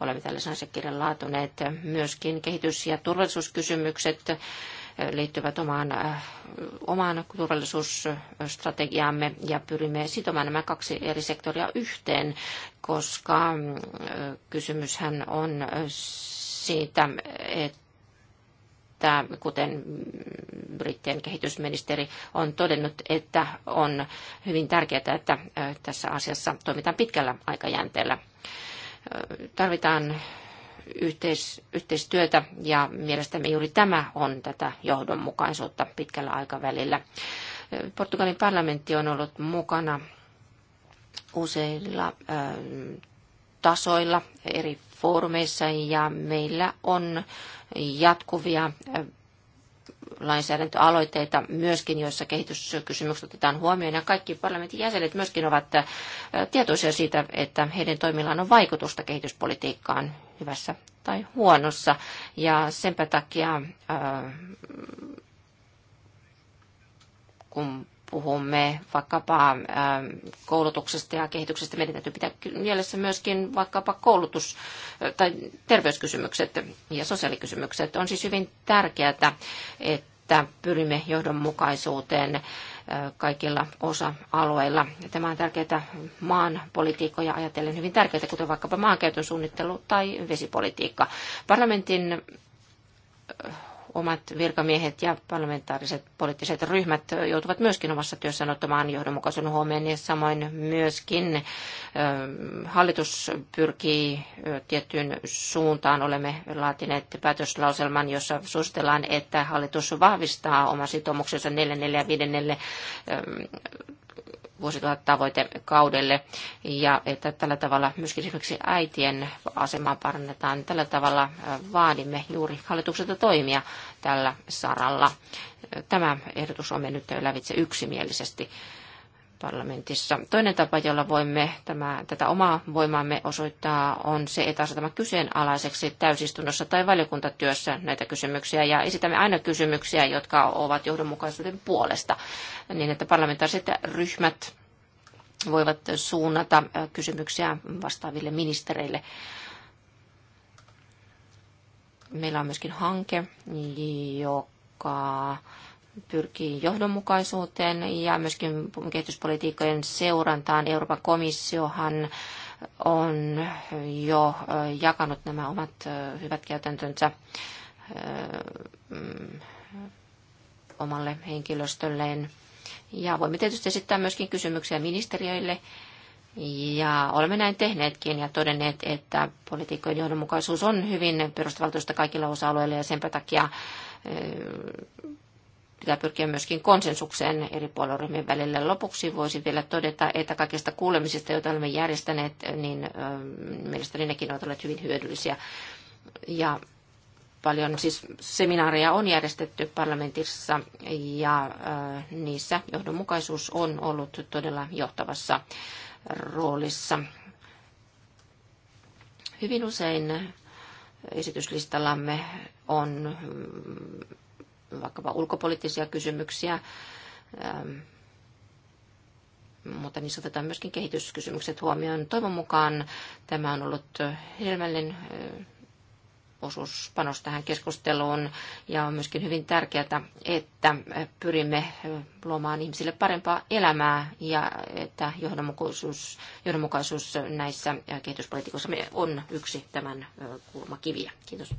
Olemme tällaisen asiakirjan laatuneet. Myöskin kehitys- ja turvallisuuskysymykset liittyvät omaan, omaan turvallisuusstrategiaamme ja pyrimme sitomaan nämä kaksi eri sektoria yhteen, koska kysymyshän on siitä, että kuten brittien kehitysministeri on todennut, että on hyvin tärkeää, että tässä asiassa toimitaan pitkällä aikajänteellä. Tarvitaan yhteis- yhteistyötä ja mielestämme juuri tämä on tätä johdonmukaisuutta pitkällä aikavälillä. Portugalin parlamentti on ollut mukana useilla tasoilla eri foorumeissa ja meillä on jatkuvia lainsäädäntöaloitteita myöskin, joissa kehityskysymykset otetaan huomioon. Ja kaikki parlamentin jäsenet myöskin ovat tietoisia siitä, että heidän toimillaan on vaikutusta kehityspolitiikkaan hyvässä tai huonossa. Ja senpä takia, kun puhumme vaikkapa ähm, koulutuksesta ja kehityksestä, meidän täytyy pitää mielessä myöskin vaikkapa koulutus- äh, tai terveyskysymykset ja sosiaalikysymykset. On siis hyvin tärkeää, että pyrimme johdonmukaisuuteen äh, kaikilla osa-alueilla. Tämä on tärkeää maan politiikkoja ajatellen hyvin tärkeää, kuten vaikkapa maankäytön suunnittelu tai vesipolitiikka. Parlamentin äh, omat virkamiehet ja parlamentaariset poliittiset ryhmät joutuvat myöskin omassa työssään ottamaan johdonmukaisen huomioon ja samoin myöskin hallitus pyrkii tiettyyn suuntaan. Olemme laatineet päätöslauselman, jossa suositellaan, että hallitus vahvistaa oman sitoumuksensa 445 vuosituhattavoitekaudelle ja että tällä tavalla myöskin esimerkiksi äitien asemaa parannetaan. Tällä tavalla vaadimme juuri hallitukselta toimia tällä saralla. Tämä ehdotus on mennyt lävitse yksimielisesti parlamentissa. Toinen tapa, jolla voimme tämä, tätä omaa voimaamme osoittaa, on se, että asetamme kyseenalaiseksi täysistunnossa tai valiokuntatyössä näitä kysymyksiä ja esitämme aina kysymyksiä, jotka ovat johdonmukaisuuden puolesta, niin että parlamentaariset ryhmät voivat suunnata kysymyksiä vastaaville ministereille. Meillä on myöskin hanke, joka pyrkii johdonmukaisuuteen ja myöskin kehityspolitiikkojen seurantaan. Euroopan komissiohan on jo jakanut nämä omat hyvät käytäntönsä mm, omalle henkilöstölleen. Ja voimme tietysti esittää myöskin kysymyksiä ministeriöille. Ja olemme näin tehneetkin ja todenneet, että politiikkojen johdonmukaisuus on hyvin perustavaltuista kaikilla osa-alueilla ja senpä takia pitää pyrkiä myöskin konsensukseen eri puolueryhmien välillä. Lopuksi voisi vielä todeta, että kaikista kuulemisista, joita olemme järjestäneet, niin mielestäni nekin ovat olleet hyvin hyödyllisiä. Ja paljon siis seminaareja on järjestetty parlamentissa ja niissä johdonmukaisuus on ollut todella johtavassa roolissa. Hyvin usein esityslistallamme on vaikkapa ulkopoliittisia kysymyksiä, ähm, mutta niissä otetaan myöskin kehityskysymykset huomioon. Toivon mukaan tämä on ollut hedelmällinen äh, osuus panos tähän keskusteluun ja on myöskin hyvin tärkeää, että pyrimme äh, luomaan ihmisille parempaa elämää ja että johdonmukaisuus, johdonmukaisuus näissä äh, kehityspolitiikoissa on yksi tämän kulmakiviä. Kiitos.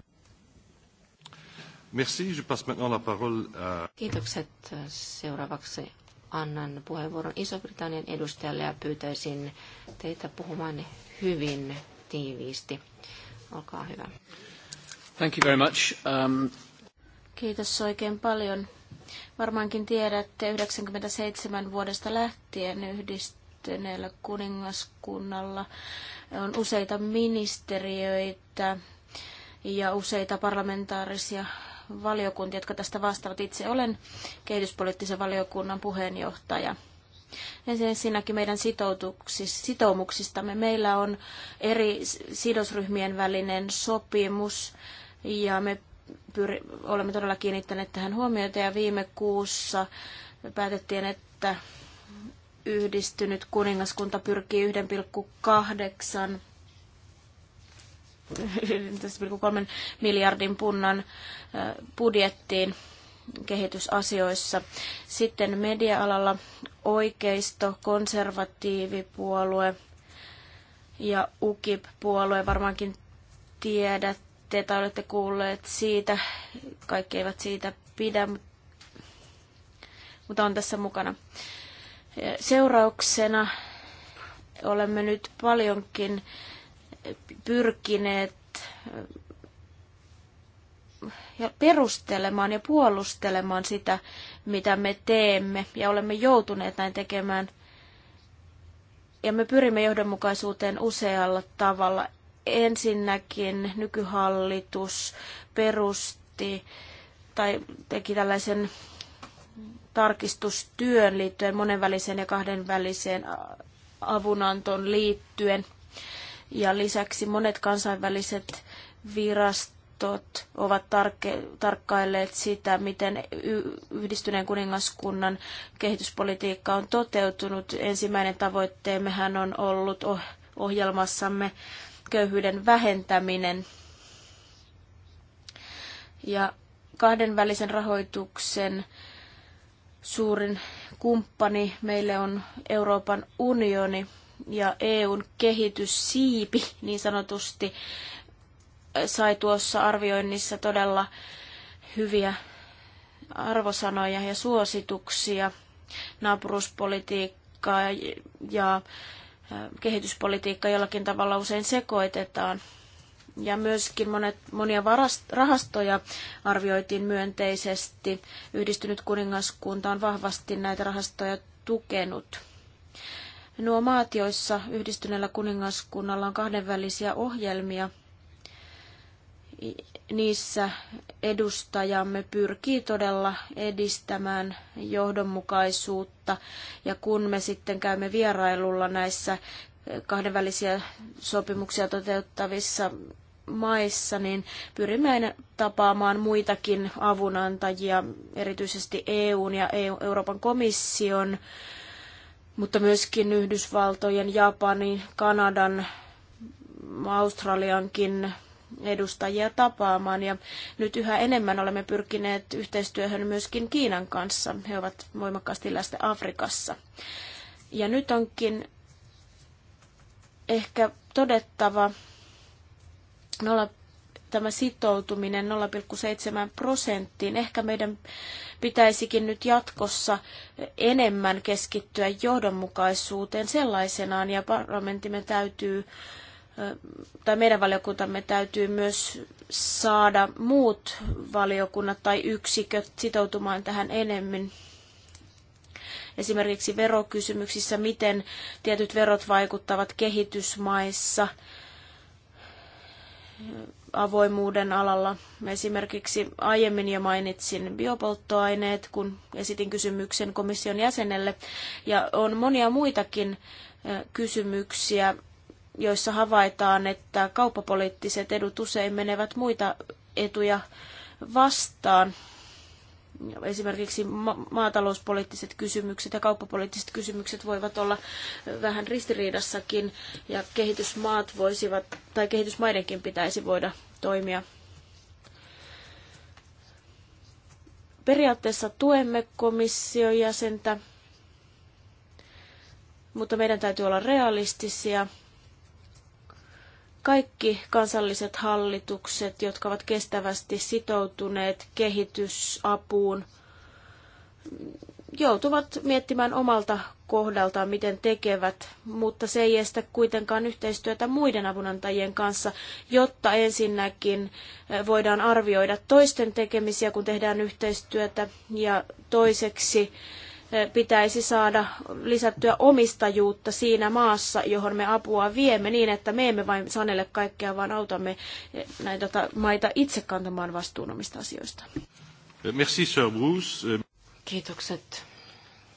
Merci. Je passe maintenant la parole à...
Kiitokset. Seuraavaksi annan puheenvuoron Iso-Britannian edustajalle ja pyytäisin teitä puhumaan hyvin tiiviisti. Olkaa hyvä.
Thank you very much. Um... Kiitos oikein paljon. Varmaankin tiedätte 97 vuodesta lähtien yhdistyneellä kuningaskunnalla on useita ministeriöitä ja useita parlamentaarisia valiokuntia, jotka tästä vastaavat. Itse olen kehityspoliittisen valiokunnan puheenjohtaja. Ensinnäkin meidän sitoumuksistamme. Meillä on eri sidosryhmien välinen sopimus ja me pyri, olemme todella kiinnittäneet tähän huomiota ja viime kuussa päätettiin, että yhdistynyt kuningaskunta pyrkii 1,8 1,3 miljardin punnan budjettiin kehitysasioissa. Sitten media-alalla oikeisto, konservatiivipuolue ja UKIP-puolue varmaankin tiedätte tai olette kuulleet siitä. Kaikki eivät siitä pidä, mutta on tässä mukana. Seurauksena olemme nyt paljonkin pyrkineet äh, ja perustelemaan ja puolustelemaan sitä, mitä me teemme, ja olemme joutuneet näin tekemään. Ja me pyrimme johdonmukaisuuteen usealla tavalla. Ensinnäkin nykyhallitus perusti tai teki tällaisen tarkistustyön liittyen monenväliseen ja kahdenväliseen avunantoon liittyen. Ja lisäksi monet kansainväliset virastot ovat tarkke- tarkkailleet sitä, miten yhdistyneen kuningaskunnan kehityspolitiikka on toteutunut. Ensimmäinen tavoitteemmehän on ollut oh, ohjelmassamme köyhyyden vähentäminen. Ja kahdenvälisen rahoituksen suurin kumppani meille on Euroopan unioni ja EUn kehityssiipi niin sanotusti sai tuossa arvioinnissa todella hyviä arvosanoja ja suosituksia naapuruuspolitiikkaa ja kehityspolitiikka jollakin tavalla usein sekoitetaan. Ja myöskin monet, monia varast, rahastoja arvioitiin myönteisesti. Yhdistynyt kuningaskunta on vahvasti näitä rahastoja tukenut. Nuo maat, joissa yhdistyneellä kuningaskunnalla on kahdenvälisiä ohjelmia, niissä edustajamme pyrkii todella edistämään johdonmukaisuutta. Ja kun me sitten käymme vierailulla näissä kahdenvälisiä sopimuksia toteuttavissa maissa, niin pyrimme aina tapaamaan muitakin avunantajia, erityisesti EUn ja e- Euroopan komission mutta myöskin Yhdysvaltojen, Japanin, Kanadan, Australiankin edustajia tapaamaan. Ja nyt yhä enemmän olemme pyrkineet yhteistyöhön myöskin Kiinan kanssa. He ovat voimakkaasti läsnä Afrikassa. Ja nyt onkin ehkä todettava ollaan tämä sitoutuminen 0,7 prosenttiin. Ehkä meidän pitäisikin nyt jatkossa enemmän keskittyä johdonmukaisuuteen sellaisenaan ja parlamentimme täytyy tai meidän valiokuntamme täytyy myös saada muut valiokunnat tai yksiköt sitoutumaan tähän enemmän. Esimerkiksi verokysymyksissä, miten tietyt verot vaikuttavat kehitysmaissa avoimuuden alalla. Esimerkiksi aiemmin jo mainitsin biopolttoaineet, kun esitin kysymyksen komission jäsenelle. Ja on monia muitakin kysymyksiä, joissa havaitaan, että kauppapoliittiset edut usein menevät muita etuja vastaan esimerkiksi ma- maatalouspoliittiset kysymykset ja kauppapoliittiset kysymykset voivat olla vähän ristiriidassakin ja kehitysmaat voisivat tai kehitysmaidenkin pitäisi voida toimia. Periaatteessa tuemme komission jäsentä, mutta meidän täytyy olla realistisia – kaikki kansalliset hallitukset, jotka ovat kestävästi sitoutuneet kehitysapuun, joutuvat miettimään omalta kohdaltaan, miten tekevät, mutta se ei estä kuitenkaan yhteistyötä muiden avunantajien kanssa, jotta ensinnäkin eh, voidaan arvioida toisten tekemisiä, kun tehdään yhteistyötä, ja toiseksi pitäisi saada lisättyä omistajuutta siinä maassa, johon me apua viemme niin, että me emme vain sanelle kaikkea, vaan autamme näitä tota maita itse kantamaan vastuun omista asioista.
Merci, Sir Bruce.
Kiitokset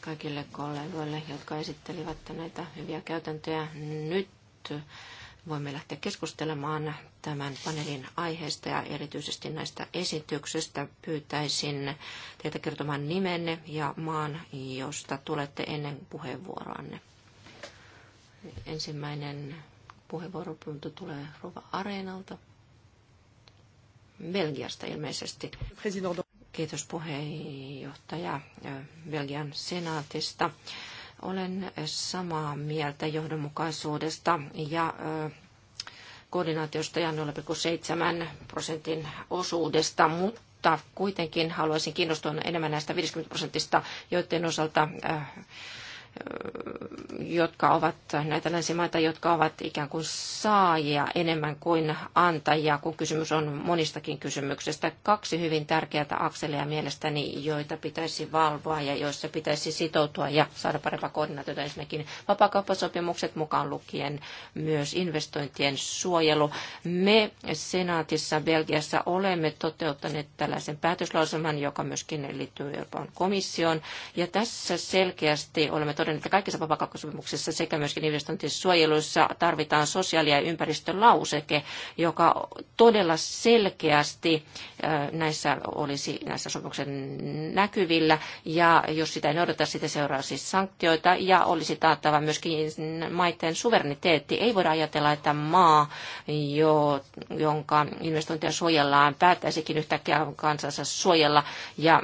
kaikille kollegoille, jotka esittelivät näitä hyviä käytäntöjä nyt voimme lähteä keskustelemaan tämän paneelin aiheesta ja erityisesti näistä esityksistä. Pyytäisin teitä kertomaan nimenne ja maan, josta tulette ennen puheenvuoroanne. Ensimmäinen puheenvuoropunto tulee Rova Areenalta. Belgiasta ilmeisesti. Kiitos puheenjohtaja Belgian senaatista. Olen samaa mieltä johdonmukaisuudesta ja koordinaatiosta ja 0,7 prosentin osuudesta, mutta kuitenkin haluaisin kiinnostua enemmän näistä 50 prosentista, joiden osalta äh, jotka ovat näitä länsimaita, jotka ovat ikään kuin saajia enemmän kuin antajia, kun kysymys on monistakin kysymyksestä. Kaksi hyvin tärkeää akselia mielestäni, joita pitäisi valvoa ja joissa pitäisi sitoutua ja saada parempaa koordinaatiota ensinnäkin vapakauppasopimukset mukaan lukien myös investointien suojelu. Me senaatissa Belgiassa olemme toteuttaneet tällaisen päätöslauselman, joka myöskin liittyy Euroopan komissioon ja tässä selkeästi olemme todennut, että kaikissa vapaakauppasopimuksissa sekä myöskin investointisuojeluissa tarvitaan sosiaali- ja ympäristölauseke, joka todella selkeästi näissä olisi näissä sopimuksen näkyvillä. Ja jos sitä ei noudata, sitä seuraa siis sanktioita ja olisi taattava myöskin maiden suvereniteetti. Ei voida ajatella, että maa, jo, jonka investointia suojellaan, päättäisikin yhtäkkiä kansansa suojella ja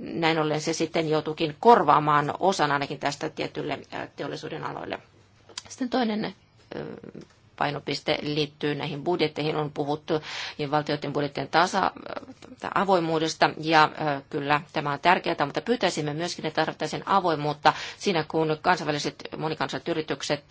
näin ollen se sitten joutuukin korvaamaan osan ainakin tästä tietyille teollisuuden aloille. Sitten toinen painopiste liittyy näihin budjetteihin. On puhuttu niin valtioiden budjettien tasa avoimuudesta ja kyllä tämä on tärkeää, mutta pyytäisimme myöskin, että tarvittaisiin avoimuutta siinä, kun kansainväliset monikansalliset yritykset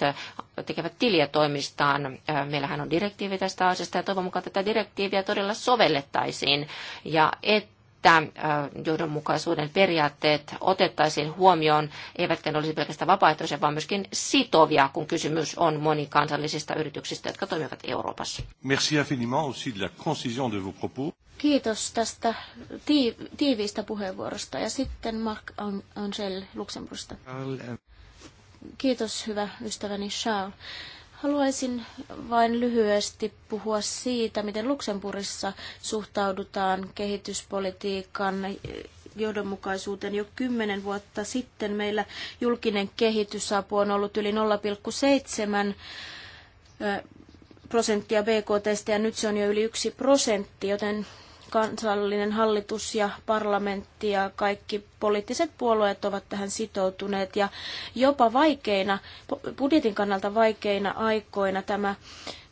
tekevät tiliä toimistaan. Meillähän on direktiivi tästä asiasta ja toivon mukaan tätä direktiiviä todella sovellettaisiin ja että että äh, johdonmukaisuuden periaatteet otettaisiin huomioon, eivätkä ne olisi pelkästään vapaaehtoisia, vaan myöskin sitovia, kun kysymys on monikansallisista yrityksistä, jotka toimivat Euroopassa.
Merci infiniment aussi de la concision de vos propos.
Kiitos tästä tiiviistä puheenvuorosta. Ja sitten Mark Angel Luxemburgista. Kiitos, hyvä ystäväni Charles. Haluaisin vain lyhyesti puhua siitä, miten Luxemburgissa suhtaudutaan kehityspolitiikan johdonmukaisuuteen. Jo kymmenen vuotta sitten meillä julkinen kehitysapu on ollut yli 0,7 prosenttia BKTstä ja nyt se on jo yli yksi prosentti, joten kansallinen hallitus ja parlamentti ja kaikki poliittiset puolueet ovat tähän sitoutuneet ja jopa vaikeina, budjetin kannalta vaikeina aikoina tämä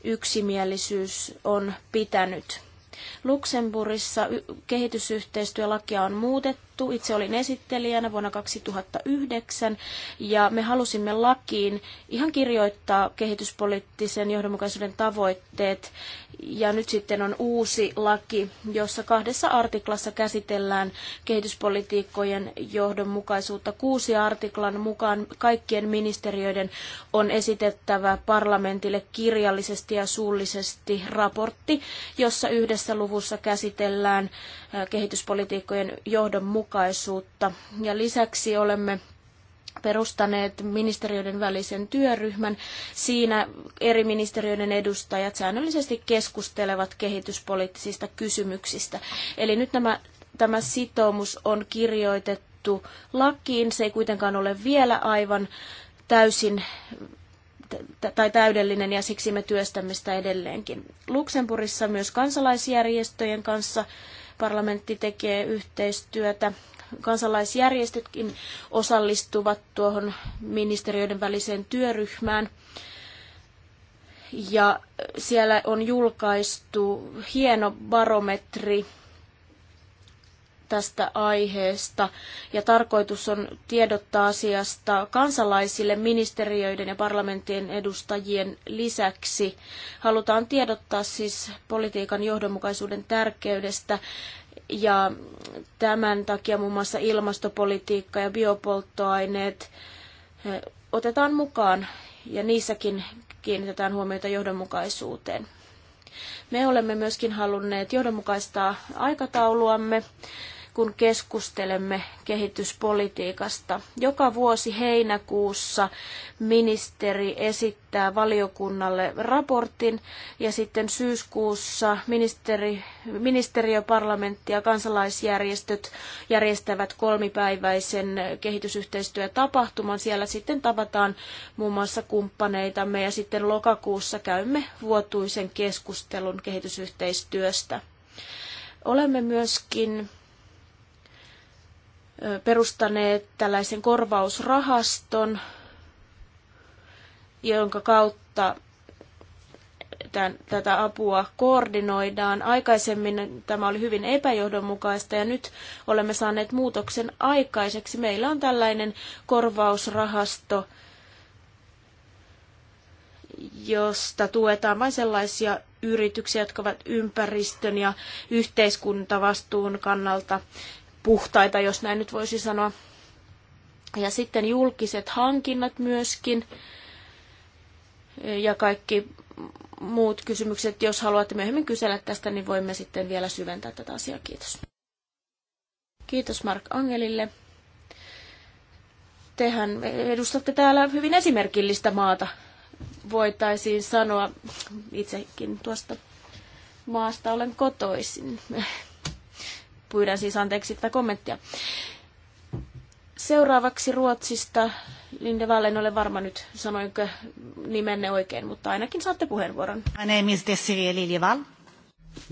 yksimielisyys on pitänyt. Luxemburgissa kehitysyhteistyölakia on muutettu puhuttu. Itse olin esittelijänä vuonna 2009 ja me halusimme lakiin ihan kirjoittaa kehityspoliittisen johdonmukaisuuden tavoitteet. Ja nyt sitten on uusi laki, jossa kahdessa artiklassa käsitellään kehityspolitiikkojen johdonmukaisuutta. Kuusi artiklan mukaan kaikkien ministeriöiden on esitettävä parlamentille kirjallisesti ja suullisesti raportti, jossa yhdessä luvussa käsitellään kehityspolitiikkojen johdonmukaisuutta oikeudenmukaisuutta. Ja lisäksi olemme perustaneet ministeriöiden välisen työryhmän. Siinä eri ministeriöiden edustajat säännöllisesti keskustelevat kehityspoliittisista kysymyksistä. Eli nyt nämä, tämä sitoumus on kirjoitettu lakiin. Se ei kuitenkaan ole vielä aivan täysin tai täydellinen ja siksi me työstämme sitä edelleenkin. Luxemburgissa myös kansalaisjärjestöjen kanssa Parlamentti tekee yhteistyötä. Kansalaisjärjestötkin osallistuvat tuohon ministeriöiden väliseen työryhmään. Ja siellä on julkaistu hieno barometri tästä aiheesta ja tarkoitus on tiedottaa asiasta kansalaisille ministeriöiden ja parlamenttien edustajien lisäksi. Halutaan tiedottaa siis politiikan johdonmukaisuuden tärkeydestä ja tämän takia muun mm. muassa ilmastopolitiikka ja biopolttoaineet otetaan mukaan ja niissäkin kiinnitetään huomiota johdonmukaisuuteen. Me olemme myöskin halunneet johdonmukaistaa aikatauluamme kun keskustelemme kehityspolitiikasta. Joka vuosi heinäkuussa ministeri esittää valiokunnalle raportin ja sitten syyskuussa ministeri, ministeriö, parlamentti ja kansalaisjärjestöt järjestävät kolmipäiväisen kehitysyhteistyötapahtuman. Siellä sitten tavataan muun muassa kumppaneitamme ja sitten lokakuussa käymme vuotuisen keskustelun kehitysyhteistyöstä. Olemme myöskin perustaneet tällaisen korvausrahaston, jonka kautta tämän, tätä apua koordinoidaan. Aikaisemmin tämä oli hyvin epäjohdonmukaista ja nyt olemme saaneet muutoksen aikaiseksi. Meillä on tällainen korvausrahasto, josta tuetaan vain sellaisia yrityksiä, jotka ovat ympäristön ja yhteiskuntavastuun kannalta puhtaita, jos näin nyt voisi sanoa. Ja sitten julkiset hankinnat myöskin ja kaikki muut kysymykset. Jos haluatte myöhemmin kysellä tästä, niin voimme sitten vielä syventää tätä asiaa. Kiitos. Kiitos Mark Angelille. Tehän edustatte täällä hyvin esimerkillistä maata, voitaisiin sanoa. Itsekin tuosta maasta olen kotoisin. Pyydän siis anteeksi tätä kommenttia. Seuraavaksi Ruotsista. Linde Wall, en ole varma nyt sanoinko nimenne oikein, mutta ainakin saatte puheenvuoron. My name is Desiree Liljeval.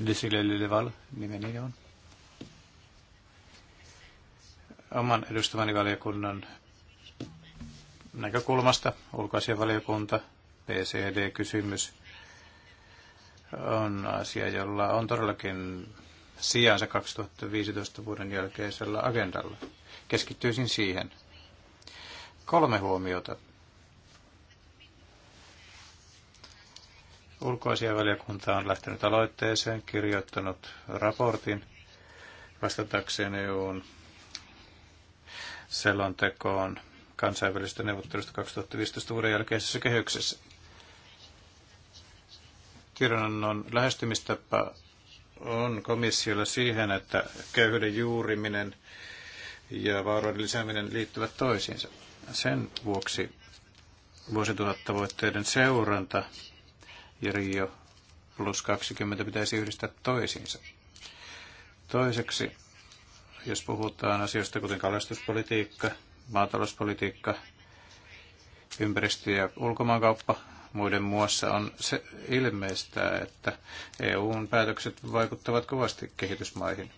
Desiree Liljeval, nimeni on. Oman edustamani valiokunnan näkökulmasta ulkoasianvaliokunta, PCD-kysymys, on asia, jolla on todellakin sijansa 2015 vuoden jälkeisellä agendalla. Keskittyisin siihen. Kolme huomiota. valiokunta on lähtenyt aloitteeseen, kirjoittanut raportin vastatakseen EUn selontekoon kansainvälisestä neuvottelusta 2015 vuoden jälkeisessä kehyksessä. Tiedonannon lähestymistapa on komissiolla siihen, että köyhyyden juuriminen ja vaurauden lisääminen liittyvät toisiinsa. Sen vuoksi vuosituhattavoitteiden seuranta ja Rio plus 20 pitäisi yhdistää toisiinsa. Toiseksi, jos puhutaan asioista kuten kalastuspolitiikka, maatalouspolitiikka, ympäristö- ja ulkomaankauppa, muiden muassa on se ilmeistä, että EUn päätökset vaikuttavat kovasti kehitysmaihin.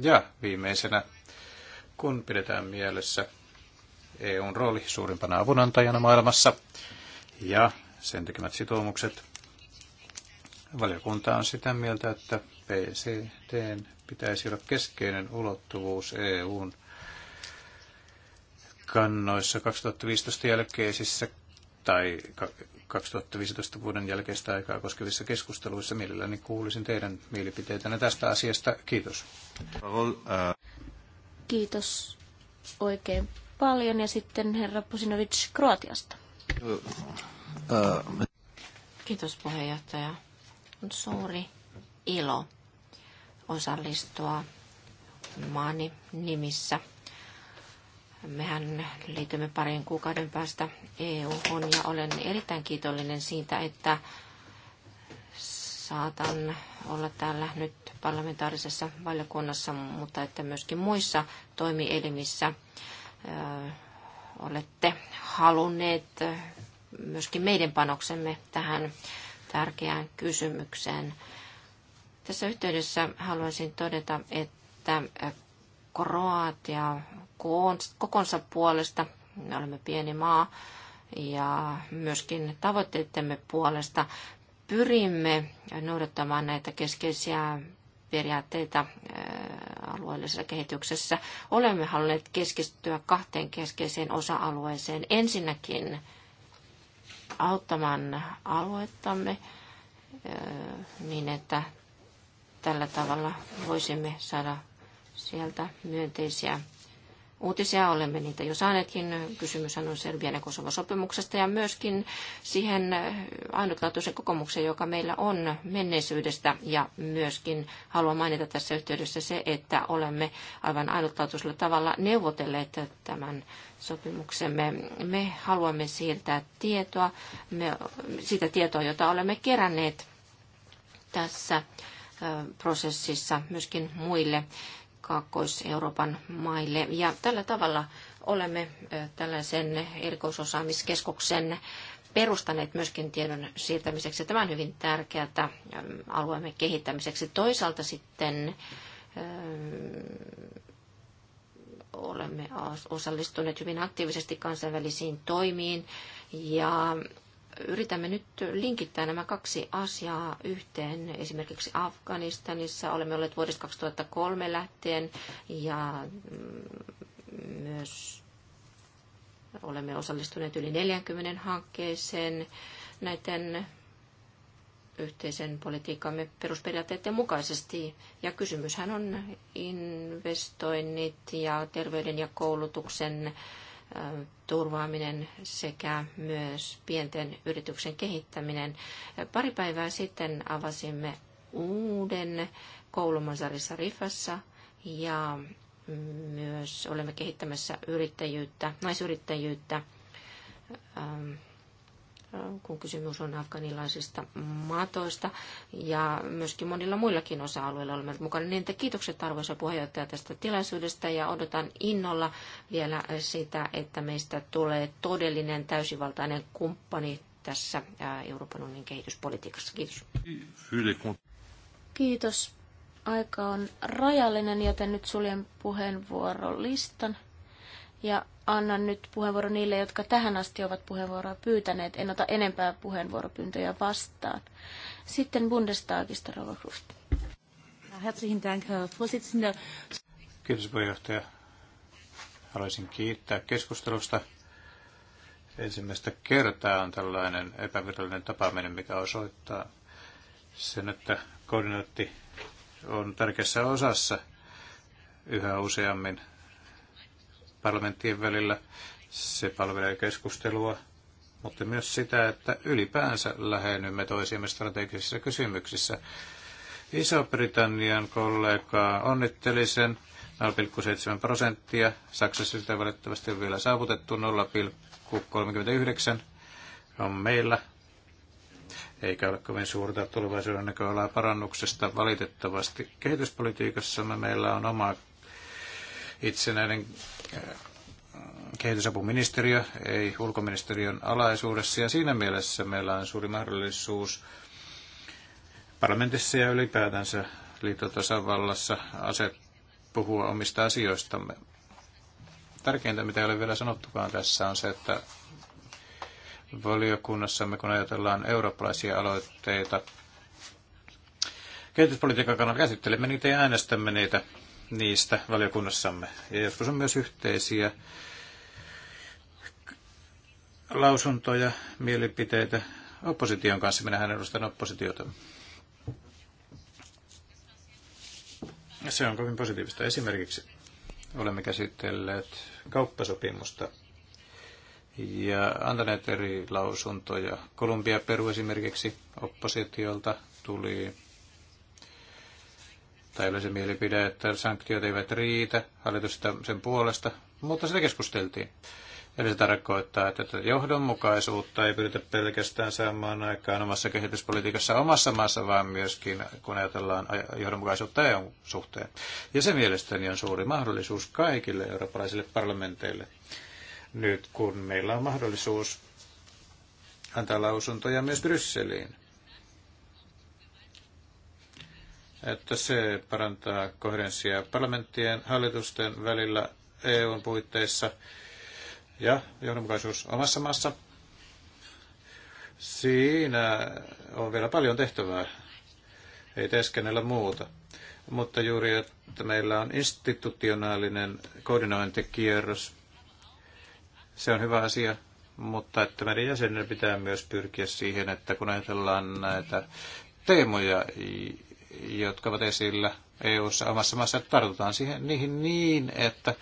Ja viimeisenä, kun pidetään mielessä EUn rooli suurimpana avunantajana maailmassa ja sen tekemät sitoumukset, valiokunta on sitä mieltä, että PCDn pitäisi olla keskeinen ulottuvuus EUn kannoissa 2015 jälkeisissä tai 2015 vuoden jälkeistä aikaa koskevissa keskusteluissa. Mielelläni kuulisin teidän mielipiteitänne tästä asiasta. Kiitos. Äh.
Kiitos oikein paljon ja sitten herra Pusinovic Kroatiasta. Äh.
Kiitos puheenjohtaja.
On suuri
ilo osallistua maani nimissä – Mehän liitymme parin kuukauden päästä EU-hun ja olen erittäin kiitollinen siitä, että saatan olla täällä nyt parlamentaarisessa valiokunnassa, mutta että myöskin muissa toimielimissä olette halunneet myöskin meidän panoksemme tähän tärkeään kysymykseen. Tässä yhteydessä haluaisin todeta, että Kroatia kokonsa puolesta. Me olemme pieni maa ja myöskin tavoitteidemme puolesta pyrimme noudattamaan näitä keskeisiä periaatteita alueellisessa kehityksessä. Olemme halunneet keskittyä kahteen keskeiseen osa-alueeseen. Ensinnäkin auttamaan aluettamme niin, että tällä tavalla voisimme saada sieltä myönteisiä uutisia, olemme niitä jo saaneetkin. Kysymyshän on Serbian ja Kosovan sopimuksesta ja myöskin siihen ainutlaatuisen kokemukseen, joka meillä on menneisyydestä. Ja myöskin haluan mainita tässä yhteydessä se, että olemme aivan ainutlaatuisella tavalla neuvotelleet tämän sopimuksemme. Me haluamme siirtää tietoa, me, sitä tietoa, jota olemme keränneet tässä prosessissa myöskin muille Kaakkois-Euroopan maille. Ja tällä tavalla olemme tällaisen erikoisosaamiskeskuksen perustaneet myöskin tiedon siirtämiseksi. Tämä on hyvin tärkeää alueemme kehittämiseksi. Toisaalta sitten olemme osallistuneet hyvin aktiivisesti kansainvälisiin toimiin ja yritämme nyt linkittää nämä kaksi asiaa yhteen. Esimerkiksi Afganistanissa olemme olleet vuodesta 2003 lähtien ja mm, myös olemme osallistuneet yli 40 hankkeeseen näiden yhteisen politiikkamme perusperiaatteiden mukaisesti. Ja kysymyshän on investoinnit ja terveyden ja koulutuksen turvaaminen sekä myös pienten yrityksen kehittäminen. Pari päivää sitten avasimme uuden koulumansarissa Rifassa ja myös olemme kehittämässä yrittäjyyttä, naisyrittäjyyttä ähm, kun kysymys on afganilaisista maatoista ja myöskin monilla muillakin osa-alueilla olemme mukana. Niin, te kiitokset arvoisa puheenjohtaja tästä tilaisuudesta ja odotan innolla vielä sitä, että meistä tulee todellinen täysivaltainen kumppani tässä Euroopan unionin kehityspolitiikassa. Kiitos.
Kiitos. Aika on rajallinen, joten nyt suljen puheenvuorolistan. listan. Ja annan nyt puheenvuoro niille, jotka tähän asti ovat puheenvuoroa pyytäneet. En ota enempää puheenvuoropyyntöjä vastaan. Sitten Bundestagista, Rova Kruft.
Kiitos puheenjohtaja. Haluaisin kiittää keskustelusta. Ensimmäistä kertaa on tällainen epävirallinen tapaaminen, mikä osoittaa sen, että koordinaatti on tärkeässä osassa yhä useammin parlamenttien välillä. Se palvelee keskustelua, mutta myös sitä, että ylipäänsä lähenymme toisiamme strategisissa kysymyksissä. Iso-Britannian kollega onnitteli sen 0,7 prosenttia. Saksassa sitä valitettavasti on vielä saavutettu 0,39 on meillä. Eikä ole kovin suurta tulevaisuuden näköalaa parannuksesta valitettavasti. Kehityspolitiikassamme meillä on oma itsenäinen kehitysapuministeriö, ei ulkoministeriön alaisuudessa. Ja siinä mielessä meillä on suuri mahdollisuus parlamentissa ja ylipäätänsä liittotasavallassa aset puhua omista asioistamme. Tärkeintä, mitä ei ole vielä sanottukaan tässä, on se, että valiokunnassamme, kun ajatellaan eurooppalaisia aloitteita, kehityspolitiikan kannalta käsittelemme niitä ja äänestämme niitä niistä valiokunnassamme. Ja joskus on myös yhteisiä lausuntoja, mielipiteitä opposition kanssa. Minähän edustan oppositiota. Se on kovin positiivista. Esimerkiksi olemme käsitelleet kauppasopimusta ja antaneet eri lausuntoja. Kolumbia Peru esimerkiksi oppositiolta tuli tai oli se mielipide, että sanktiot eivät riitä hallitusta sen puolesta, mutta sitä keskusteltiin. Eli se tarkoittaa, että tätä johdonmukaisuutta ei pyritä pelkästään saamaan aikaan omassa kehityspolitiikassa omassa maassa, vaan myöskin kun ajatellaan johdonmukaisuutta EUn suhteen. Ja se mielestäni on suuri mahdollisuus kaikille eurooppalaisille parlamenteille nyt, kun meillä on mahdollisuus antaa lausuntoja myös Brysseliin että se parantaa koherenssia parlamenttien hallitusten välillä EUn puitteissa ja johdonmukaisuus omassa maassa. Siinä on vielä paljon tehtävää. Ei teeskennellä muuta. Mutta juuri, että meillä on institutionaalinen koordinointikierros, se on hyvä asia, mutta että meidän jäsenen pitää myös pyrkiä siihen, että kun ajatellaan näitä teemoja, jotka ovat esillä EU-ssa omassa maassa, tartutaan siihen, niihin niin, että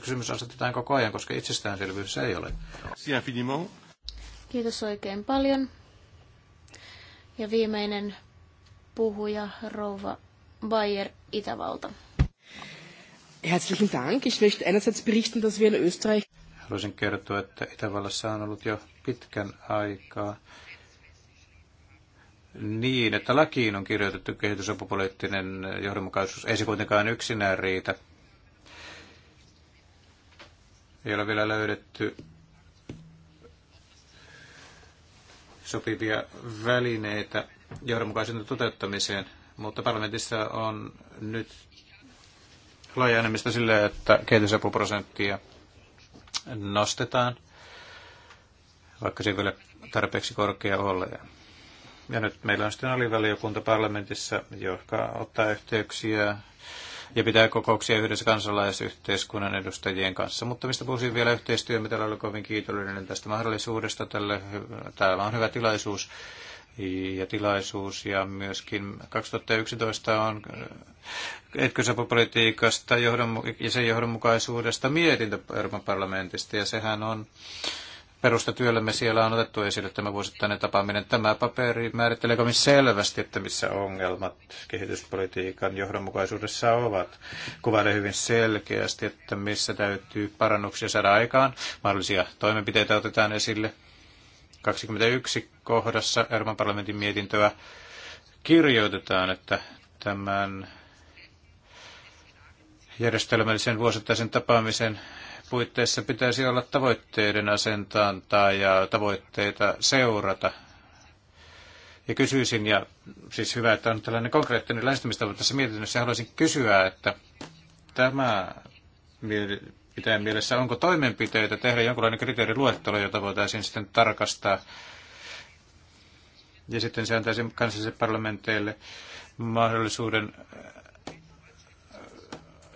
kysymys asetetaan koko ajan, koska itsestäänselvyys ei ole.
Kiitos oikein paljon. Ja viimeinen puhuja, rouva Bayer Itävalta. Herzlichen Dank. Ich möchte einerseits berichten, dass wir in Österreich
Haluaisin kertoa, että Itävallassa on ollut jo pitkän aikaa niin, että lakiin on kirjoitettu kehitysapupoliittinen johdonmukaisuus. Ei se kuitenkaan yksinään riitä. Ei ole vielä löydetty sopivia välineitä johdonmukaisen toteuttamiseen, mutta parlamentissa on nyt laaja enemmistö sille, että kehitysapuprosenttia nostetaan, vaikka se ei vielä tarpeeksi korkea ole ja nyt meillä on sitten alivaliokunta parlamentissa, joka ottaa yhteyksiä ja pitää kokouksia yhdessä kansalaisyhteiskunnan edustajien kanssa. Mutta mistä puhuisin vielä yhteistyö, mitä olen kovin kiitollinen tästä mahdollisuudesta. Tälle, täällä on hyvä tilaisuus ja tilaisuus ja myöskin 2011 on etkysapupolitiikasta ja sen johdonmukaisuudesta mietintö Euroopan parlamentista ja sehän on perustatyöllemme siellä on otettu esille tämä vuosittainen tapaaminen. Tämä paperi määrittelee kovin selvästi, että missä ongelmat kehityspolitiikan johdonmukaisuudessa ovat. Kuvailee hyvin selkeästi, että missä täytyy parannuksia saada aikaan. Mahdollisia toimenpiteitä otetaan esille. 21 kohdassa Euroopan parlamentin mietintöä kirjoitetaan, että tämän järjestelmällisen vuosittaisen tapaamisen puitteissa pitäisi olla tavoitteiden asentantaa ja tavoitteita seurata. Ja kysyisin, ja siis hyvä, että on tällainen konkreettinen lähestymistapa tässä mietinnössä, haluaisin kysyä, että tämä pitää mielessä, onko toimenpiteitä tehdä jonkinlainen kriteeriluettelo, jota voitaisiin sitten tarkastaa. Ja sitten se antaisi kansallisille parlamenteille mahdollisuuden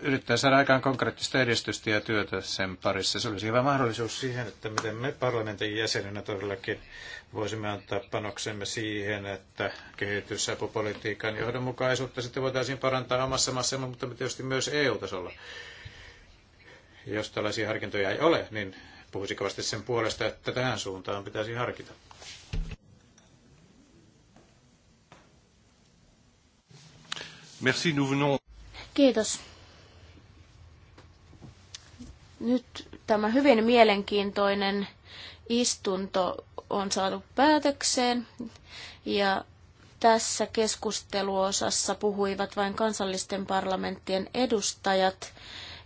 yrittää saada aikaan konkreettista edistystä ja työtä sen parissa. Se olisi hyvä mahdollisuus siihen, että miten me parlamentin jäsenenä todellakin voisimme antaa panoksemme siihen, että kehitysapupolitiikan johdonmukaisuutta sitten voitaisiin parantaa omassa maassamme, mutta tietysti myös EU-tasolla. Jos tällaisia harkintoja ei ole, niin puhuisi kovasti sen puolesta, että tähän suuntaan pitäisi harkita. Merci, nous venons...
Kiitos. Nyt tämä hyvin mielenkiintoinen istunto on saatu päätökseen ja tässä keskusteluosassa puhuivat vain kansallisten parlamenttien edustajat.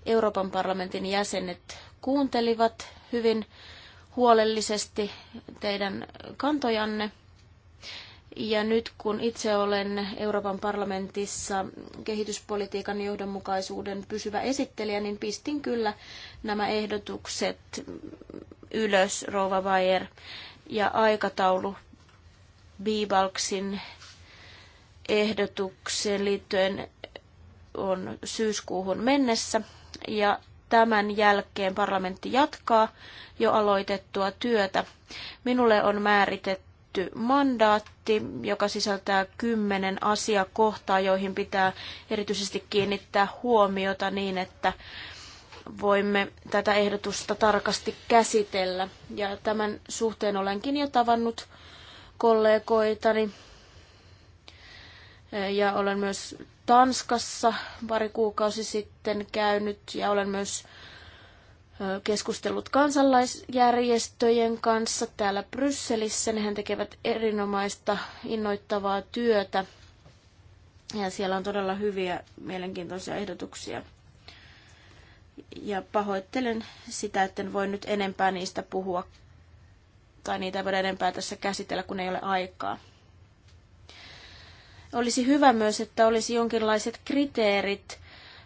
Euroopan parlamentin jäsenet kuuntelivat hyvin huolellisesti teidän kantojanne. Ja nyt kun itse olen Euroopan parlamentissa kehityspolitiikan johdonmukaisuuden pysyvä esittelijä, niin pistin kyllä nämä ehdotukset ylös, Rova Bayer, ja aikataulu Biibalksin ehdotukseen liittyen on syyskuuhun mennessä, ja tämän jälkeen parlamentti jatkaa jo aloitettua työtä. Minulle on määritetty tietty mandaatti, joka sisältää kymmenen asiakohtaa, joihin pitää erityisesti kiinnittää huomiota niin, että voimme tätä ehdotusta tarkasti käsitellä. Ja tämän suhteen olenkin jo tavannut kollegoitani ja olen myös Tanskassa pari kuukausi sitten käynyt ja olen myös keskustellut kansalaisjärjestöjen kanssa täällä Brysselissä. Nehän tekevät erinomaista, innoittavaa työtä. Ja siellä on todella hyviä, mielenkiintoisia ehdotuksia. Ja pahoittelen sitä, että en voi nyt enempää niistä puhua, tai niitä ei voida enempää tässä käsitellä, kun ei ole aikaa. Olisi hyvä myös, että olisi jonkinlaiset kriteerit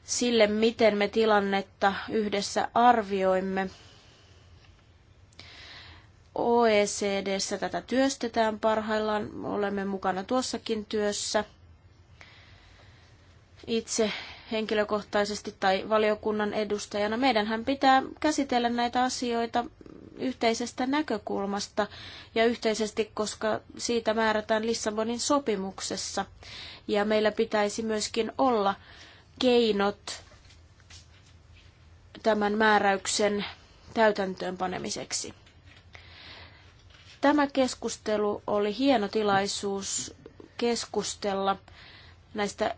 sille, miten me tilannetta yhdessä arvioimme. OECDssä tätä työstetään parhaillaan, olemme mukana tuossakin työssä. Itse henkilökohtaisesti tai valiokunnan edustajana. Meidänhän pitää käsitellä näitä asioita yhteisestä näkökulmasta ja yhteisesti, koska siitä määrätään Lissabonin sopimuksessa. Ja meillä pitäisi myöskin olla keinot tämän määräyksen täytäntöönpanemiseksi. Tämä keskustelu oli hieno tilaisuus keskustella näistä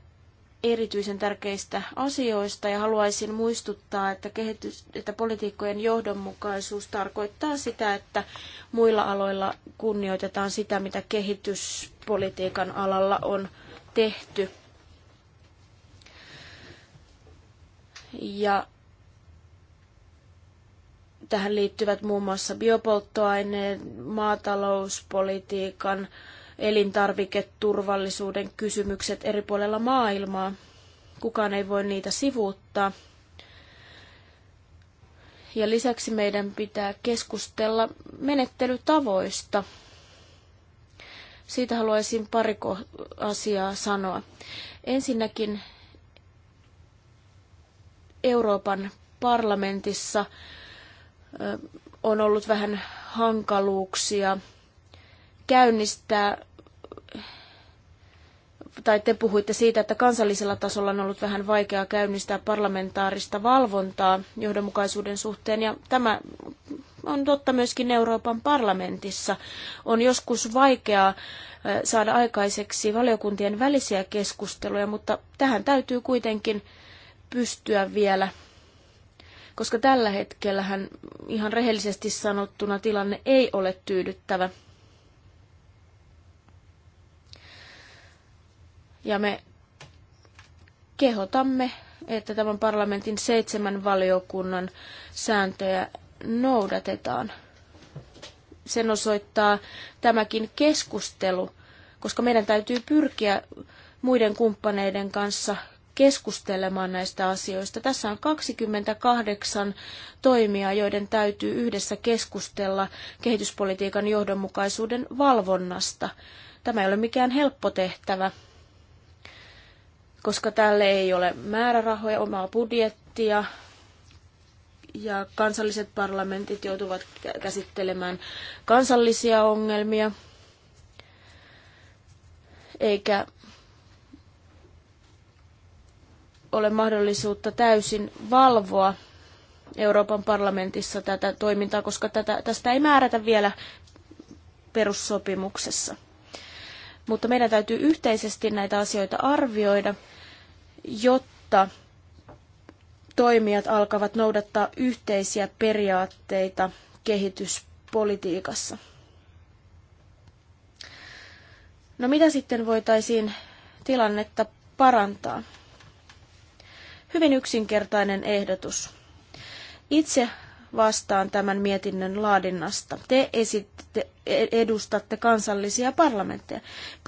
erityisen tärkeistä asioista ja haluaisin muistuttaa, että, kehitys, että politiikkojen johdonmukaisuus tarkoittaa sitä, että muilla aloilla kunnioitetaan sitä, mitä kehityspolitiikan alalla on tehty. ja tähän liittyvät muun muassa biopolttoaineen, maatalouspolitiikan, elintarviketurvallisuuden kysymykset eri puolella maailmaa. Kukaan ei voi niitä sivuuttaa. Ja lisäksi meidän pitää keskustella menettelytavoista. Siitä haluaisin pari asiaa sanoa. Ensinnäkin Euroopan parlamentissa on ollut vähän hankaluuksia käynnistää, tai te puhuitte siitä, että kansallisella tasolla on ollut vähän vaikeaa käynnistää parlamentaarista valvontaa johdonmukaisuuden suhteen, ja tämä on totta myöskin Euroopan parlamentissa. On joskus vaikeaa saada aikaiseksi valiokuntien välisiä keskusteluja, mutta tähän täytyy kuitenkin pystyä vielä, koska tällä hetkellä hän ihan rehellisesti sanottuna tilanne ei ole tyydyttävä. Ja me kehotamme, että tämän parlamentin seitsemän valiokunnan sääntöjä noudatetaan. Sen osoittaa tämäkin keskustelu, koska meidän täytyy pyrkiä muiden kumppaneiden kanssa keskustelemaan näistä asioista. Tässä on 28 toimia, joiden täytyy yhdessä keskustella kehityspolitiikan johdonmukaisuuden valvonnasta. Tämä ei ole mikään helppo tehtävä, koska tälle ei ole määrärahoja, omaa budjettia, ja kansalliset parlamentit joutuvat käsittelemään kansallisia ongelmia, eikä ole mahdollisuutta täysin valvoa Euroopan parlamentissa tätä toimintaa, koska tätä, tästä ei määrätä vielä perussopimuksessa. Mutta meidän täytyy yhteisesti näitä asioita arvioida, jotta toimijat alkavat noudattaa yhteisiä periaatteita kehityspolitiikassa. No mitä sitten voitaisiin tilannetta parantaa? Hyvin yksinkertainen ehdotus. Itse vastaan tämän mietinnön laadinnasta. Te esitte, edustatte kansallisia parlamentteja.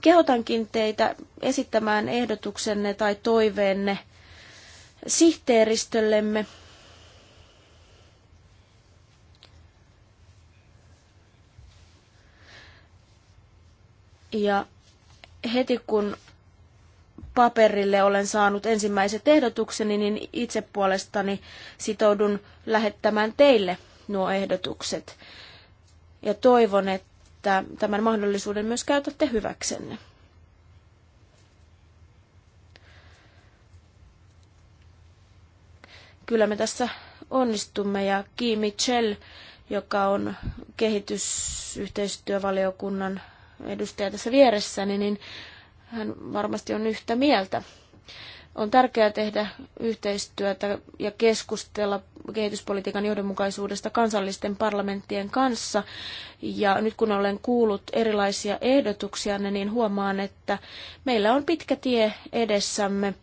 Kehotankin teitä esittämään ehdotuksenne tai toiveenne sihteeristöllemme. Ja heti kun paperille olen saanut ensimmäiset ehdotukseni, niin itse puolestani sitoudun lähettämään teille nuo ehdotukset. Ja toivon, että tämän mahdollisuuden myös käytätte hyväksenne. Kyllä me tässä onnistumme ja Kim Mitchell, joka on kehitysyhteistyövaliokunnan edustaja tässä vieressäni, niin hän varmasti on yhtä mieltä. On tärkeää tehdä yhteistyötä ja keskustella kehityspolitiikan johdonmukaisuudesta kansallisten parlamenttien kanssa. Ja nyt kun olen kuullut erilaisia ehdotuksia, niin huomaan, että meillä on pitkä tie edessämme,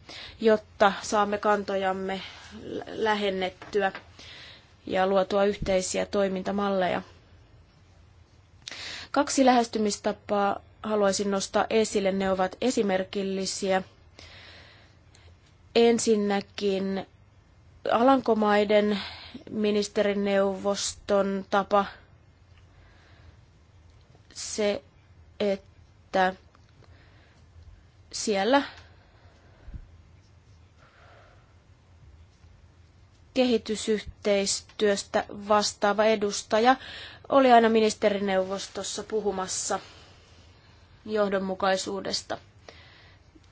jotta saamme kantojamme lähennettyä ja luotua yhteisiä toimintamalleja. Kaksi lähestymistapaa haluaisin nostaa esille, ne ovat esimerkillisiä. Ensinnäkin Alankomaiden ministerineuvoston tapa se, että siellä kehitysyhteistyöstä vastaava edustaja oli aina ministerineuvostossa puhumassa – johdonmukaisuudesta.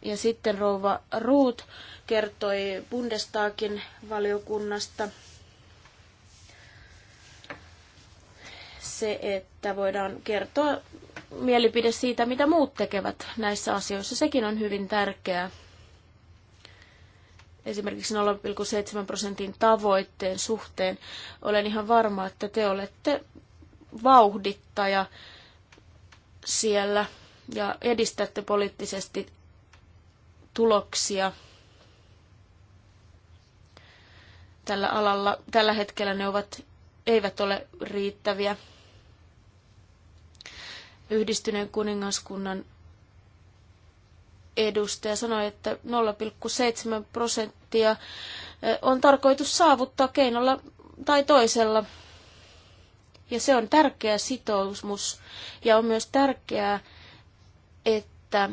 Ja sitten rouva Ruut kertoi Bundestagin valiokunnasta se, että voidaan kertoa mielipide siitä, mitä muut tekevät näissä asioissa. Sekin on hyvin tärkeää. Esimerkiksi 0,7 prosentin tavoitteen suhteen olen ihan varma, että te olette vauhdittaja siellä ja edistätte poliittisesti tuloksia tällä alalla. Tällä hetkellä ne ovat, eivät ole riittäviä. Yhdistyneen kuningaskunnan edustaja sanoi, että 0,7 prosenttia on tarkoitus saavuttaa keinolla tai toisella. Ja se on tärkeä sitoumus ja on myös tärkeää, että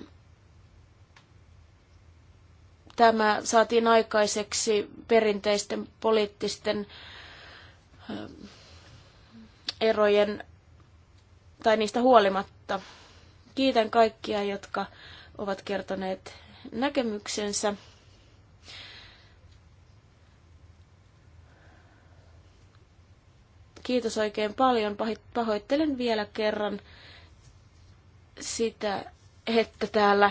tämä saatiin aikaiseksi perinteisten poliittisten erojen tai niistä huolimatta. Kiitän kaikkia, jotka ovat kertoneet näkemyksensä. Kiitos oikein paljon. Pahoittelen vielä kerran sitä, että täällä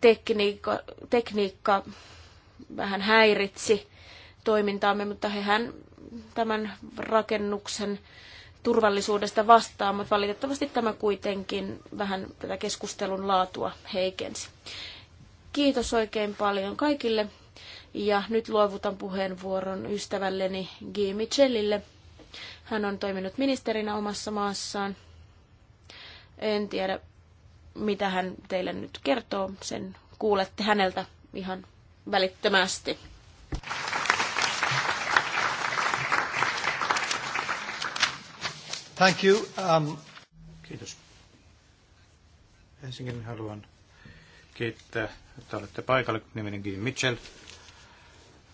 tekniikka, tekniikka vähän häiritsi toimintaamme, mutta hehän tämän rakennuksen turvallisuudesta vastaa, mutta valitettavasti tämä kuitenkin vähän tätä keskustelun laatua heikensi. Kiitos oikein paljon kaikille ja nyt luovutan puheenvuoron ystävälleni Guy Michellille. Hän on toiminut ministerinä omassa maassaan. En tiedä, mitä hän teille nyt kertoo, sen kuulette häneltä ihan välittömästi.
Thank you. Um... Kiitos. Ensinnäkin haluan kiittää, että olette paikalla. Nimeni Gini Mitchell.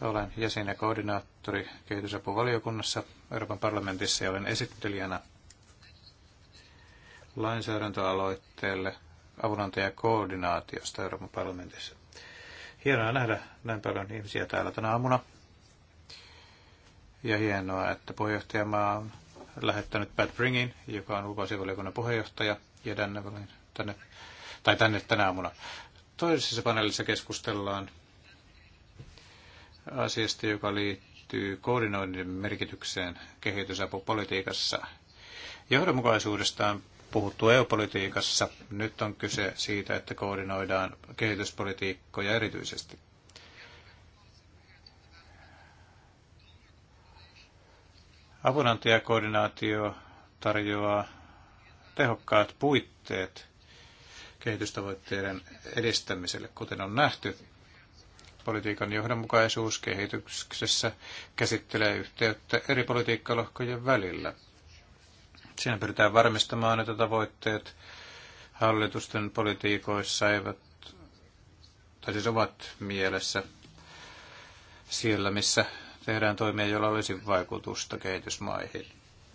Olen jäsen ja koordinaattori kehitysapuvaliokunnassa Euroopan parlamentissa ja olen esittelijänä lainsäädäntöaloitteelle avunantajakoordinaatiosta Euroopan parlamentissa. Hienoa nähdä näin paljon ihmisiä täällä tänä aamuna. Ja hienoa, että puheenjohtajamaa on lähettänyt Pat Bringin, joka on ulkoasiavaliokunnan puheenjohtaja, ja tänne, tänne, tai tänne tänä aamuna. Toisessa paneelissa keskustellaan asiasta, joka liittyy koordinoinnin merkitykseen kehitysapupolitiikassa. Johdonmukaisuudestaan puhuttu EU-politiikassa. Nyt on kyse siitä, että koordinoidaan kehityspolitiikkoja erityisesti. Avunantajakoordinaatio tarjoaa tehokkaat puitteet kehitystavoitteiden edistämiselle, kuten on nähty. Politiikan johdonmukaisuus kehityksessä käsittelee yhteyttä eri politiikkalohkojen välillä – Siinä pyritään varmistamaan, että tavoitteet hallitusten politiikoissa eivät, tai siis ovat mielessä siellä, missä tehdään toimia, joilla olisi vaikutusta kehitysmaihin.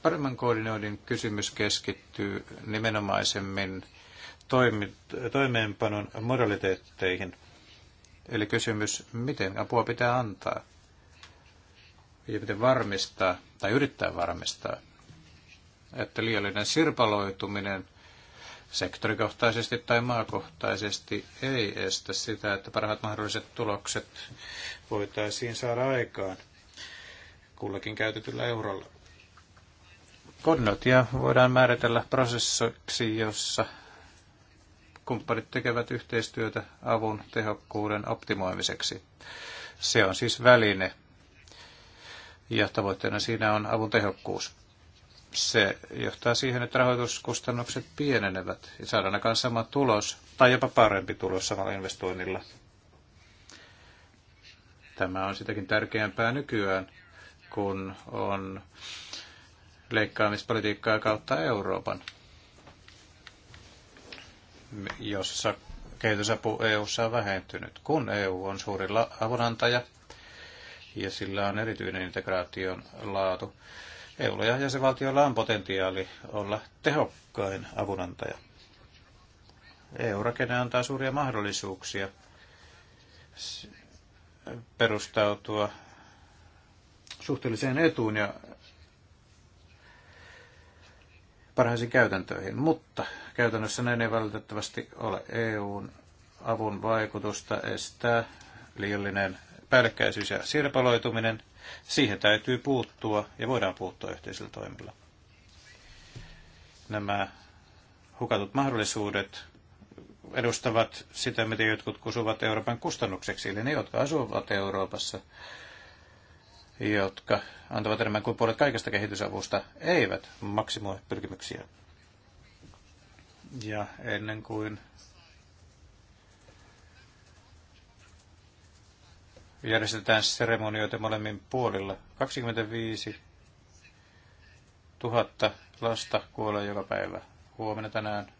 Paremman koordinoidin kysymys keskittyy nimenomaisemmin toimi, toimeenpanon moraliteetteihin. Eli kysymys, miten apua pitää antaa ja miten varmistaa tai yrittää varmistaa, että liiallinen sirpaloituminen sektorikohtaisesti tai maakohtaisesti ei estä sitä, että parhaat mahdolliset tulokset voitaisiin saada aikaan kullakin käytetyllä eurolla. Konnotia voidaan määritellä prosessiksi, jossa kumppanit tekevät yhteistyötä avun tehokkuuden optimoimiseksi. Se on siis väline ja tavoitteena siinä on avun tehokkuus se johtaa siihen, että rahoituskustannukset pienenevät ja saadaan ainakaan sama tulos tai jopa parempi tulos samalla investoinnilla. Tämä on sitäkin tärkeämpää nykyään, kun on leikkaamispolitiikkaa kautta Euroopan, jossa kehitysapu eu on vähentynyt, kun EU on suuri avunantaja ja sillä on erityinen integraation laatu EUlla ja jäsenvaltioilla on potentiaali olla tehokkain avunantaja. EU-rakenne antaa suuria mahdollisuuksia perustautua suhteelliseen etuun ja parhaisiin käytäntöihin, mutta käytännössä näin ei valitettavasti ole. EUn avun vaikutusta estää liiallinen päällekkäisyys ja sirpaloituminen – Siihen täytyy puuttua ja voidaan puuttua yhteisillä toimilla. Nämä hukatut mahdollisuudet edustavat sitä, mitä jotkut kusuvat Euroopan kustannukseksi, eli ne, jotka asuvat Euroopassa, jotka antavat enemmän kuin puolet kaikesta kehitysavusta, eivät maksimoi pyrkimyksiä. Ja ennen kuin järjestetään seremonioita molemmin puolilla. 25 000 lasta kuolee joka päivä. Huomenna tänään,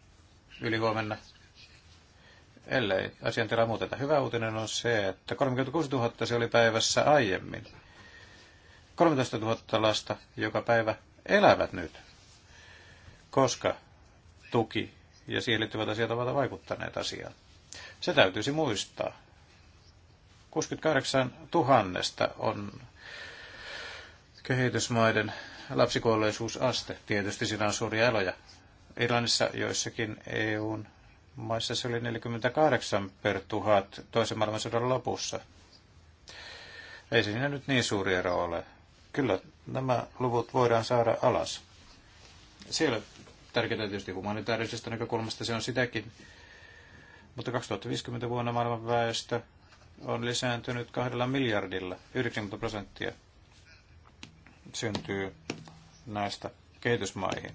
yli huomenna, ellei asiantila muuteta. Hyvä uutinen on se, että 36 000 se oli päivässä aiemmin. 13 000 lasta joka päivä elävät nyt, koska tuki ja siihen liittyvät asiat ovat vaikuttaneet asiaan. Se täytyisi muistaa 68 000 on kehitysmaiden lapsikuolleisuusaste. Tietysti siinä on suuria eloja. Irlannissa joissakin EUn maissa se oli 48 per tuhat toisen maailmansodan lopussa. Ei siinä nyt niin suuri ero ole. Kyllä nämä luvut voidaan saada alas. Siellä tärkeintä tietysti humanitaarisesta näkökulmasta se on sitäkin, mutta 2050 vuonna maailman väestö on lisääntynyt kahdella miljardilla. 90 prosenttia syntyy näistä kehitysmaihin.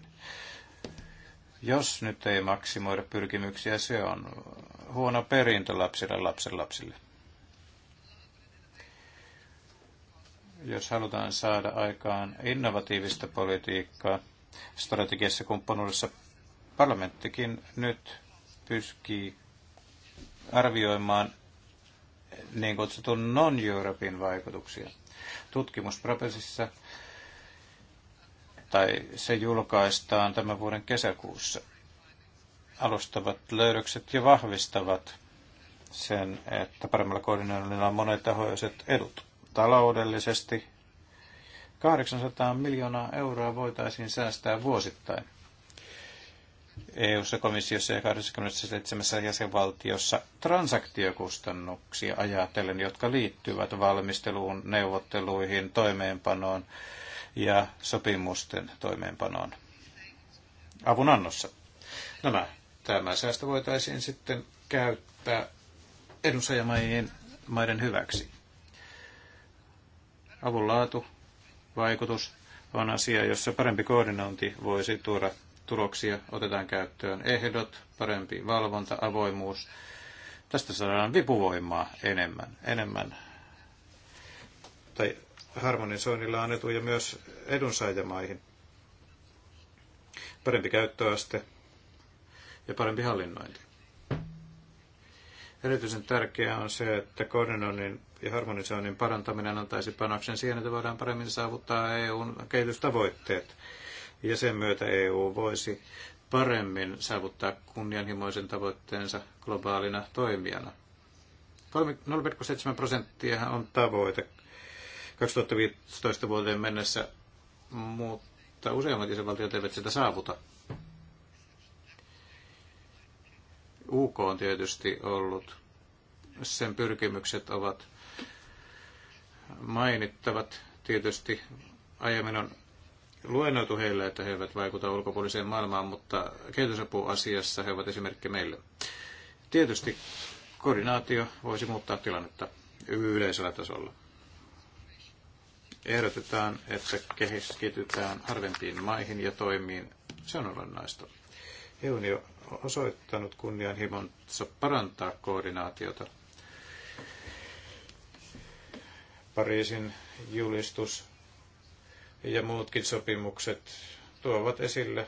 Jos nyt ei maksimoida pyrkimyksiä, se on huono perintö lapsille lapsille. Jos halutaan saada aikaan innovatiivista politiikkaa strategiassa kumppanuudessa, parlamenttikin nyt pyskii arvioimaan niin kutsutun non-European vaikutuksia. Tutkimusprofessissa tai se julkaistaan tämän vuoden kesäkuussa. Alustavat löydökset jo vahvistavat sen, että paremmalla koordinoinnilla on monetahoiset edut. Taloudellisesti 800 miljoonaa euroa voitaisiin säästää vuosittain – EU-ssa, komissiossa ja 27 jäsenvaltiossa transaktiokustannuksia ajatellen, jotka liittyvät valmisteluun, neuvotteluihin, toimeenpanoon ja sopimusten toimeenpanoon avunannossa. Nämä tämä säästö voitaisiin sitten käyttää edunsaajamaiden maiden hyväksi. Avun laatu, vaikutus on asia, jossa parempi koordinointi voisi tuoda tuloksia, otetaan käyttöön ehdot, parempi valvonta, avoimuus. Tästä saadaan vipuvoimaa enemmän, enemmän. Tai harmonisoinnilla on etuja myös edunsaajamaihin. Parempi käyttöaste ja parempi hallinnointi. Erityisen tärkeää on se, että koordinoinnin ja harmonisoinnin parantaminen antaisi panoksen siihen, että voidaan paremmin saavuttaa EUn kehitystavoitteet ja sen myötä EU voisi paremmin saavuttaa kunnianhimoisen tavoitteensa globaalina toimijana. 0,7 prosenttia on tavoite 2015 vuoteen mennessä, mutta useimmat jäsenvaltiot eivät sitä saavuta. UK on tietysti ollut, sen pyrkimykset ovat mainittavat. Tietysti aiemmin on luennoitu heille, että he eivät vaikuta ulkopuoliseen maailmaan, mutta kehitysapuasiassa he ovat esimerkki meille. Tietysti koordinaatio voisi muuttaa tilannetta yleisellä tasolla. Ehdotetaan, että keskitytään harvempiin maihin ja toimiin. Se on olennaista. He on jo osoittanut kunnianhimonsa parantaa koordinaatiota. Pariisin julistus ja muutkin sopimukset tuovat esille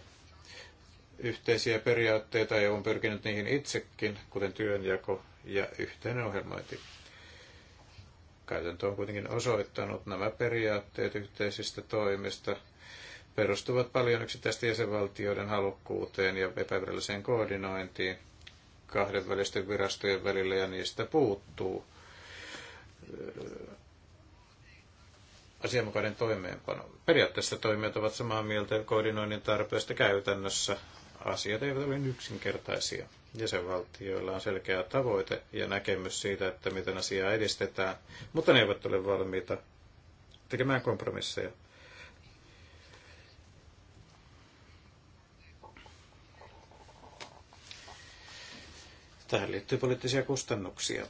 yhteisiä periaatteita ja on pyrkinyt niihin itsekin, kuten työnjako ja yhteinen ohjelmointi. Käytäntö on kuitenkin osoittanut nämä periaatteet yhteisistä toimista perustuvat paljon yksittäisten jäsenvaltioiden halukkuuteen ja epäviralliseen koordinointiin kahdenvälisten virastojen välillä ja niistä puuttuu asianmukainen toimeenpano. Periaatteessa toimijat ovat samaa mieltä koordinoinnin tarpeesta käytännössä. Asiat eivät ole niin yksinkertaisia. Jäsenvaltioilla on selkeä tavoite ja näkemys siitä, että miten asiaa edistetään, mutta ne eivät ole valmiita tekemään kompromisseja. Tähän liittyy poliittisia kustannuksia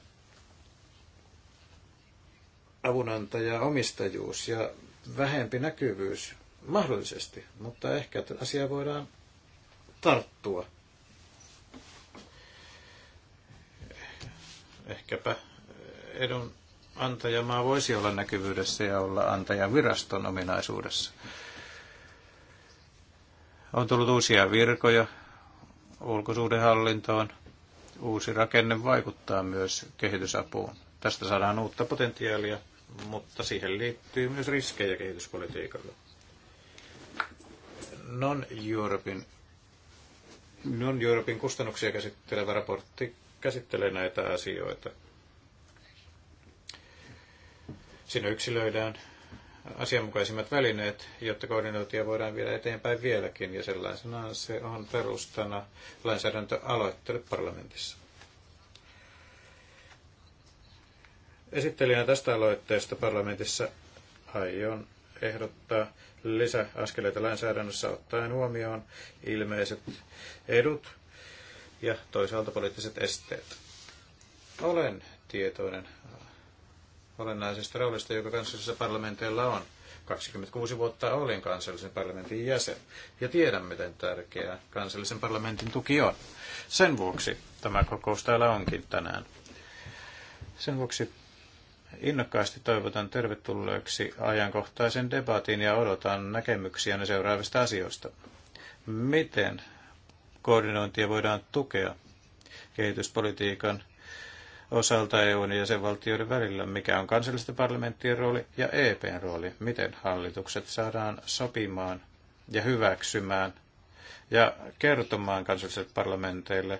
avunantaja omistajuus ja vähempi näkyvyys mahdollisesti, mutta ehkä asia voidaan tarttua. Ehkäpä edun antajamaa voisi olla näkyvyydessä ja olla viraston ominaisuudessa. On tullut uusia virkoja ulkosuhdehallintoon. Uusi rakenne vaikuttaa myös kehitysapuun. Tästä saadaan uutta potentiaalia mutta siihen liittyy myös riskejä kehityspolitiikalla. Non-Europein non-Europein kustannuksia käsittelevä raportti käsittelee näitä asioita. Siinä yksilöidään asianmukaisimmat välineet, jotta koordinointia voidaan viedä eteenpäin vieläkin, ja sellaisenaan se on perustana lainsäädäntöaloitteelle parlamentissa. Esittelijänä tästä aloitteesta parlamentissa aion ehdottaa lisäaskeleita lainsäädännössä ottaen huomioon ilmeiset edut ja toisaalta poliittiset esteet. Olen tietoinen olennaisesta roolista, joka kansallisessa parlamenteilla on. 26 vuotta olin kansallisen parlamentin jäsen ja tiedän, miten tärkeää kansallisen parlamentin tuki on. Sen vuoksi tämä kokous täällä onkin tänään. Sen vuoksi Innokkaasti toivotan tervetulleeksi ajankohtaisen debatin ja odotan näkemyksiä ne seuraavista asioista. Miten koordinointia voidaan tukea kehityspolitiikan osalta EUn ja jäsenvaltioiden välillä, mikä on kansallisten parlamenttien rooli ja EPn rooli, miten hallitukset saadaan sopimaan ja hyväksymään ja kertomaan kansallisille parlamenteille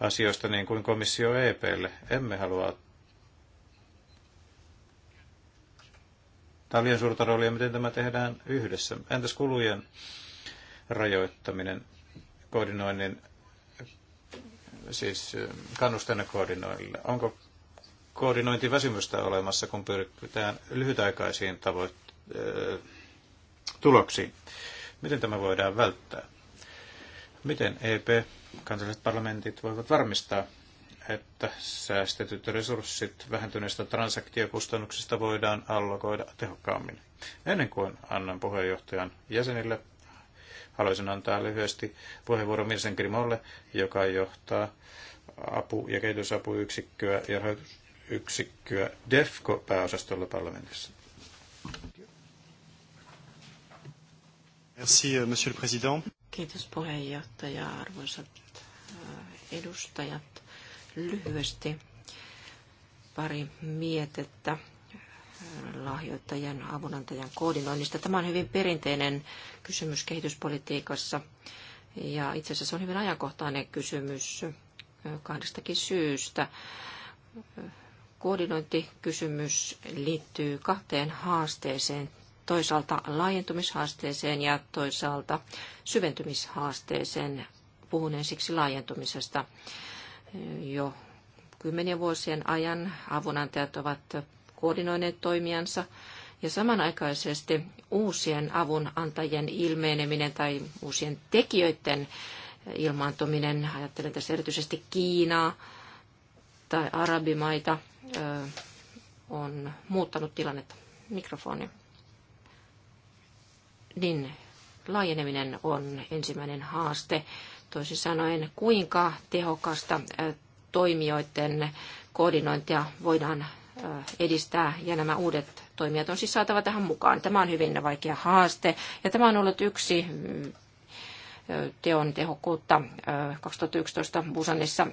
asioista niin kuin komissio EPlle. Emme halua Talion suurta roolia, miten tämä tehdään yhdessä. Entäs kulujen rajoittaminen, koordinoinnin, siis kannusten koordinoinnille? Onko koordinointiväsymystä olemassa, kun pyritään lyhytaikaisiin tavoit- tuloksiin? Miten tämä voidaan välttää? Miten EP, kansalliset parlamentit, voivat varmistaa, että säästetyt resurssit vähentyneistä transaktiokustannuksista voidaan allokoida tehokkaammin. Ennen kuin annan puheenjohtajan jäsenille, haluaisin antaa lyhyesti puheenvuoron Mirsen Grimolle, joka johtaa apu- ja kehitysapuyksikköä ja rahoitusyksikköä DEFCO-pääosastolla parlamentissa. Merci, euh, monsieur le président.
Kiitos puheenjohtaja, arvoisat äh, edustajat lyhyesti pari mietettä lahjoittajan avunantajan koordinoinnista. Tämä on hyvin perinteinen kysymys kehityspolitiikassa ja itse asiassa se on hyvin ajankohtainen kysymys kahdestakin syystä. Koordinointikysymys liittyy kahteen haasteeseen, toisaalta laajentumishaasteeseen ja toisaalta syventymishaasteeseen. Puhun ensiksi laajentumisesta jo kymmenien vuosien ajan. Avunantajat ovat koordinoineet toimiansa ja samanaikaisesti uusien avunantajien ilmeneminen tai uusien tekijöiden ilmaantuminen, ajattelen tässä erityisesti Kiinaa tai arabimaita, on muuttanut tilannetta. Mikrofoni. Niin, laajeneminen on ensimmäinen haaste Toisin sanoen, kuinka tehokasta toimijoiden koordinointia voidaan edistää ja nämä uudet toimijat on siis saatava tähän mukaan. Tämä on hyvin vaikea haaste ja tämä on ollut yksi mm, teon tehokkuutta 2011 Busanissa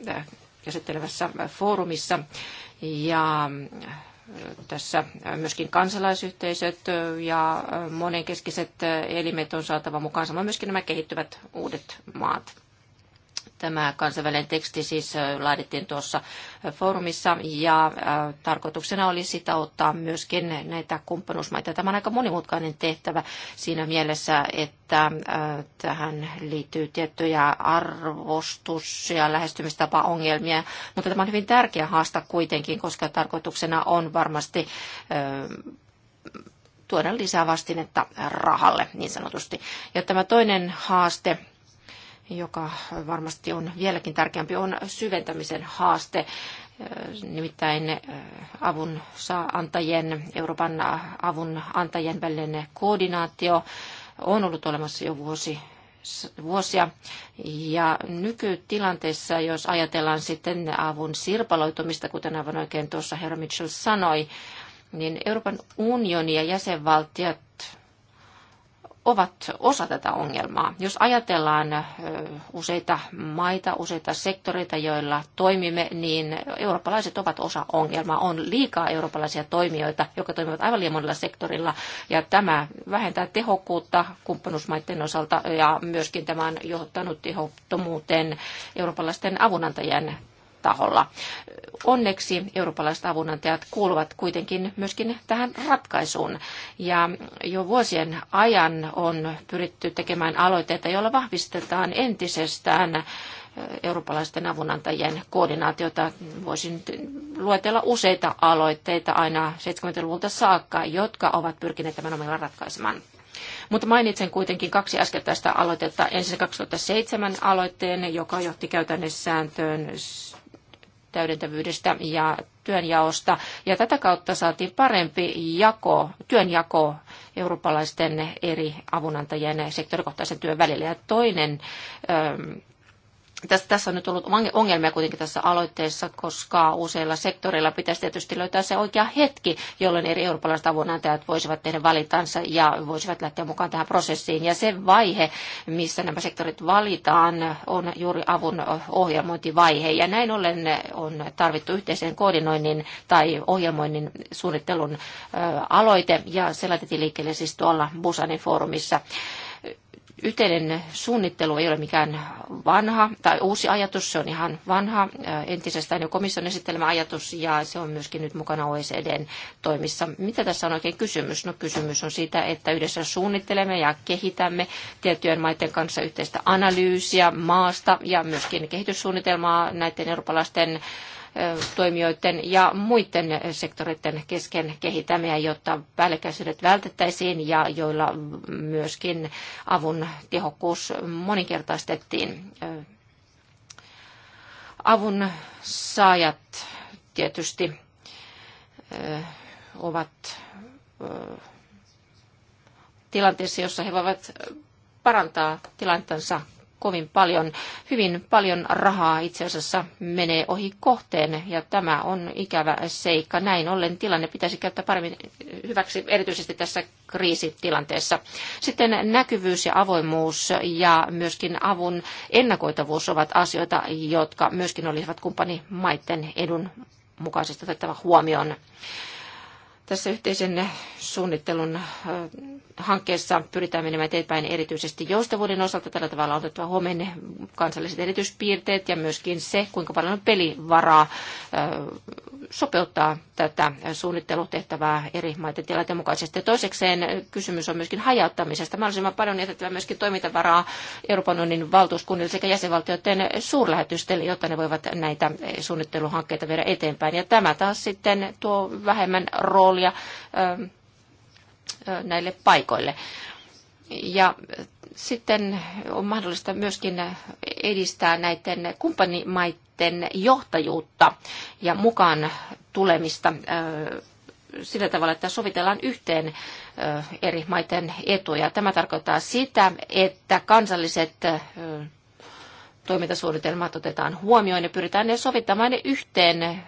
käsittelevässä foorumissa ja tässä myöskin kansalaisyhteisöt ja monenkeskiset elimet on saatava mukaan, samoin myöskin nämä kehittyvät uudet maat. Tämä kansainvälinen teksti siis laadittiin tuossa foorumissa ja tarkoituksena oli ottaa myöskin näitä kumppanuusmaita. Tämä on aika monimutkainen tehtävä siinä mielessä, että tähän liittyy tiettyjä arvostus- ja lähestymistapaongelmia, mutta tämä on hyvin tärkeä haaste kuitenkin, koska tarkoituksena on varmasti tuoda lisää vastinetta rahalle niin sanotusti. Ja tämä toinen haaste joka varmasti on vieläkin tärkeämpi, on syventämisen haaste. Nimittäin äh, avun antajien, Euroopan äh, avun antajien välinen koordinaatio on ollut olemassa jo vuosi vuosia. Ja nykytilanteessa, jos ajatellaan sitten avun sirpaloitumista, kuten aivan oikein tuossa herra Mitchell sanoi, niin Euroopan unioni ja jäsenvaltiot ovat osa tätä ongelmaa. Jos ajatellaan useita maita, useita sektoreita, joilla toimimme, niin eurooppalaiset ovat osa ongelmaa. On liikaa eurooppalaisia toimijoita, jotka toimivat aivan liian monella sektorilla, ja tämä vähentää tehokkuutta kumppanuusmaiden osalta, ja myöskin tämä on johtanut tehottomuuteen eurooppalaisten avunantajien taholla. Onneksi eurooppalaiset avunantajat kuuluvat kuitenkin myöskin tähän ratkaisuun. Ja jo vuosien ajan on pyritty tekemään aloitteita, joilla vahvistetaan entisestään eurooppalaisten avunantajien koordinaatiota. Voisin luetella useita aloitteita aina 70-luvulta saakka, jotka ovat pyrkineet tämän omilla ratkaisemaan. Mutta mainitsen kuitenkin kaksi äskettäistä aloitetta. Ensin 2007 aloitteen, joka johti sääntöön täydentävyydestä ja työnjaosta. Ja tätä kautta saatiin parempi jako, työnjako eurooppalaisten eri avunantajien sektorikohtaisen työn välillä. Ja toinen ähm, tässä, tässä on nyt ollut ongelmia kuitenkin tässä aloitteessa, koska useilla sektoreilla pitäisi tietysti löytää se oikea hetki, jolloin eri eurooppalaiset avunantajat voisivat tehdä valintansa ja voisivat lähteä mukaan tähän prosessiin. Ja se vaihe, missä nämä sektorit valitaan, on juuri avun ohjelmointivaihe. Ja näin ollen on tarvittu yhteisen koordinoinnin tai ohjelmoinnin suunnittelun aloite, ja se laitettiin liikkeelle siis tuolla Busanin foorumissa. Yhteinen suunnittelu ei ole mikään vanha tai uusi ajatus, se on ihan vanha, entisestään jo komission esittelemä ajatus ja se on myöskin nyt mukana OECDn toimissa. Mitä tässä on oikein kysymys? No kysymys on siitä, että yhdessä suunnittelemme ja kehitämme tiettyjen maiden kanssa yhteistä analyysiä maasta ja myöskin kehityssuunnitelmaa näiden eurooppalaisten toimijoiden ja muiden sektoreiden kesken kehitämme, jotta päällekkäisyydet vältettäisiin ja joilla myöskin avun tehokkuus moninkertaistettiin. Avun saajat tietysti ovat tilanteessa, jossa he voivat parantaa tilantansa kovin paljon, hyvin paljon rahaa itse asiassa menee ohi kohteen ja tämä on ikävä seikka. Näin ollen tilanne pitäisi käyttää paremmin hyväksi erityisesti tässä kriisitilanteessa. Sitten näkyvyys ja avoimuus ja myöskin avun ennakoitavuus ovat asioita, jotka myöskin olisivat kumppanimaiden edun mukaisesti otettava huomioon. Tässä yhteisen suunnittelun hankkeessa pyritään menemään eteenpäin erityisesti joustavuuden osalta. Tällä tavalla on otettava huomioon kansalliset erityispiirteet ja myöskin se, kuinka paljon on pelivaraa sopeuttaa tätä suunnittelutehtävää eri maiden tilanteen mukaisesti. toisekseen kysymys on myöskin hajauttamisesta. Mahdollisimman paljon jätettävä myöskin toimintavaraa Euroopan unionin valtuuskunnille sekä jäsenvaltioiden suurlähetystelle, jotta ne voivat näitä suunnitteluhankkeita viedä eteenpäin. Ja tämä taas sitten tuo vähemmän roolia roolia näille paikoille. Ja sitten on mahdollista myöskin edistää näiden kumppanimaiden johtajuutta ja mukaan tulemista sillä tavalla, että sovitellaan yhteen eri maiden etuja. Tämä tarkoittaa sitä, että kansalliset toimintasuunnitelmat otetaan huomioon ja pyritään ne sovittamaan ne yhteen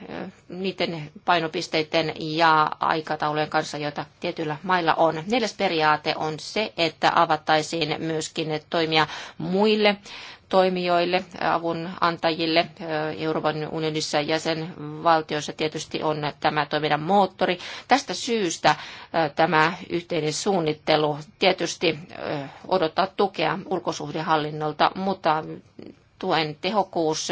niiden painopisteiden ja aikataulujen kanssa, joita tietyillä mailla on. Neljäs periaate on se, että avattaisiin myöskin toimia muille toimijoille, avunantajille Euroopan unionissa jäsenvaltioissa tietysti on tämä toiminnan moottori. Tästä syystä tämä yhteinen suunnittelu tietysti odottaa tukea ulkosuhdehallinnolta, mutta tuen tehokkuus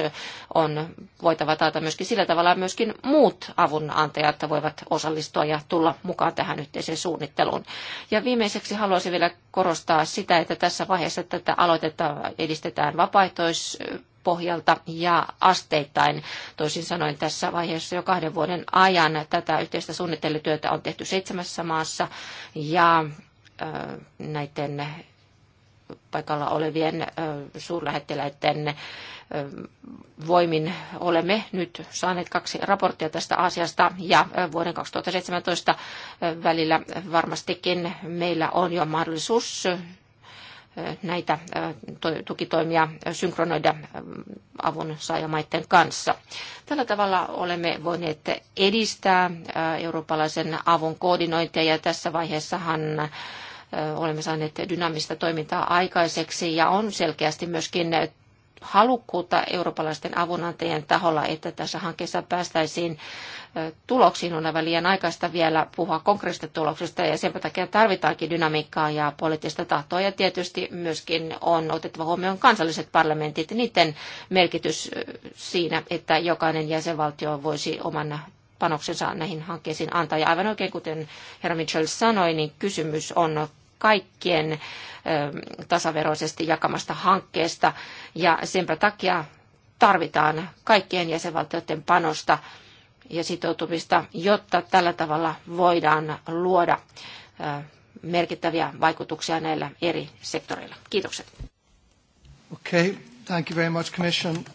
on voitava taata myöskin sillä tavalla, myöskin muut avunantajat voivat osallistua ja tulla mukaan tähän yhteiseen suunnitteluun. Ja viimeiseksi haluaisin vielä korostaa sitä, että tässä vaiheessa tätä aloitetta edistetään vapaaehtois pohjalta ja asteittain. Toisin sanoen tässä vaiheessa jo kahden vuoden ajan tätä yhteistä suunnittelutyötä on tehty seitsemässä maassa ja näiden paikalla olevien suurlähettiläiden voimin olemme nyt saaneet kaksi raporttia tästä asiasta ja vuoden 2017 välillä varmastikin meillä on jo mahdollisuus näitä tukitoimia synkronoida avun saajamaiden kanssa. Tällä tavalla olemme voineet edistää eurooppalaisen avun koordinointia ja tässä vaiheessahan Olemme saaneet dynaamista toimintaa aikaiseksi ja on selkeästi myöskin halukkuutta eurooppalaisten avunantajien taholla, että tässä hankkeessa päästäisiin tuloksiin. On aivan liian aikaista vielä puhua konkreettisista tuloksista ja sen takia tarvitaankin dynamiikkaa ja poliittista tahtoa. Ja tietysti myöskin on otettava huomioon kansalliset parlamentit, niiden merkitys siinä, että jokainen jäsenvaltio voisi oman panoksensa näihin hankkeisiin antaa. Ja aivan oikein, kuten herra Mitchell sanoi, niin kysymys on kaikkien tasaveroisesti jakamasta hankkeesta ja senpä takia tarvitaan kaikkien jäsenvaltioiden panosta ja sitoutumista, jotta tällä tavalla voidaan luoda merkittäviä vaikutuksia näillä eri sektoreilla. Kiitokset.
Okay, thank you very much, Commission. Uh...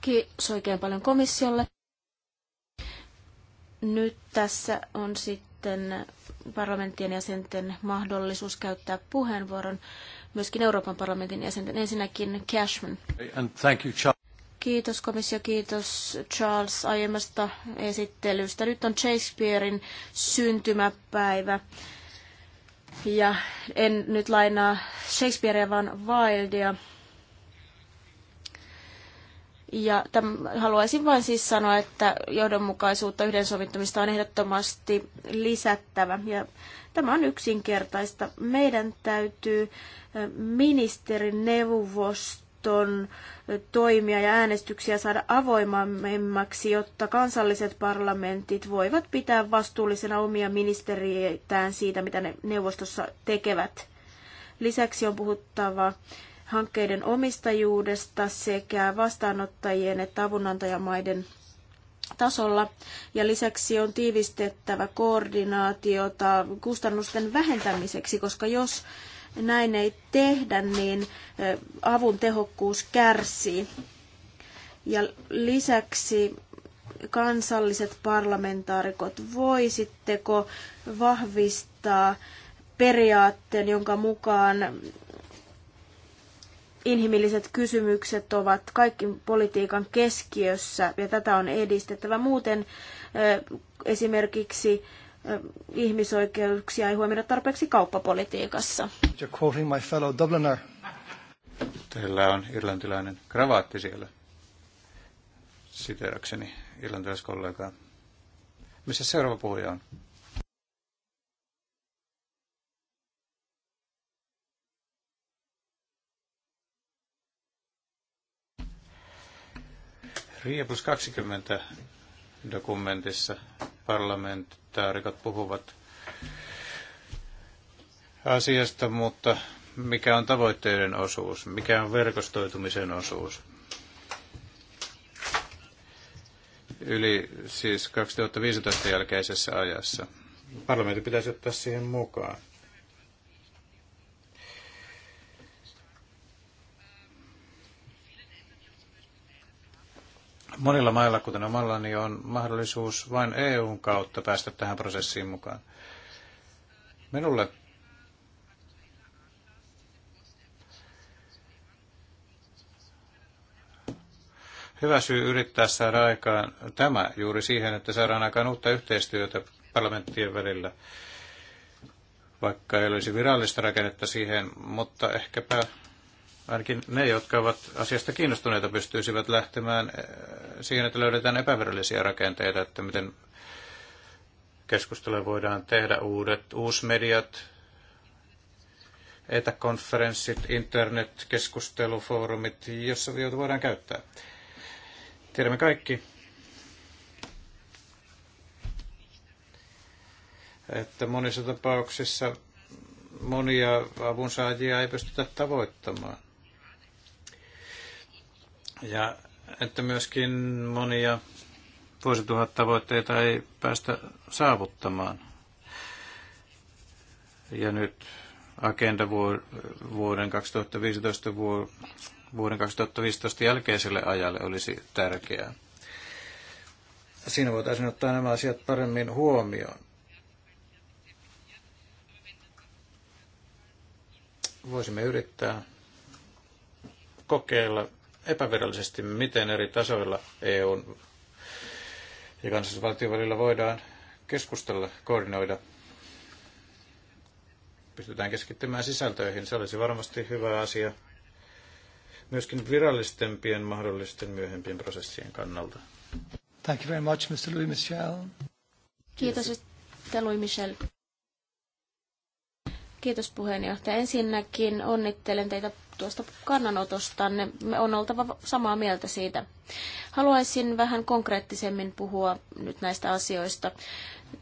Kiitos oikein paljon komissiolle. Nyt tässä on sitten sitten parlamenttien jäsenten mahdollisuus käyttää puheenvuoron, myöskin Euroopan parlamentin jäsenten. Ensinnäkin Cashman.
And thank you, Charles.
Kiitos komissio, kiitos Charles aiemmasta esittelystä. Nyt on Shakespearein syntymäpäivä. Ja en nyt lainaa Shakespearea, vaan Wildea. Ja täm, haluaisin vain siis sanoa, että johdonmukaisuutta yhdensovittamista on ehdottomasti lisättävä. Ja tämä on yksinkertaista. Meidän täytyy ministerineuvoston toimia ja äänestyksiä saada avoimemmaksi, jotta kansalliset parlamentit voivat pitää vastuullisena omia ministeriöitään siitä, mitä ne neuvostossa tekevät. Lisäksi on puhuttava hankkeiden omistajuudesta sekä vastaanottajien että avunantajamaiden tasolla. Ja lisäksi on tiivistettävä koordinaatiota kustannusten vähentämiseksi, koska jos näin ei tehdä, niin avun tehokkuus kärsii. Ja lisäksi kansalliset parlamentaarikot, voisitteko vahvistaa periaatteen, jonka mukaan inhimilliset kysymykset ovat kaikki politiikan keskiössä ja tätä on edistettävä. Muuten esimerkiksi ihmisoikeuksia ei huomioida tarpeeksi kauppapolitiikassa.
Teillä on irlantilainen kravaatti siellä, siteerakseni irlantilaiskollegaa. Missä seuraava puhuja on? Ria plus 20 dokumentissa parlamentaarikot puhuvat asiasta, mutta mikä on tavoitteiden osuus, mikä on verkostoitumisen osuus. Yli siis 2015 jälkeisessä ajassa. Parlamentti pitäisi ottaa siihen mukaan. monilla mailla, kuten omallani, niin on mahdollisuus vain EUn kautta päästä tähän prosessiin mukaan. Minulle hyvä syy yrittää saada aikaan tämä juuri siihen, että saadaan aikaan uutta yhteistyötä parlamenttien välillä, vaikka ei olisi virallista rakennetta siihen, mutta ehkäpä ainakin ne, jotka ovat asiasta kiinnostuneita, pystyisivät lähtemään eh, siihen, että löydetään epävirallisia rakenteita, että miten keskustelua voidaan tehdä uudet uusmediat, etäkonferenssit, internet, keskustelufoorumit, jossa joita voidaan käyttää. Tiedämme kaikki, että monissa tapauksissa monia avunsaajia ei pystytä tavoittamaan. Ja että myöskin monia tavoitteita ei päästä saavuttamaan. Ja nyt agenda vuoden 2015 vuoden 2015 jälkeiselle ajalle olisi tärkeää. Siinä voitaisiin ottaa nämä asiat paremmin huomioon. Voisimme yrittää kokeilla epävirallisesti, miten eri tasoilla EUn ja kansallisvaltion välillä voidaan keskustella, koordinoida. Pystytään keskittymään sisältöihin. Se olisi varmasti hyvä asia myöskin virallistempien mahdollisten myöhempien prosessien kannalta. Thank you very much, Mr. Louis Michel.
Kiitos, Mr. Louis Michel. Kiitos puheenjohtaja. Ensinnäkin onnittelen teitä tuosta kannanotostanne. Me on oltava samaa mieltä siitä. Haluaisin vähän konkreettisemmin puhua nyt näistä asioista.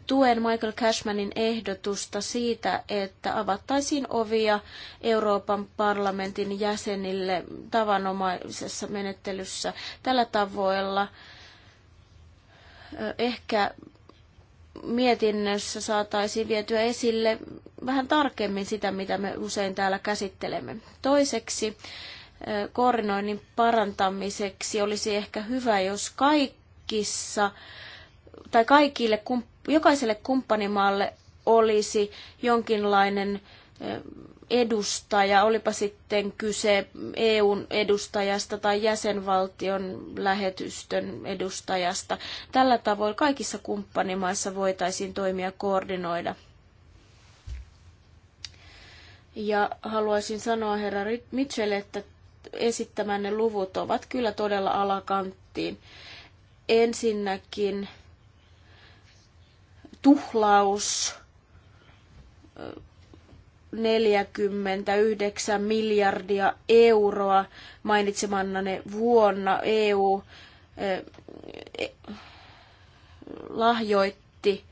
Tuen Michael Cashmanin ehdotusta siitä, että avattaisiin ovia Euroopan parlamentin jäsenille tavanomaisessa menettelyssä. Tällä tavoilla ehkä mietinnössä saataisiin vietyä esille vähän tarkemmin sitä, mitä me usein täällä käsittelemme. Toiseksi koordinoinnin parantamiseksi olisi ehkä hyvä, jos kaikissa tai kaikille, jokaiselle kumppanimaalle olisi jonkinlainen edustaja, olipa sitten kyse EUn edustajasta tai jäsenvaltion lähetystön edustajasta. Tällä tavoin kaikissa kumppanimaissa voitaisiin toimia koordinoida. Ja haluaisin sanoa herra Mitchell, että esittämänne luvut ovat kyllä todella alakanttiin. Ensinnäkin tuhlaus 49 miljardia euroa mainitsemannanne vuonna EU eh, eh, lahjoitti.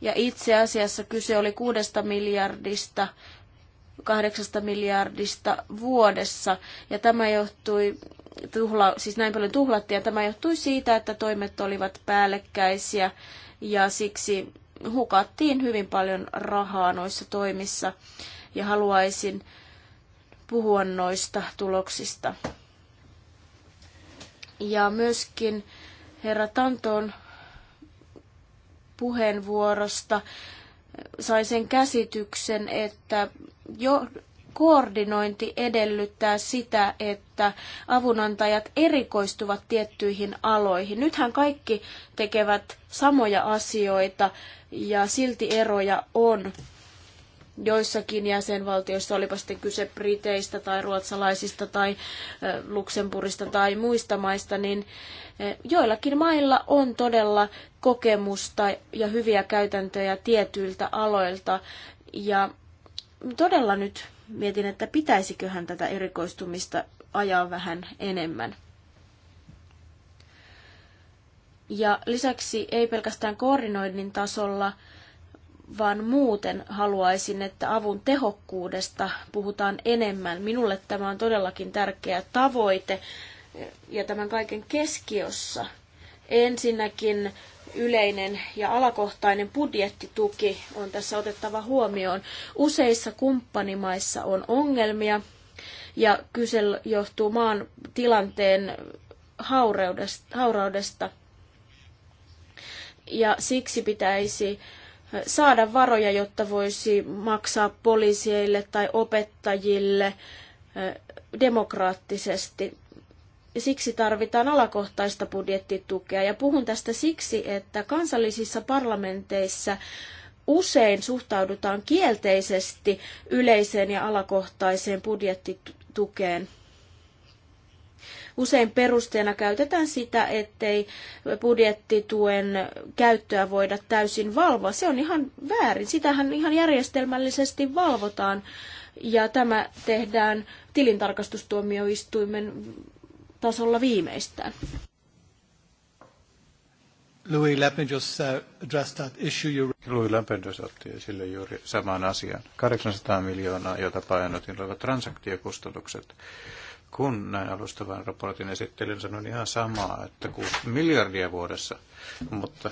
Ja itse asiassa kyse oli kuudesta miljardista, kahdeksasta miljardista vuodessa. Ja tämä johtui, tuhla, siis näin paljon tuhlattiin, ja tämä johtui siitä, että toimet olivat päällekkäisiä ja siksi hukattiin hyvin paljon rahaa noissa toimissa ja haluaisin puhua noista tuloksista. Ja myöskin herra Tanton puheenvuorosta sain sen käsityksen, että jo, koordinointi edellyttää sitä, että avunantajat erikoistuvat tiettyihin aloihin. Nythän kaikki tekevät samoja asioita ja silti eroja on joissakin jäsenvaltioissa, olipa sitten kyse Briteistä tai ruotsalaisista tai Luxemburgista tai muista maista, niin joillakin mailla on todella kokemusta ja hyviä käytäntöjä tietyiltä aloilta. Ja todella nyt mietin, että pitäisiköhän tätä erikoistumista ajaa vähän enemmän. Ja lisäksi ei pelkästään koordinoinnin tasolla, vaan muuten haluaisin, että avun tehokkuudesta puhutaan enemmän. Minulle tämä on todellakin tärkeä tavoite ja tämän kaiken keskiössä. Ensinnäkin yleinen ja alakohtainen budjettituki on tässä otettava huomioon. Useissa kumppanimaissa on ongelmia ja kyse johtuu maan tilanteen haureudesta, haureudesta. Ja siksi pitäisi saada varoja, jotta voisi maksaa poliisille tai opettajille demokraattisesti siksi tarvitaan alakohtaista budjettitukea. Ja puhun tästä siksi, että kansallisissa parlamenteissa usein suhtaudutaan kielteisesti yleiseen ja alakohtaiseen budjettitukeen. Usein perusteena käytetään sitä, ettei budjettituen käyttöä voida täysin valvoa. Se on ihan väärin. Sitähän ihan järjestelmällisesti valvotaan ja tämä tehdään tilintarkastustuomioistuimen tasolla viimeistään.
Louis Lependus uh, addressed that issue you... Louis Lependus otti esille juuri saman asian. 800 miljoonaa, jota painotin, olivat transaktiokustannukset. Kun näin alustavan raportin esittelin, sanoin ihan samaa, että 6 miljardia vuodessa, mutta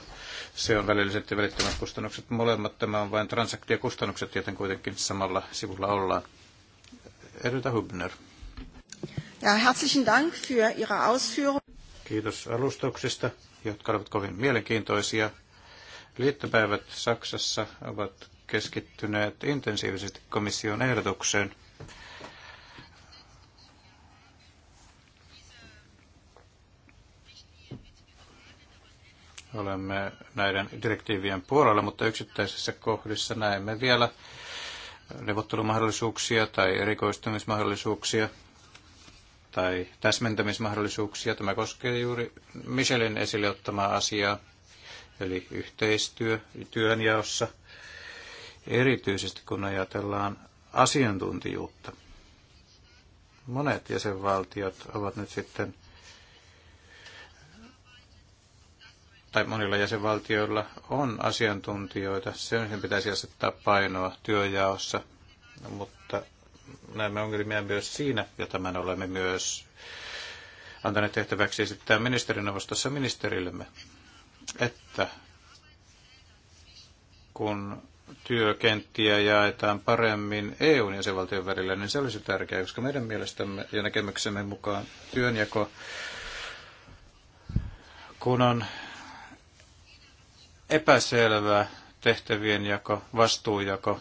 se on välilliset ja välittömät kustannukset. Molemmat tämä on vain transaktiokustannukset, joten kuitenkin samalla sivulla ollaan. Eryta Hubner.
Ja herzlichen Dank für Ihre Ausführung.
Kiitos alustuksista, jotka olivat kovin mielenkiintoisia. Liittopäivät Saksassa ovat keskittyneet intensiivisesti komission ehdotukseen. Olemme näiden direktiivien puolella, mutta yksittäisissä kohdissa näemme vielä neuvottelumahdollisuuksia tai erikoistumismahdollisuuksia tai täsmentämismahdollisuuksia. Tämä koskee juuri Michelin esille ottamaa asiaa, eli yhteistyö työnjaossa, erityisesti kun ajatellaan asiantuntijuutta. Monet jäsenvaltiot ovat nyt sitten, tai monilla jäsenvaltioilla on asiantuntijoita, sen pitäisi asettaa painoa työjaossa, mutta näemme ongelmia myös siinä, ja tämän olemme myös antaneet tehtäväksi esittää ministerineuvostossa ministerillemme, että kun työkenttiä jaetaan paremmin EUn jäsenvaltion välillä, niin se olisi tärkeää, koska meidän mielestämme ja näkemyksemme mukaan työnjako, kun on epäselvä tehtävien jako, vastuujako,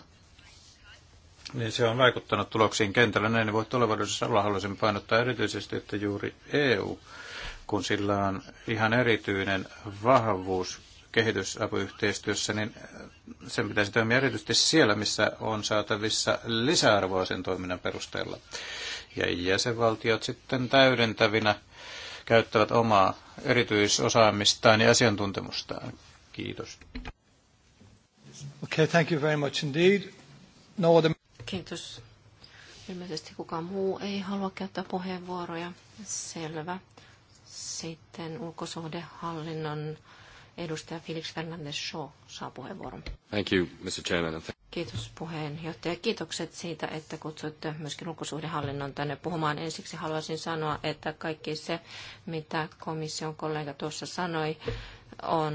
niin se on vaikuttanut tuloksiin kentällä. Näin voi tulevaisuudessa olla. Haluaisin painottaa erityisesti, että juuri EU, kun sillä on ihan erityinen vahvuus kehitysapuyhteistyössä, niin sen pitäisi toimia erityisesti siellä, missä on saatavissa lisäarvoa sen toiminnan perusteella. Ja jäsenvaltiot sitten täydentävinä käyttävät omaa erityisosaamistaan ja asiantuntemustaan. Kiitos. Okay, thank you very much indeed. No other... Kiitos.
Ilmeisesti kukaan muu ei halua käyttää puheenvuoroja. Selvä. Sitten ulkosuhdehallinnon edustaja Felix Fernandez Shaw saa puheenvuoron. Thank you, Mr. Chairman. Kiitos puheenjohtaja. Kiitokset siitä, että kutsuitte myöskin ulkosuhdehallinnon tänne puhumaan. Ensiksi haluaisin sanoa, että kaikki se, mitä komission kollega tuossa sanoi, on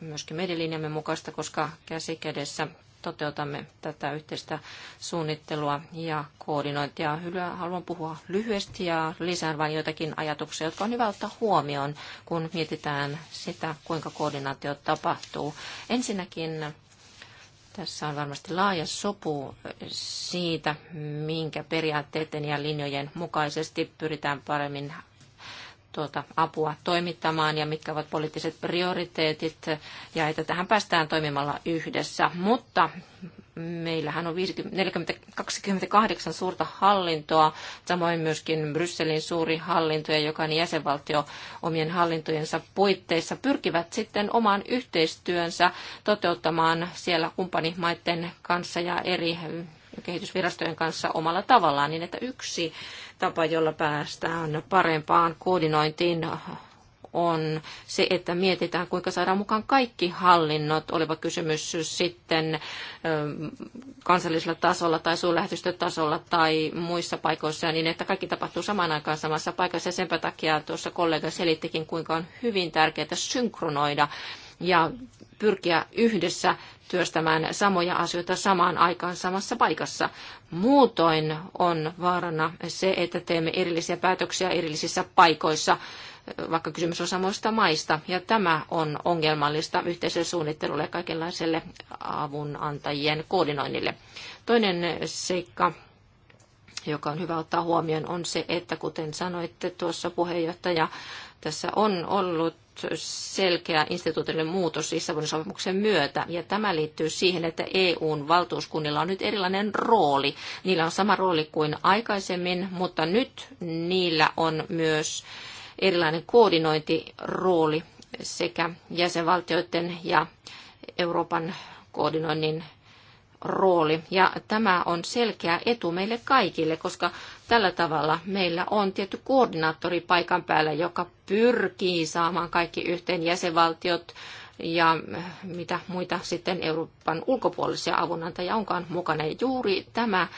myöskin meidän linjamme mukaista, koska käsikädessä toteutamme tätä yhteistä suunnittelua ja koordinointia. Haluan puhua lyhyesti ja lisään vain joitakin ajatuksia, jotka on hyvä ottaa huomioon, kun mietitään sitä, kuinka koordinaatio tapahtuu. Ensinnäkin tässä on varmasti laaja sopu siitä, minkä periaatteiden ja linjojen mukaisesti pyritään paremmin tuota apua toimittamaan ja mitkä ovat poliittiset prioriteetit ja että tähän päästään toimimalla yhdessä. Mutta meillähän on 50, 40, 28 suurta hallintoa, samoin myöskin Brysselin suuri hallinto ja jokainen jäsenvaltio omien hallintojensa puitteissa pyrkivät sitten oman yhteistyönsä toteuttamaan siellä kumppanimaiden kanssa ja eri kehitysvirastojen kanssa omalla tavallaan, niin että yksi tapa, jolla päästään parempaan koordinointiin on se, että mietitään, kuinka saadaan mukaan kaikki hallinnot, oliva kysymys sitten ähm, kansallisella tasolla tai suurlähetystötasolla tai muissa paikoissa, niin että kaikki tapahtuu samaan aikaan samassa paikassa. Ja senpä takia tuossa kollega selittikin, kuinka on hyvin tärkeää synkronoida ja pyrkiä yhdessä työstämään samoja asioita samaan aikaan samassa paikassa. Muutoin on vaarana se, että teemme erillisiä päätöksiä erillisissä paikoissa vaikka kysymys on samoista maista. Ja tämä on ongelmallista yhteiselle suunnittelulle ja kaikenlaiselle avunantajien koordinoinnille. Toinen seikka, joka on hyvä ottaa huomioon, on se, että kuten sanoitte tuossa puheenjohtaja, tässä on ollut selkeä instituutiollinen muutos Lissabonin sopimuksen myötä, ja tämä liittyy siihen, että EUn valtuuskunnilla on nyt erilainen rooli. Niillä on sama rooli kuin aikaisemmin, mutta nyt niillä on myös äh, erilainen koordinointirooli sekä jäsenvaltioiden ja Euroopan koordinoinnin rooli. Ja tämä on selkeä etu meille kaikille, koska tällä tavalla meillä on tietty koordinaattori paikan päällä, joka pyrkii saamaan kaikki yhteen jäsenvaltiot ja mitä muita sitten Euroopan ulkopuolisia avunantajia onkaan mukana. Ja juuri tämä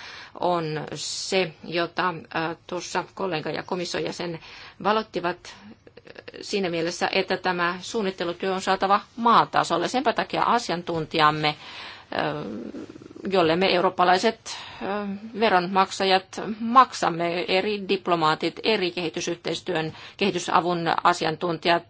on se, jota äh, tuossa kollega ja komission jäsen valottivat äh, siinä mielessä, että tämä suunnittelutyö on saatava maatasolle. Senpä takia asiantuntijamme jolle me eurooppalaiset veronmaksajat maksamme, eri diplomaatit, eri kehitysyhteistyön, kehitysavun asiantuntijat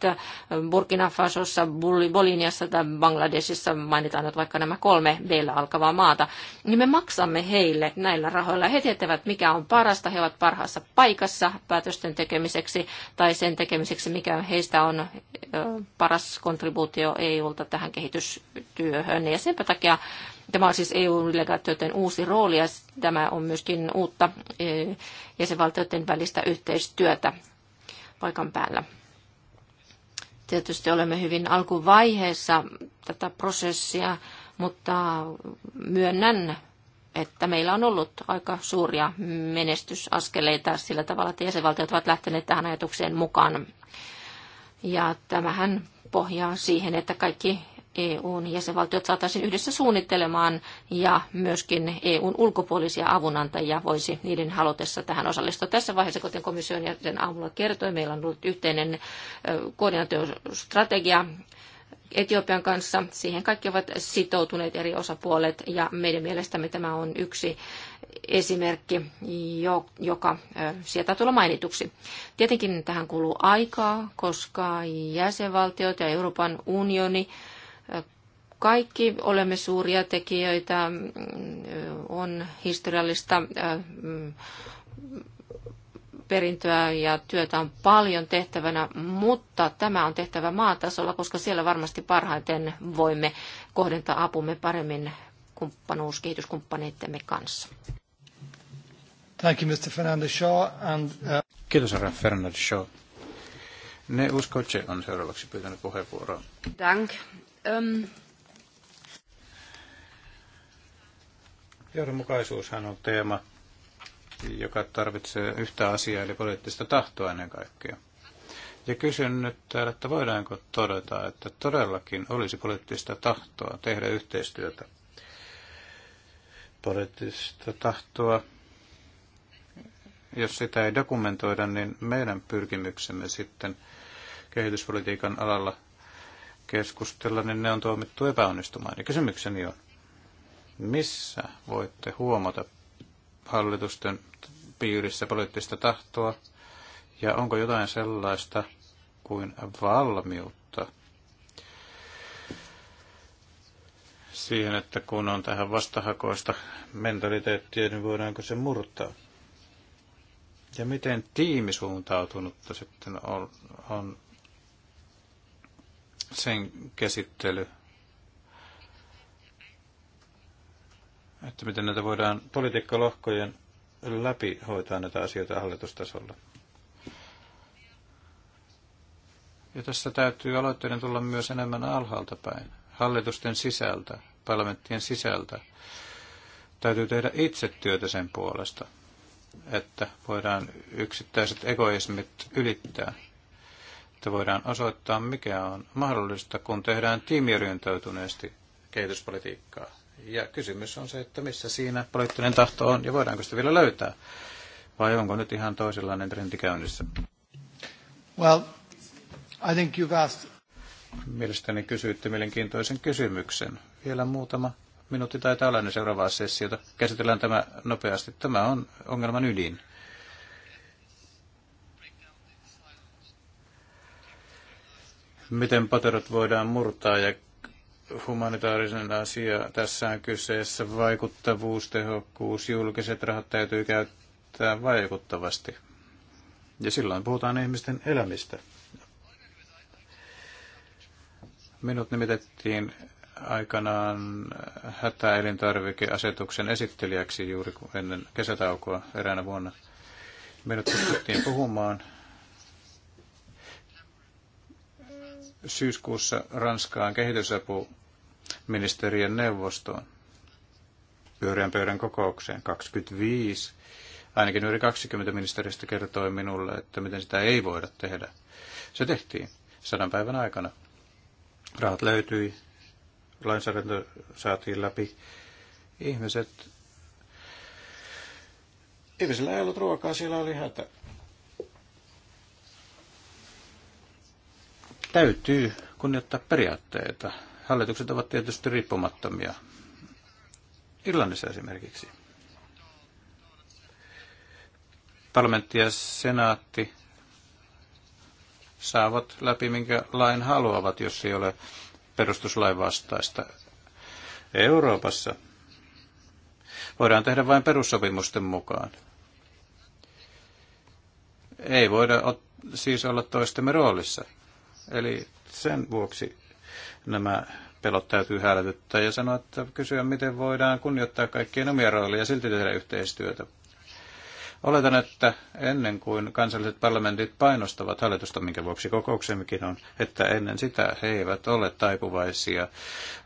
Burkina Fasossa, Boliniassa tai Bangladesissa, mainitaan nyt vaikka nämä kolme vielä alkavaa maata, niin me maksamme heille näillä rahoilla. He tietävät, mikä on parasta, he ovat parhaassa paikassa päätösten tekemiseksi tai sen tekemiseksi, mikä heistä on paras kontribuutio EUlta tähän kehitystyöhön. Ja sen takia Tämä on siis EU-delegaatioiden uusi rooli ja tämä on myöskin uutta jäsenvaltioiden välistä yhteistyötä paikan päällä. Tietysti olemme hyvin alkuvaiheessa tätä prosessia, mutta myönnän, että meillä on ollut aika suuria menestysaskeleita sillä tavalla, että jäsenvaltiot ovat lähteneet tähän ajatukseen mukaan. Ja tämähän pohjaa siihen, että kaikki EUn jäsenvaltiot saataisiin yhdessä suunnittelemaan ja myöskin EUn ulkopuolisia avunantajia voisi niiden halutessa tähän osallistua. Tässä vaiheessa, kuten komission jäsen aamulla kertoi, meillä on ollut yhteinen koordinaatiostrategia Etiopian kanssa. Siihen kaikki ovat sitoutuneet eri osapuolet ja meidän mielestämme tämä on yksi esimerkki, joka sieltä tulee mainituksi. Tietenkin tähän kuluu aikaa, koska jäsenvaltiot ja Euroopan unioni kaikki olemme suuria tekijöitä, mm, on historiallista mm, perintöä ja työtä on paljon tehtävänä, mutta tämä on tehtävä maatasolla, koska siellä varmasti parhaiten voimme kohdentaa apumme paremmin kumppanuus kehityskumppaneittemme kanssa.
Thank you, Mr. Fernandez Shaw. And, uh... Kiitos, herra Fernandez Shaw. Ne Uskoche on seuraavaksi pyytänyt puheenvuoroa.
Dank. Um...
Johdonmukaisuushan on teema, joka tarvitsee yhtä asiaa, eli poliittista tahtoa ennen kaikkea. Ja kysyn nyt täällä, että voidaanko todeta, että todellakin olisi poliittista tahtoa tehdä yhteistyötä. Poliittista tahtoa, jos sitä ei dokumentoida, niin meidän pyrkimyksemme sitten kehityspolitiikan alalla keskustella, niin ne on tuomittu epäonnistumaan. Ja kysymykseni on, missä voitte huomata hallitusten piirissä poliittista tahtoa ja onko jotain sellaista kuin valmiutta siihen, että kun on tähän vastahakoista mentaliteettiä, niin voidaanko se murtaa? Ja miten tiimisuuntautunutta sitten on, on sen käsittely että miten näitä voidaan politiikkalohkojen läpi hoitaa näitä asioita hallitustasolla. Ja tässä täytyy aloitteiden tulla myös enemmän alhaalta päin, hallitusten sisältä, parlamenttien sisältä. Täytyy tehdä itse työtä sen puolesta, että voidaan yksittäiset egoismit ylittää, että voidaan osoittaa, mikä on mahdollista, kun tehdään tiimiorientoituneesti kehityspolitiikkaa. Ja kysymys on se, että missä siinä poliittinen tahto on ja voidaanko sitä vielä löytää. Vai onko nyt ihan toisenlainen trendi käynnissä? Well, I think you've asked... Mielestäni kysyitte mielenkiintoisen kysymyksen. Vielä muutama minuutti tai olla ennen niin seuraavaa sessiota. Käsitellään tämä nopeasti. Tämä on ongelman ydin. Miten paterot voidaan murtaa ja Humanitaarisen asia. Tässä on kyseessä vaikuttavuus, tehokkuus, julkiset rahat täytyy käyttää vaikuttavasti. Ja silloin puhutaan ihmisten elämistä. Minut nimitettiin aikanaan hätäelintarvikeasetuksen esittelijäksi juuri ennen kesätaukoa eräänä vuonna. Minut pystyttiin puhumaan syyskuussa Ranskaan kehitysapu ministerien neuvostoon pyöreän pöydän kokoukseen. 25, ainakin yli 20 ministeristä kertoi minulle, että miten sitä ei voida tehdä. Se tehtiin sadan päivän aikana. Rahat löytyi, lainsäädäntö saatiin läpi. Ihmiset, ihmisillä ei ollut ruokaa, siellä oli hätä. Täytyy kunnioittaa periaatteita. Hallitukset ovat tietysti riippumattomia. Irlannissa esimerkiksi. Parlamentti ja senaatti saavat läpi, minkä lain haluavat, jos ei ole perustuslain vastaista. Euroopassa voidaan tehdä vain perussopimusten mukaan. Ei voida siis olla toistemme roolissa. Eli sen vuoksi nämä pelot täytyy hälvyttää ja sanoa, että kysyä, miten voidaan kunnioittaa kaikkien omia rooleja ja silti tehdä yhteistyötä. Oletan, että ennen kuin kansalliset parlamentit painostavat hallitusta, minkä vuoksi kokouksemmekin on, että ennen sitä he eivät ole taipuvaisia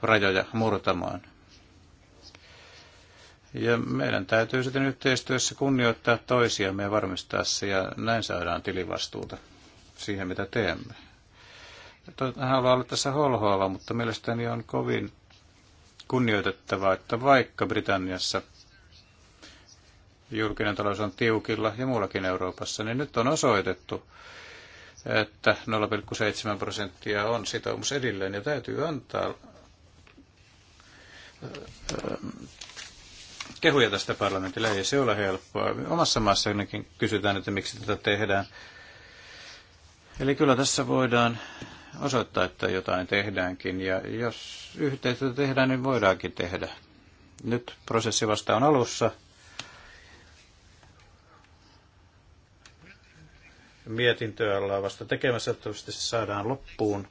rajoja murtamaan. Ja meidän täytyy sitten yhteistyössä kunnioittaa toisiamme ja varmistaa se, ja näin saadaan tilivastuuta siihen, mitä teemme hän haluaa olla tässä holhoava, mutta mielestäni on kovin kunnioitettavaa, että vaikka Britanniassa julkinen talous on tiukilla ja muullakin Euroopassa, niin nyt on osoitettu, että 0,7 prosenttia on sitoumus edelleen ja täytyy antaa äh, kehuja tästä parlamentille. Ei se ole helppoa. Omassa maassa kysytään, että miksi tätä tehdään. Eli kyllä tässä voidaan osoittaa, että jotain tehdäänkin. Ja jos yhteistyötä tehdään, niin voidaankin tehdä. Nyt prosessi vasta on alussa. Mietintöä ollaan vasta tekemässä, toivottavasti se saadaan loppuun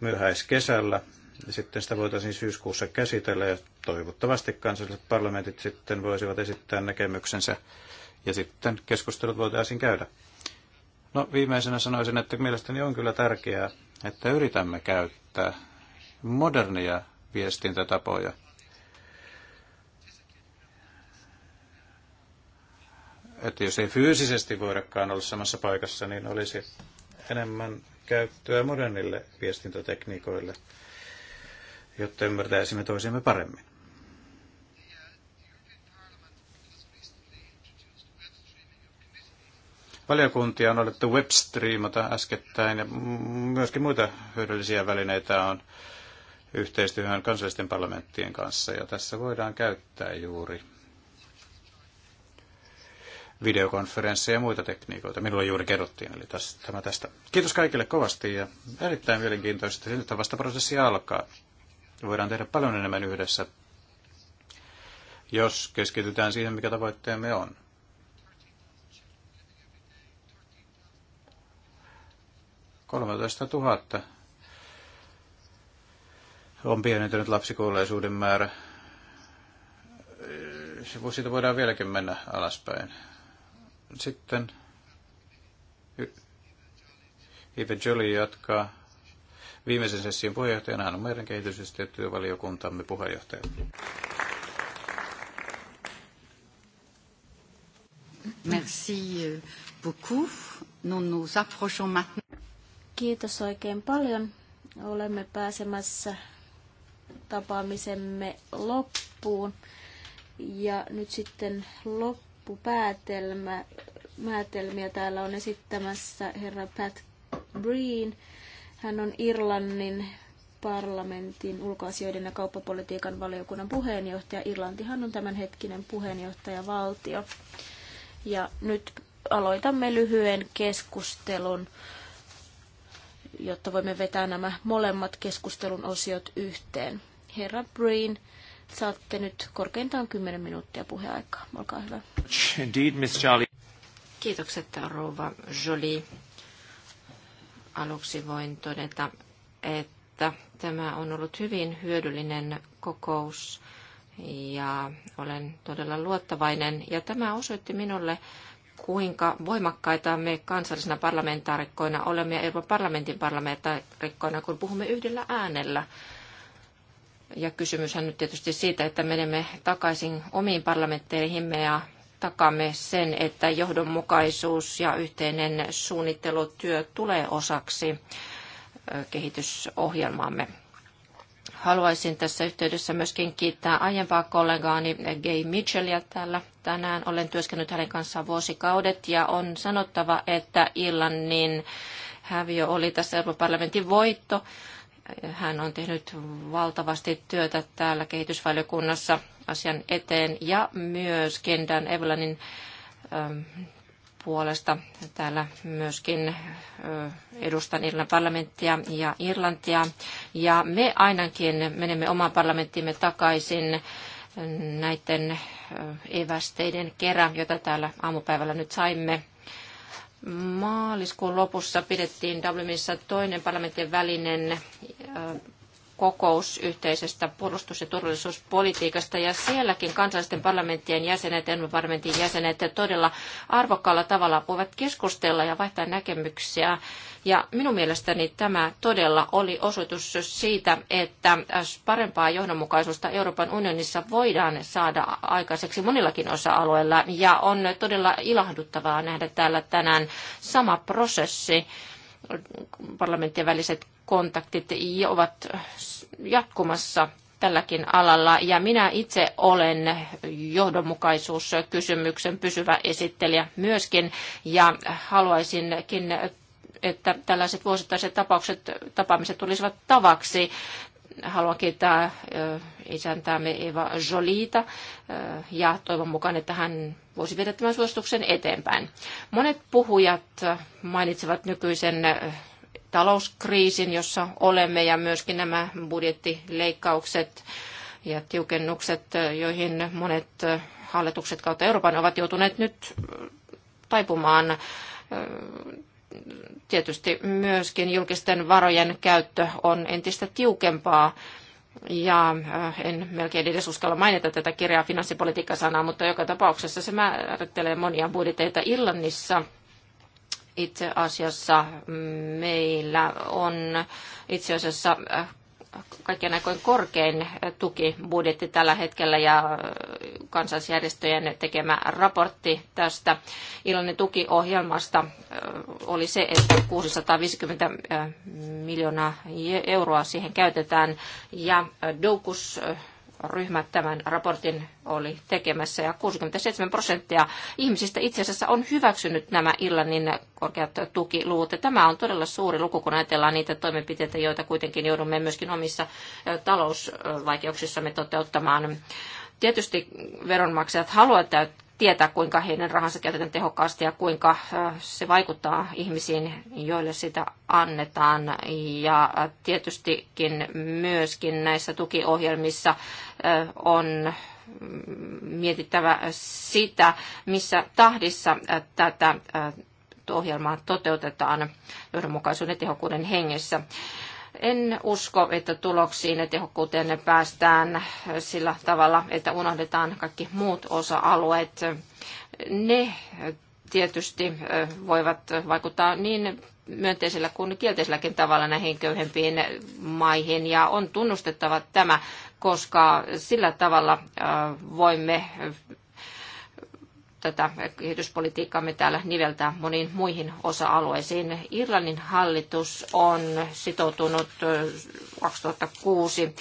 myöhäiskesällä. Ja sitten sitä voitaisiin syyskuussa käsitellä ja toivottavasti kansalliset parlamentit sitten voisivat esittää näkemyksensä ja sitten keskustelut voitaisiin käydä. No viimeisenä sanoisin, että mielestäni on kyllä tärkeää, että yritämme käyttää modernia viestintätapoja. Että jos ei fyysisesti voidakaan olla samassa paikassa, niin olisi enemmän käyttöä modernille viestintätekniikoille, jotta ymmärtäisimme toisiamme paremmin. valiokuntia on alettu webstreamata äskettäin ja myöskin muita hyödyllisiä välineitä on yhteistyöhön kansallisten parlamenttien kanssa ja tässä voidaan käyttää juuri videokonferensseja ja muita tekniikoita. Minulle juuri kerrottiin, eli tästä, tämä tästä. Kiitos kaikille kovasti ja erittäin mielenkiintoista. Nyt vasta prosessi alkaa. Voidaan tehdä paljon enemmän yhdessä, jos keskitytään siihen, mikä tavoitteemme on. 13 000 on pienentynyt lapsikuolleisuuden määrä. Siitä voidaan vieläkin mennä alaspäin. Sitten Ive Jolly jatkaa viimeisen session puheenjohtajana. on meidän työvaliokuntamme puheenjohtaja.
Merci beaucoup. Nous nous approchons maintenant Kiitos oikein paljon. Olemme pääsemässä tapaamisemme loppuun. Ja nyt sitten loppupäätelmä määritelmiä täällä on esittämässä herra Pat Breen. Hän on Irlannin parlamentin ulkoasioiden ja kauppapolitiikan valiokunnan puheenjohtaja. Irlantihan on tämänhetkinen puheenjohtajavaltio. Ja nyt aloitamme lyhyen keskustelun jotta voimme vetää nämä molemmat keskustelun osiot yhteen. Herra Breen, saatte nyt korkeintaan 10 minuuttia puheaikaa. Olkaa hyvä.
Indeed, Miss Charlie. Kiitokset, rouva Jolie. Aluksi voin todeta, että tämä on ollut hyvin hyödyllinen kokous ja olen todella luottavainen. Ja tämä osoitti minulle, kuinka voimakkaita me kansallisina parlamentaarikkoina olemme ja Euroopan parlamentin parlamentaarikkoina, kun puhumme yhdellä äänellä. Ja kysymyshän nyt tietysti siitä, että menemme takaisin omiin parlamentteihimme ja takaamme sen, että johdonmukaisuus ja yhteinen suunnittelutyö tulee osaksi kehitysohjelmaamme. Haluaisin tässä yhteydessä myöskin kiittää aiempaa kollegaani Gay Mitchellia täällä tänään. Olen työskennellyt hänen kanssaan vuosikaudet ja on sanottava, että Irlannin häviö oli tässä Euroopan parlamentin voitto. Hän on tehnyt valtavasti työtä täällä kehitysvaliokunnassa asian eteen ja myös Kendan Evelanin ähm, puolesta. Täällä myöskin edustan Irlannin parlamenttia ja Irlantia. Ja me ainakin menemme omaan parlamenttimme takaisin näiden evästeiden kerran, jota täällä aamupäivällä nyt saimme. Maaliskuun lopussa pidettiin Dublinissa toinen parlamentin välinen kokous yhteisestä puolustus- ja turvallisuuspolitiikasta. Ja sielläkin kansallisten parlamenttien jäsenet, Euroopan parlamentin jäsenet todella arvokkaalla tavalla voivat keskustella ja vaihtaa näkemyksiä. Ja minun mielestäni tämä todella oli osoitus siitä, että parempaa johdonmukaisuutta Euroopan unionissa voidaan saada aikaiseksi monillakin osa-alueilla. Ja on todella ilahduttavaa nähdä täällä tänään sama prosessi parlamenttien väliset kontaktit ovat jatkumassa tälläkin alalla. Ja minä itse olen johdonmukaisuuskysymyksen pysyvä esittelijä myöskin ja haluaisinkin että tällaiset vuosittaiset tapaukset, tapaamiset tulisivat tavaksi. Haluan kiittää isäntäämme Eva Jolita eh, ja toivon mukaan, että hän voisi viedä tämän suosituksen eteenpäin. Monet puhujat mainitsevat nykyisen eh, talouskriisin, jossa olemme ja myöskin nämä budjettileikkaukset ja tiukennukset, eh, joihin monet hallitukset kautta Euroopan ovat joutuneet nyt taipumaan tietysti myöskin julkisten varojen käyttö on entistä tiukempaa ja äh, en melkein edes uskalla mainita tätä kirjaa finanssipolitiikka-sanaa, mutta joka tapauksessa se määrittelee monia budjeteita Irlannissa. Itse asiassa meillä on itse asiassa äh, kaikkien aikojen korkein tukibudjetti tällä hetkellä ja kansallisjärjestöjen tekemä raportti tästä iloinen tukiohjelmasta oli se, että 650 miljoonaa euroa siihen käytetään ja Doukus ryhmä tämän raportin oli tekemässä ja 67 prosenttia ihmisistä itse asiassa on hyväksynyt nämä Irlannin korkeat tukiluvut. tämä on todella suuri luku, kun ajatellaan niitä toimenpiteitä, joita kuitenkin joudumme myöskin omissa talousvaikeuksissamme toteuttamaan tietysti veronmaksajat haluavat tietää, kuinka heidän rahansa käytetään tehokkaasti ja kuinka se vaikuttaa ihmisiin, joille sitä annetaan. Ja tietystikin myöskin näissä tukiohjelmissa on mm, mietittävä sitä, missä tahdissa tätä ohjelmaa toteutetaan johdonmukaisuuden ja tehokkuuden hengessä. En usko, että tuloksiin ja tehokkuuteen ne päästään sillä tavalla, että unohdetaan kaikki muut osa-alueet. Ne tietysti voivat vaikuttaa niin myönteisellä kuin kielteiselläkin tavalla näihin köyhempiin maihin ja on tunnustettava tämä, koska sillä tavalla voimme tätä kehityspolitiikkaamme täällä niveltää moniin muihin osa-alueisiin. Irlannin hallitus on sitoutunut 2006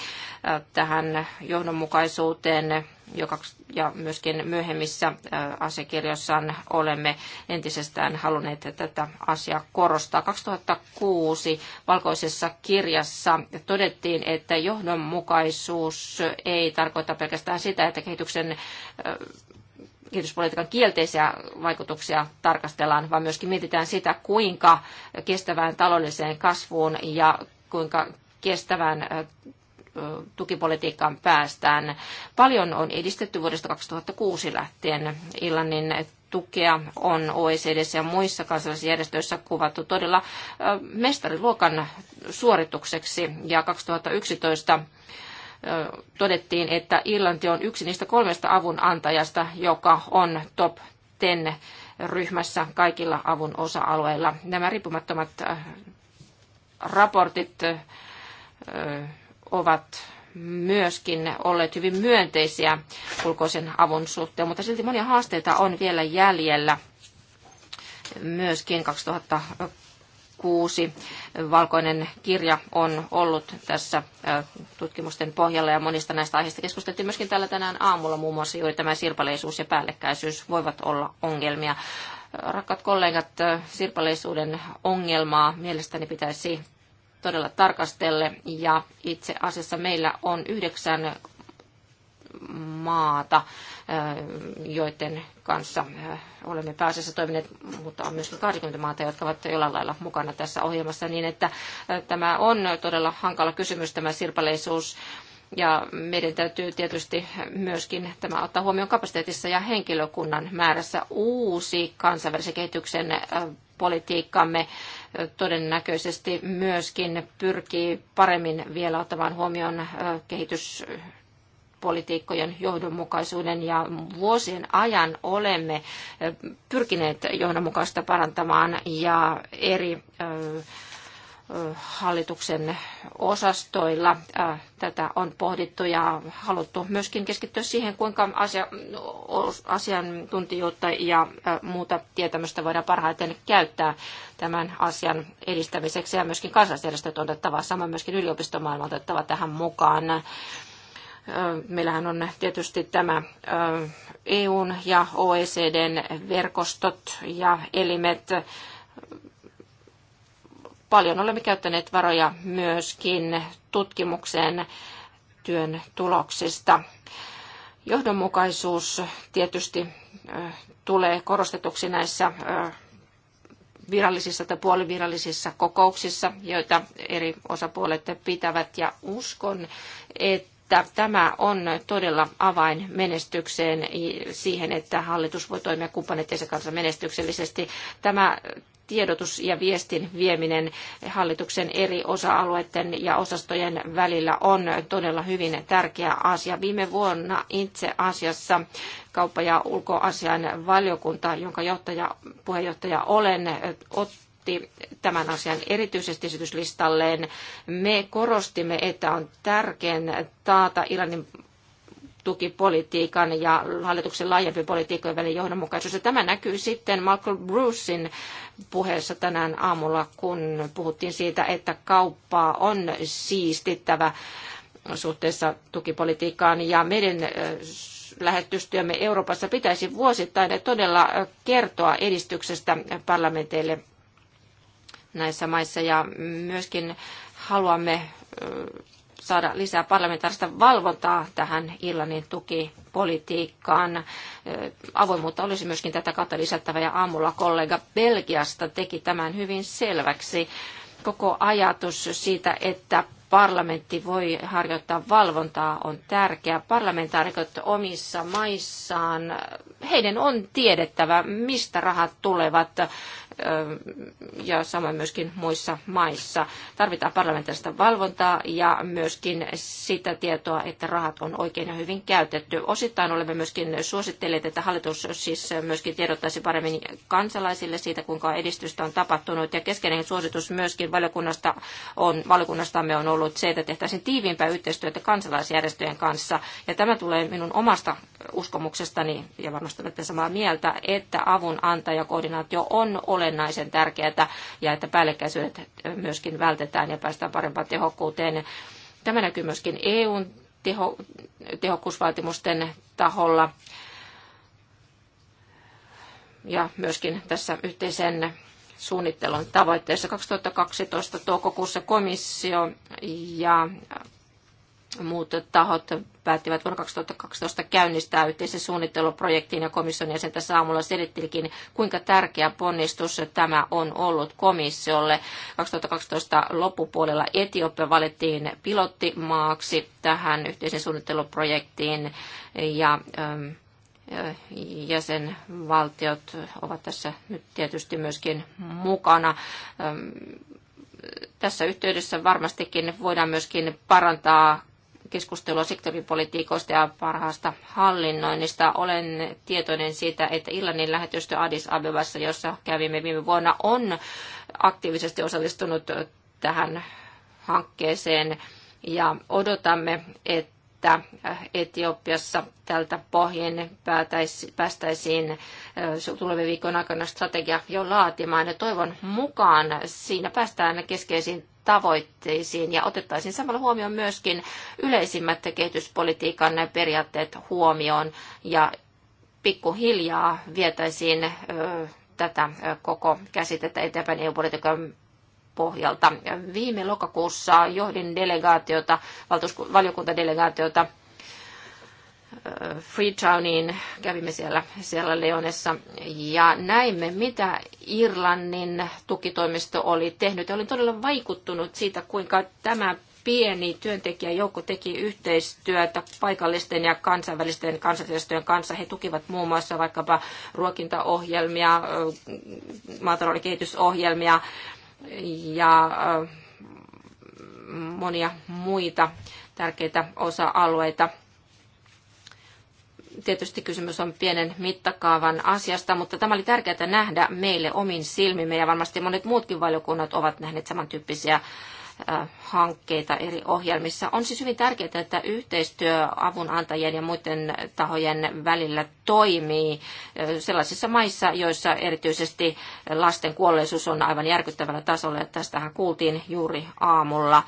tähän johdonmukaisuuteen joka, ja myöskin myöhemmissä asiakirjoissaan olemme entisestään halunneet tätä asiaa korostaa. 2006 valkoisessa kirjassa todettiin, että johdonmukaisuus ei tarkoita pelkästään sitä, että kehityksen kehityspolitiikan kielteisiä vaikutuksia tarkastellaan, vaan myöskin mietitään sitä, kuinka kestävään taloudelliseen kasvuun ja kuinka kestävään tukipolitiikkaan päästään. Paljon on edistetty vuodesta 2006 lähtien. Irlannin tukea on e ssä ja muissa kansallisissa järjestöissä kuvattu todella mestariluokan suoritukseksi ja 2011 todettiin, että Irlanti on yksi niistä kolmesta avunantajasta, joka on top 10 ryhmässä kaikilla avun osa-alueilla. Nämä riippumattomat raportit ovat myöskin olleet hyvin myönteisiä ulkoisen avun suhteen, mutta silti monia haasteita on vielä jäljellä myöskin 2000 Kuusi valkoinen kirja on ollut tässä äh, tutkimusten pohjalla ja monista näistä aiheista keskusteltiin myöskin täällä tänään aamulla. Muun muassa juuri tämä sirpaleisuus ja päällekkäisyys voivat olla ongelmia. Rakkaat kollegat, äh, sirpaleisuuden ongelmaa mielestäni pitäisi todella tarkastelle ja itse asiassa meillä on yhdeksän maata, äh, joiden kanssa äh, olemme pääasiassa toimineet, mutta on myöskin 20 maata, jotka ovat jollain lailla mukana tässä ohjelmassa, niin että äh, tämä on todella hankala kysymys tämä sirpaleisuus. Ja meidän täytyy tietysti myöskin tämä ottaa huomioon kapasiteetissa ja henkilökunnan määrässä uusi kansainvälisen kehityksen politiikkamme todennäköisesti myöskin pyrkii paremmin vielä ottamaan huomioon kehitys politiikkojen johdonmukaisuuden ja vuosien ajan olemme pyrkineet johdonmukaista parantamaan ja eri hallituksen osastoilla tätä on pohdittu ja haluttu myöskin keskittyä siihen, kuinka asia, asiantuntijuutta ja muuta tietämystä voidaan parhaiten käyttää tämän asian edistämiseksi ja myöskin kansalaisjärjestöt on otettava, samoin myöskin yliopistomaailma otettava tähän mukaan. Meillähän on tietysti tämä EUn ja OECDn verkostot ja elimet. Paljon olemme käyttäneet varoja myöskin tutkimukseen työn tuloksista. Johdonmukaisuus tietysti tulee korostetuksi näissä virallisissa tai puolivirallisissa kokouksissa, joita eri osapuolet pitävät. Ja uskon, että että tämä on todella avain menestykseen siihen, että hallitus voi toimia kumppaneittensa kanssa menestyksellisesti. Tämä tiedotus ja viestin vieminen hallituksen eri osa-alueiden ja osastojen välillä on todella hyvin tärkeä asia. Viime vuonna itse asiassa kauppa- ja ulkoasian valiokunta, jonka johtaja, puheenjohtaja olen, otti otti tämän asian erityisesti esityslistalleen. Me korostimme, että on tärkein taata Iranin tukipolitiikan ja hallituksen laajempi politiikkojen välinen johdonmukaisuus. Ja tämä näkyy sitten Michael Brucein puheessa tänään aamulla, kun puhuttiin siitä, että kauppaa on siistittävä suhteessa tukipolitiikkaan ja meidän lähetystyömme Euroopassa pitäisi vuosittain todella kertoa edistyksestä parlamenteille näissä maissa ja myöskin haluamme saada lisää parlamentaarista valvontaa tähän Irlannin tukipolitiikkaan. Avoimuutta olisi myöskin tätä kautta lisättävä ja aamulla kollega Belgiasta teki tämän hyvin selväksi. Koko ajatus siitä, että parlamentti voi harjoittaa valvontaa on tärkeää. Parlamentaarikot omissa maissaan, heidän on tiedettävä, mistä rahat tulevat ja samoin myöskin muissa maissa. Tarvitaan parlamentaarista valvontaa ja myöskin sitä tietoa, että rahat on oikein ja hyvin käytetty. Osittain olemme myöskin suositteleet, että hallitus siis myöskin tiedottaisi paremmin kansalaisille siitä, kuinka edistystä on tapahtunut. Ja keskeinen suositus myöskin valiokunnasta on, valiokunnastamme on ollut ollut se, että tehtäisiin tiiviimpää yhteistyötä kansalaisjärjestöjen kanssa. Ja tämä tulee minun omasta uskomuksestani, ja varmasti olette samaa mieltä, että avun antajakoordinaatio on olennaisen tärkeää ja että päällekkäisyydet myöskin vältetään ja päästään parempaan tehokkuuteen. Tämä näkyy myöskin EUn teho, tehokkuusvaatimusten taholla ja myöskin tässä yhteisen suunnittelun tavoitteessa. 2012 toukokuussa komissio ja muut tahot päättivät vuonna 2012 käynnistää yhteisen suunnitteluprojektin ja komission jäsen tässä aamulla selittelikin, kuinka tärkeä ponnistus tämä on ollut komissiolle. 2012 loppupuolella Etiopia valittiin pilottimaaksi tähän yhteisen suunnitteluprojektiin ja ähm, jäsenvaltiot ovat tässä nyt tietysti myöskin mukana. Tässä yhteydessä varmastikin voidaan myöskin parantaa keskustelua sektoripolitiikoista ja parhaasta hallinnoinnista. Olen tietoinen siitä, että Irlannin lähetystö Addis Abebassa, jossa kävimme viime vuonna, on aktiivisesti osallistunut tähän hankkeeseen ja odotamme, että että Etiopiassa tältä pohjin päästäisiin tulevien viikon aikana strategia jo laatimaan. Ja toivon mukaan siinä päästään keskeisiin tavoitteisiin ja otettaisiin samalla huomioon myöskin yleisimmät kehityspolitiikan periaatteet huomioon ja pikkuhiljaa vietäisiin tätä koko käsitettä eteenpäin EU-politiikan pohjalta. Viime lokakuussa johdin delegaatiota, valiokuntadelegaatiota äh, Freetowniin, kävimme siellä, siellä Leonessa ja näimme, mitä Irlannin tukitoimisto oli tehnyt. Ja olin todella vaikuttunut siitä, kuinka tämä pieni työntekijäjoukko teki yhteistyötä paikallisten ja kansainvälisten kansanjärjestöjen kanssa. He tukivat muun muassa vaikkapa ruokintaohjelmia, maatalouden kehitysohjelmia, ja äh, monia muita tärkeitä osa-alueita. Tietysti kysymys on pienen mittakaavan asiasta, mutta tämä oli tärkeää nähdä meille omin silmimme ja varmasti monet muutkin valiokunnat ovat nähneet samantyyppisiä hankkeita eri ohjelmissa. On siis hyvin tärkeää, että yhteistyö avunantajien ja muiden tahojen välillä toimii sellaisissa maissa, joissa erityisesti lasten kuolleisuus on aivan järkyttävällä tasolla. Tästähän kuultiin juuri aamulla.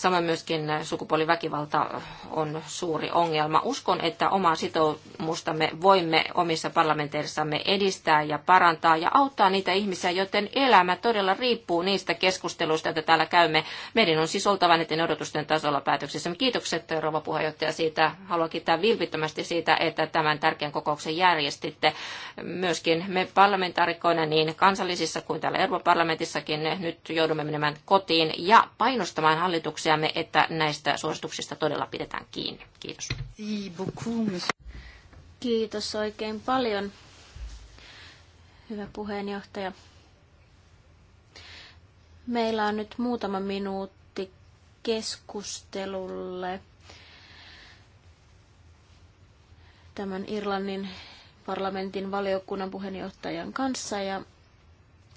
Samoin myöskin sukupuoliväkivalta on suuri ongelma. Uskon, että omaa sitoumustamme voimme omissa parlamenteissamme edistää ja parantaa ja auttaa niitä ihmisiä, joten elämä todella riippuu niistä keskusteluista, joita täällä käymme. Meidän on siis oltava näiden odotusten tasolla päätöksissämme. Kiitokset rouva puheenjohtaja siitä. Haluan kiittää vilpittömästi siitä, että tämän tärkeän kokouksen järjestitte. Myöskin me parlamentaarikkoina niin kansallisissa kuin täällä Euroopan parlamentissakin nyt joudumme menemään kotiin ja painostamaan hallituksia toivomuksiamme, että näistä suosituksista todella pidetään kiinni. Kiitos.
Kiitos oikein paljon, hyvä puheenjohtaja. Meillä on nyt muutama minuutti keskustelulle tämän Irlannin parlamentin valiokunnan puheenjohtajan kanssa ja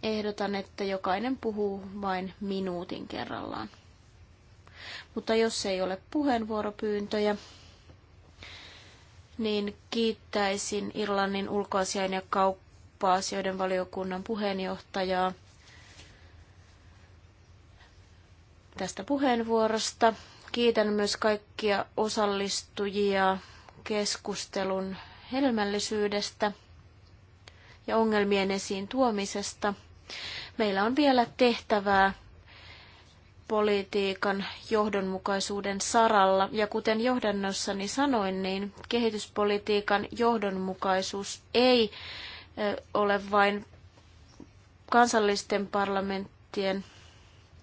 ehdotan, että jokainen puhuu vain minuutin kerrallaan. Mutta jos ei ole puheenvuoropyyntöjä, niin kiittäisin Irlannin ulkoasiain ja kauppa-asioiden valiokunnan puheenjohtajaa tästä puheenvuorosta. Kiitän myös kaikkia osallistujia keskustelun hedelmällisyydestä ja ongelmien esiin tuomisesta. Meillä on vielä tehtävää politiikan johdonmukaisuuden saralla. Ja kuten johdannossani sanoin, niin kehityspolitiikan johdonmukaisuus ei ole vain kansallisten parlamenttien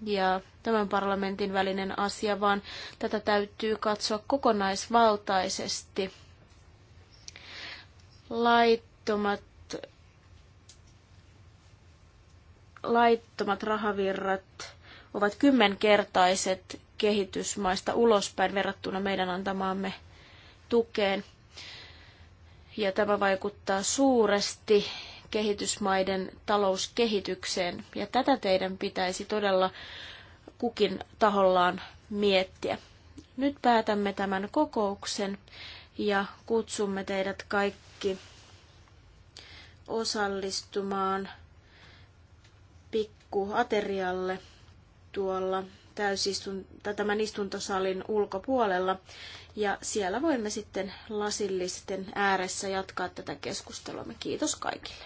ja tämän parlamentin välinen asia, vaan tätä täytyy katsoa kokonaisvaltaisesti. Laittomat, laittomat rahavirrat ovat kymmenkertaiset kehitysmaista ulospäin verrattuna meidän antamaamme tukeen. Ja tämä vaikuttaa suuresti kehitysmaiden talouskehitykseen. Ja tätä teidän pitäisi todella kukin tahollaan miettiä. Nyt päätämme tämän kokouksen ja kutsumme teidät kaikki osallistumaan pikkuaterialle tuolla täysistun, tämän istuntosalin ulkopuolella. Ja siellä voimme sitten lasillisten ääressä jatkaa tätä keskustelua. Kiitos kaikille.